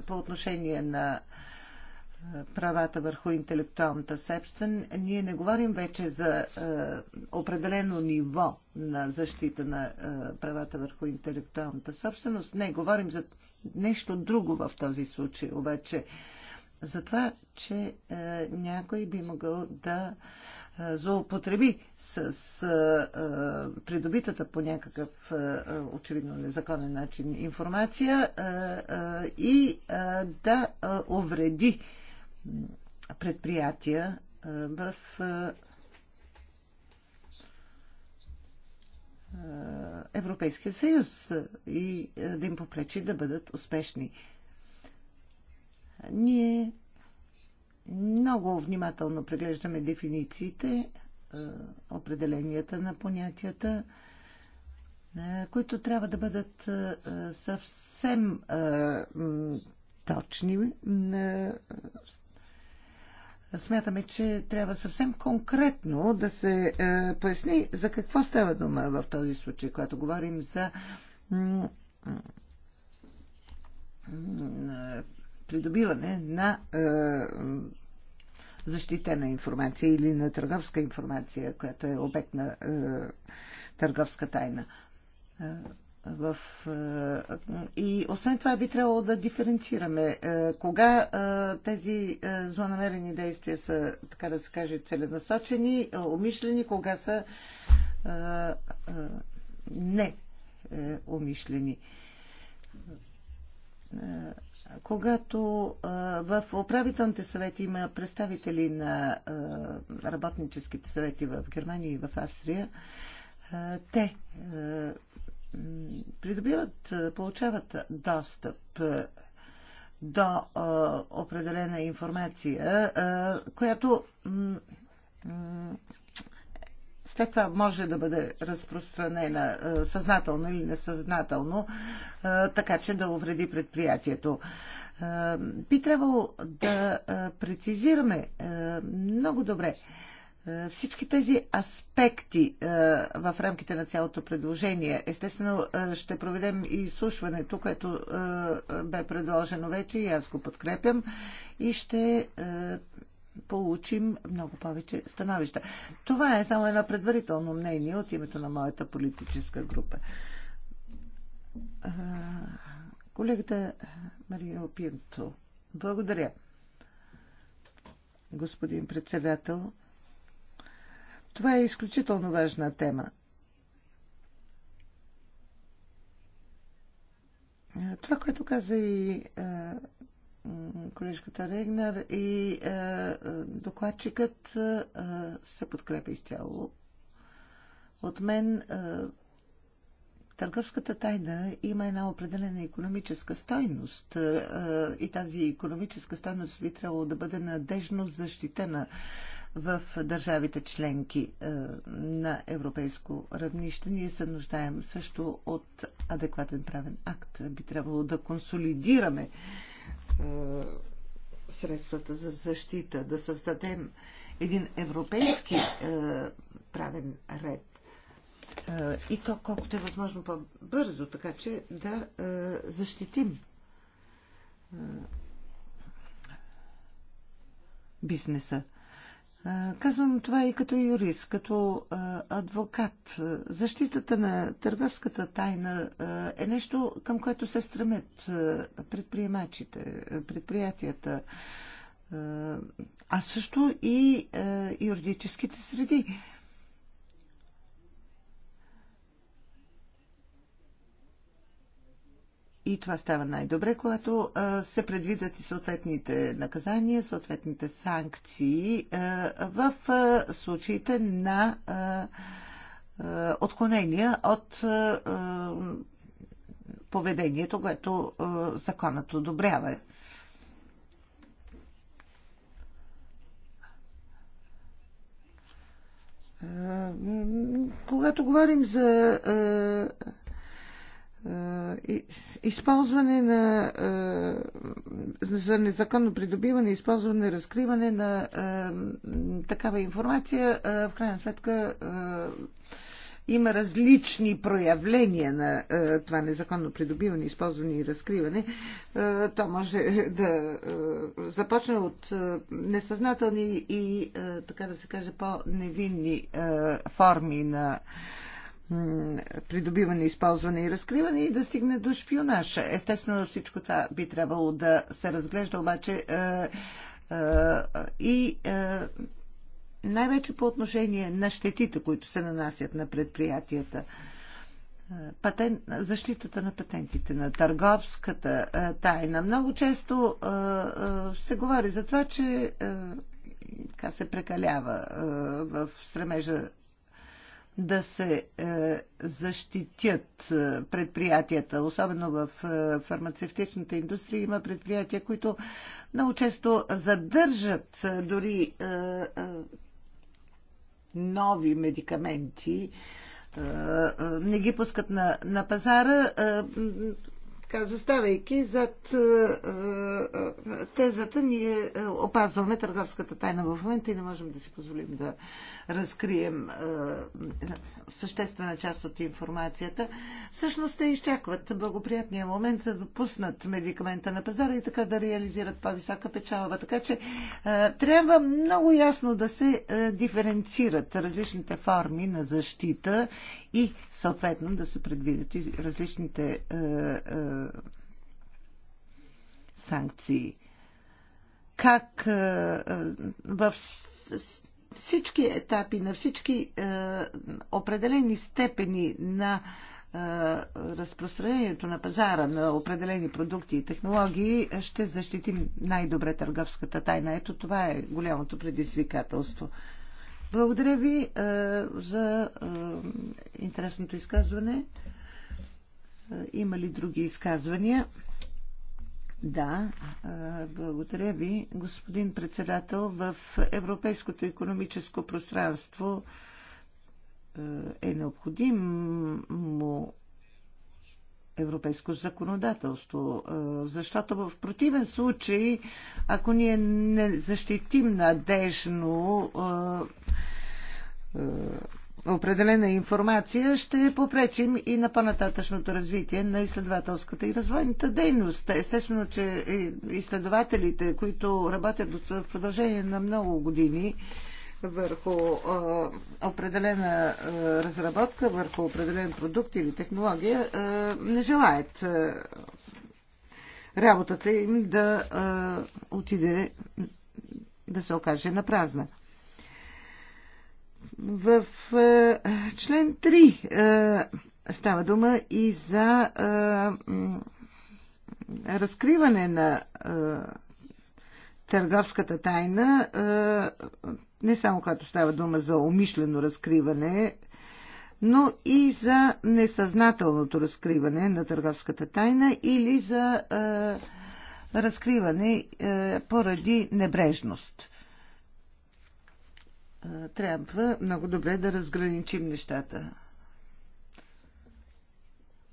по отношение на правата върху интелектуалната собствен, ние не говорим вече за е, определено ниво на защита на е, правата върху интелектуалната собственост. Не, говорим за нещо друго в този случай, обаче за това, че е, някой би могъл да е, злоупотреби с е, е придобитата по някакъв е, е, очевидно незаконен начин информация е, е, и е, да е, увреди е, предприятия в Европейския съюз и да им попречи да бъдат успешни. Ние много внимателно преглеждаме дефинициите, определенията на понятията, които трябва да бъдат съвсем точни смятаме, че трябва съвсем конкретно да се е, поясни за какво става дума в този случай, когато говорим за е, придобиване на е, защитена информация или на търговска информация, която е обект на е, търговска тайна. Е, в, е, и освен това би трябвало да диференцираме е, кога е, тези злонамерени действия са, така да се каже, целенасочени, умишлени, кога са не умишлени. Когато в управителните съвети има представители на работническите съвети в Германия и в Австрия, те придобиват, получават достъп до определена информация, която след това може да бъде разпространена съзнателно или несъзнателно, така че да увреди предприятието. Би трябвало да прецизираме много добре е, всички тези аспекти е, в рамките на цялото предложение. Естествено, е, ще проведем и слушването, което бе предложено вече и аз го подкрепям. И ще получим много повече становища. Това е само едно предварително мнение от името на моята политическа група. Колегата Мария Опинто. Благодаря. Господин председател, това е изключително важна тема. Това, което каза и колежката Регнар и докладчикът се подкрепя изцяло. От мен търговската тайна има една определена економическа стойност и тази економическа стойност би трябвало да бъде надежно защитена в държавите членки е, на европейско равнище. Ние се нуждаем също от адекватен правен акт. Би трябвало да консолидираме е, средствата за защита, да създадем един европейски е, правен ред и то колкото е възможно по-бързо, така че да защитим бизнеса. Казвам това и като юрист, като адвокат. Защитата на търговската тайна е нещо, към което се стремят предприемачите, предприятията, а също и юридическите среди. И това става най-добре, когато се предвидят и съответните наказания, съответните санкции в случаите на отклонения от поведението, което законът одобрява. Когато говорим за използване на за незаконно придобиване, използване, разкриване на такава информация, в крайна сметка има различни проявления на това незаконно придобиване, използване и разкриване. то може да започне от несъзнателни и, така да се каже, по-невинни форми на придобиване, използване и разкриване и да стигне до шпионаж. Естествено всичко това би трябвало да се разглежда обаче е, е, и е, най-вече по отношение на щетите, които се нанасят на предприятията. Патен... защитата на патентите, на търговската тайна. Много често се говори за това, че така се прекалява в стремежа да се е, защитят е, предприятията, особено в е, фармацевтичната индустрия. Има предприятия, които много често задържат дори нови медикаменти, не ги пускат на, на пазара така, заставайки зад е, е, тезата, ние е, опазваме търговската тайна в момента и не можем да си позволим да разкрием съществена част от информацията. Всъщност те изчакват благоприятния момент, за да пуснат медикамента на пазара и така да реализират по-висока печалба. Така че трябва много ясно да се диференцират различните форми на защита и съответно да се предвидят и различните е, е, санкции. Как е, е във в всички етапи, на всички е, определени степени на е, разпространението на пазара на определени продукти и технологии ще защитим най-добре търговската тайна. Ето това е голямото предизвикателство. Благодаря ви за интересното изказване. Има ли други изказвания? Да, благодаря ви, господин председател. В Европейското економическо пространство е необходимо европейско законодателство. Е, защото в противен случай, ако ние не защитим надежно е, е, определена информация, ще попречим и на по-нататъчното развитие на изследователската и развойната дейност. Естествено, че изследователите, които работят в продължение на много години, върху а, определена а, разработка, върху определен продукт или технология, а, не желаят а, работата им да а, отиде, да се окаже на празна. В а, член 3 а, става дума и за а, разкриване на а, търговската тайна. А, не само като става дума за умишлено разкриване, но и за несъзнателното разкриване на търговската тайна или за е, разкриване е, поради небрежност. Е, трябва много добре да разграничим нещата.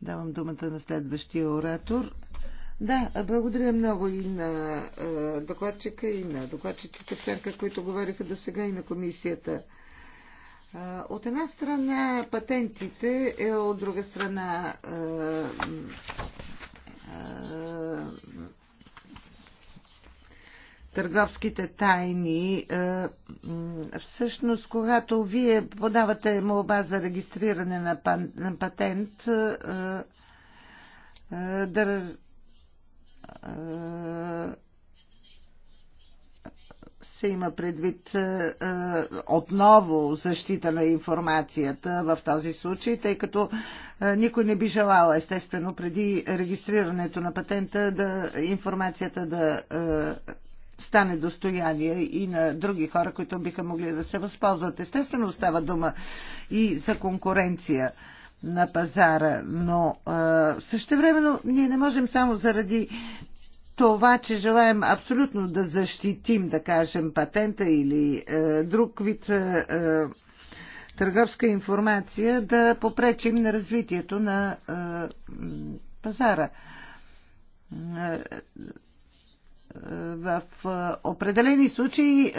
Давам думата на следващия оратор. Да, благодаря много и на докладчика, и на докладчиците в сянка, които говориха до сега, и на комисията. От една страна патентите, е, от друга страна е, е, търговските тайни. Всъщност, когато вие подавате молба за регистриране на патент, да се има предвид е, е, отново защита на информацията в този случай, тъй като е, никой не би желал, естествено, преди регистрирането на патента да информацията да стане достояние и на други хора, които биха могли да се възползват. Естествено, става дума и за конкуренция на пазара, но същевременно ние не можем само заради това, че желаем абсолютно да защитим, да кажем, патента или а, друг вид а, търговска информация, да попречим на развитието на а, пазара в е, определени случаи е,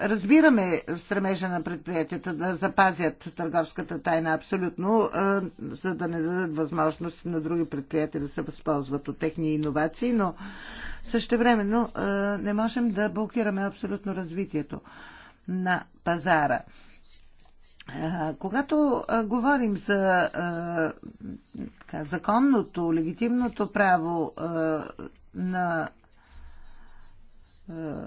разбираме стремежа на предприятията да запазят търговската тайна абсолютно, е, за да не дадат възможност на други предприятия да се възползват от техни иновации, но същевременно не можем да блокираме абсолютно развитието на пазара. Когато говорим за така, законното, легитимното право на е,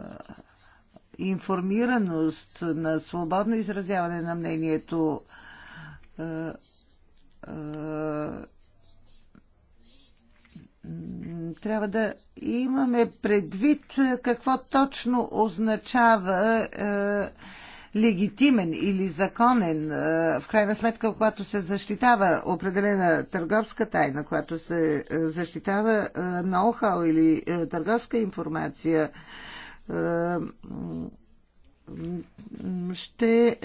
информираност, на свободно изразяване на мнението, е, е, трябва да имаме предвид какво точно означава легитимен или законен. В крайна сметка, когато се защитава определена търговска тайна, когато се защитава ноу-хау или търговска информация, ще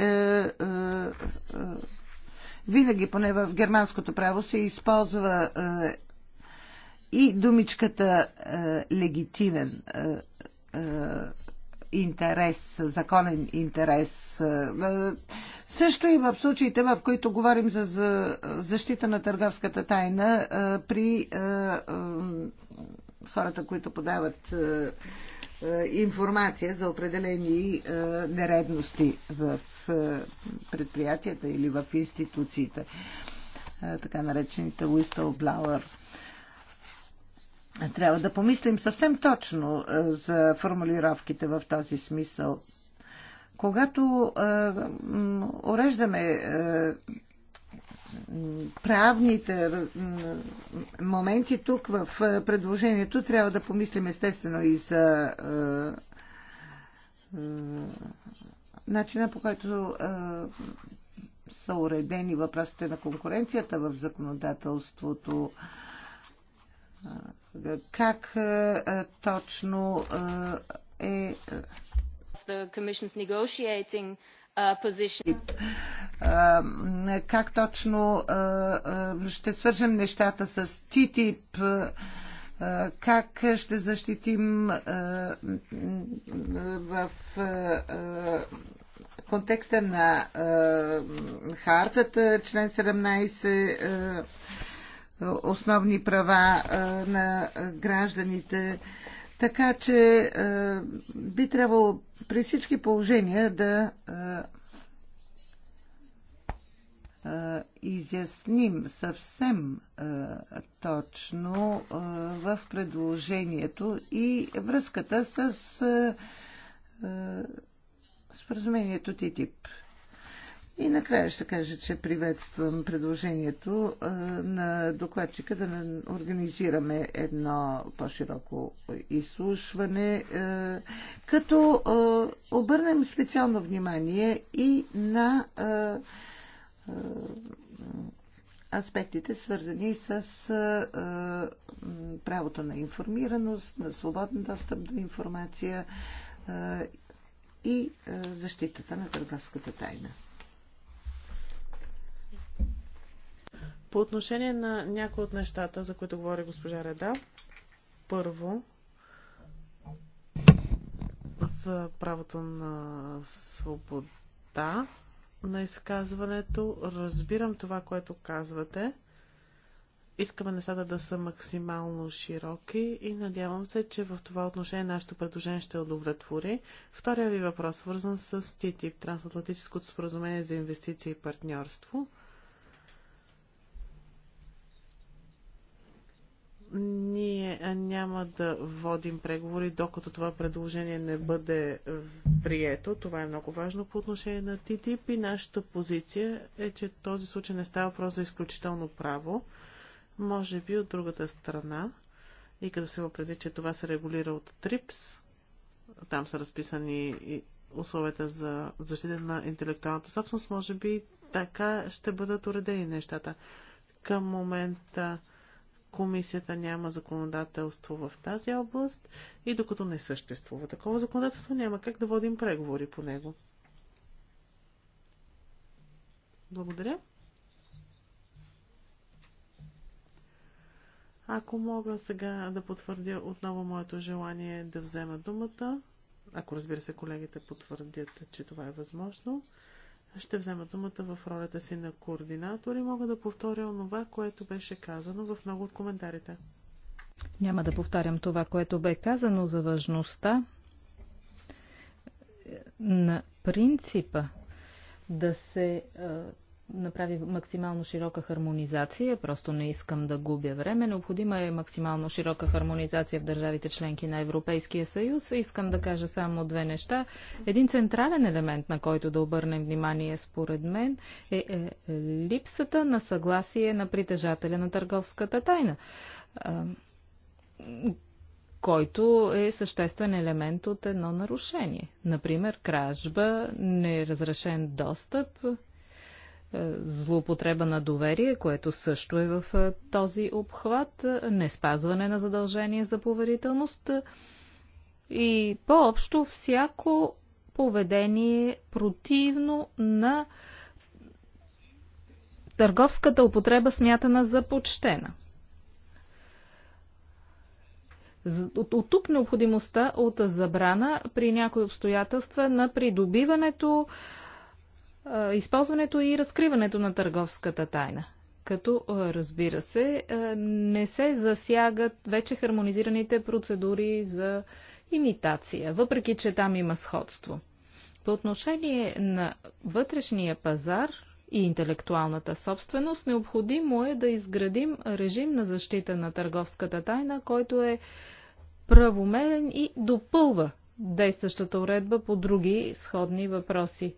винаги, поне в германското право, се използва и думичката легитимен интерес, законен интерес. Е, също и в случаите, в които говорим за защита на търговската тайна е, при е, хората, които подават информация за определени нередности в предприятията или в институциите, така наречените whistleblower. Трябва да помислим съвсем точно е, за формулировките в този смисъл. Когато е, уреждаме е, правните моменти тук в предложението, трябва да помислим естествено и за начина по който са уредени въпросите на конкуренцията в законодателството. Е, е, е, uh, как точно е как точно ще свържем нещата с ТИТИП, как ще защитим в контекста на хартата, член 17 основни права на гражданите. Така че би трябвало при всички положения да изясним съвсем точно в предложението и връзката с споразумението ТИТИП. И накрая ще кажа, че приветствам предложението на докладчика да организираме едно по-широко изслушване, като обърнем специално внимание и на аспектите, свързани с правото на информираност, на свободен достъп до информация и защитата на търговската тайна. По отношение на някои от нещата, за които говори госпожа Реда, първо, за правото на свобода на изказването. Разбирам това, което казвате. Искаме нещата да са максимално широки и надявам се, че в това отношение нашето предложение ще удовлетвори. Втория ви въпрос, свързан с ТТИП, Трансатлантическото споразумение за инвестиции и партньорство – ние няма да водим преговори, докато това предложение не бъде е, прието. Това е много важно по отношение на ТТИП и нашата позиция е, че този случай не става въпрос за изключително право. Може би от другата страна, и като се определи, че това се регулира от ТРИПС, там са разписани и условията за защита на интелектуалната собственост, може би така ще бъдат уредени нещата. Към момента Комисията няма законодателство в тази област и докато не съществува такова законодателство, няма как да водим преговори по него. Благодаря. Ако мога сега да потвърдя отново моето желание да взема думата, ако разбира се колегите потвърдят, че това е възможно, ще взема думата в ролята си на координатор и мога да повторя онова, което беше казано в много от коментарите. Няма да повтарям това, което бе казано за важността на принципа да се направи максимално широка хармонизация. Просто не искам да губя време. Необходима е максимално широка хармонизация в държавите членки на Европейския съюз. Искам да кажа само две неща. Един централен елемент, на който да обърнем внимание според мен, е, е липсата на съгласие на притежателя на търговската тайна който е съществен елемент от едно нарушение. Например, кражба, неразрешен достъп, е, злоупотреба на доверие, което също е в е, този обхват, е, не спазване на задължение за поверителност и по-общо всяко поведение противно на търговската употреба смятана за почтена. От тук необходимостта от забрана при някои обстоятелства на придобиването, използването и разкриването на търговската тайна. Като, разбира се, не се засягат вече хармонизираните процедури за имитация, въпреки че там има сходство. По отношение на вътрешния пазар и интелектуалната собственост, необходимо е да изградим режим на защита на търговската тайна, който е правомерен и допълва действащата уредба по други сходни въпроси.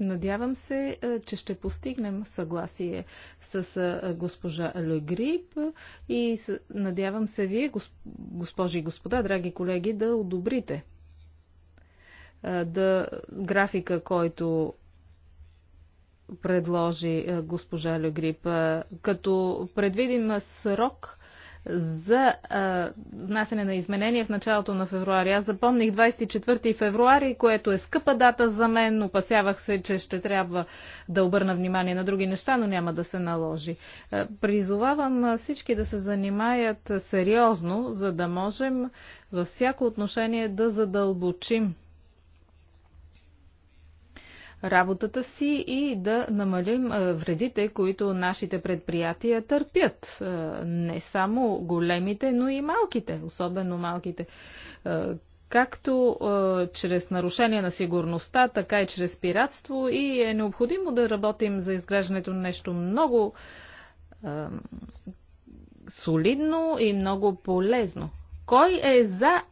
Надявам се, че ще постигнем съгласие с госпожа Легрип и надявам се вие, госпожи и господа, драги колеги, да одобрите да, графика, който предложи госпожа Легрип, като предвидим срок за а, внасене на изменения в началото на февруари. Аз запомних 24 февруари, което е скъпа дата за мен. Опасявах се, че ще трябва да обърна внимание на други неща, но няма да се наложи. А, призовавам всички да се занимаят сериозно, за да можем във всяко отношение да задълбочим работата си и да намалим вредите, които нашите предприятия търпят. Не само големите, но и малките, особено малките. Както чрез нарушение на сигурността, така и чрез пиратство и е необходимо да работим за изграждането на нещо много солидно и много полезно. Кой е за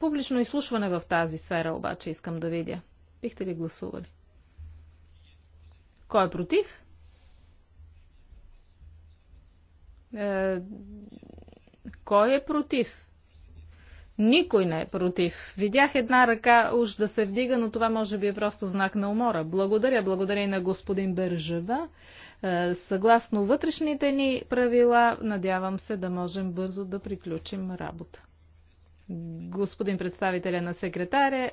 публично изслушване в тази сфера обаче, искам да видя. Бихте ли гласували? Кой е против? Е, кой е против? Никой не е против. Видях една ръка уж да се вдига, но това може би е просто знак на умора. Благодаря, благодаря и на господин Бержева. Е, съгласно вътрешните ни правила, надявам се да можем бързо да приключим работа господин представителя на,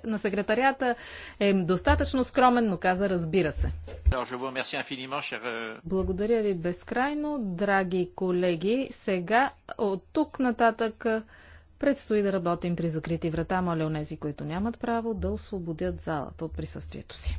на секретарията е достатъчно скромен, но каза разбира се. Euh, Благодаря ви безкрайно, драги колеги. Сега от тук нататък предстои да работим при закрити врата. Моля онези, които нямат право да освободят залата от присъствието си.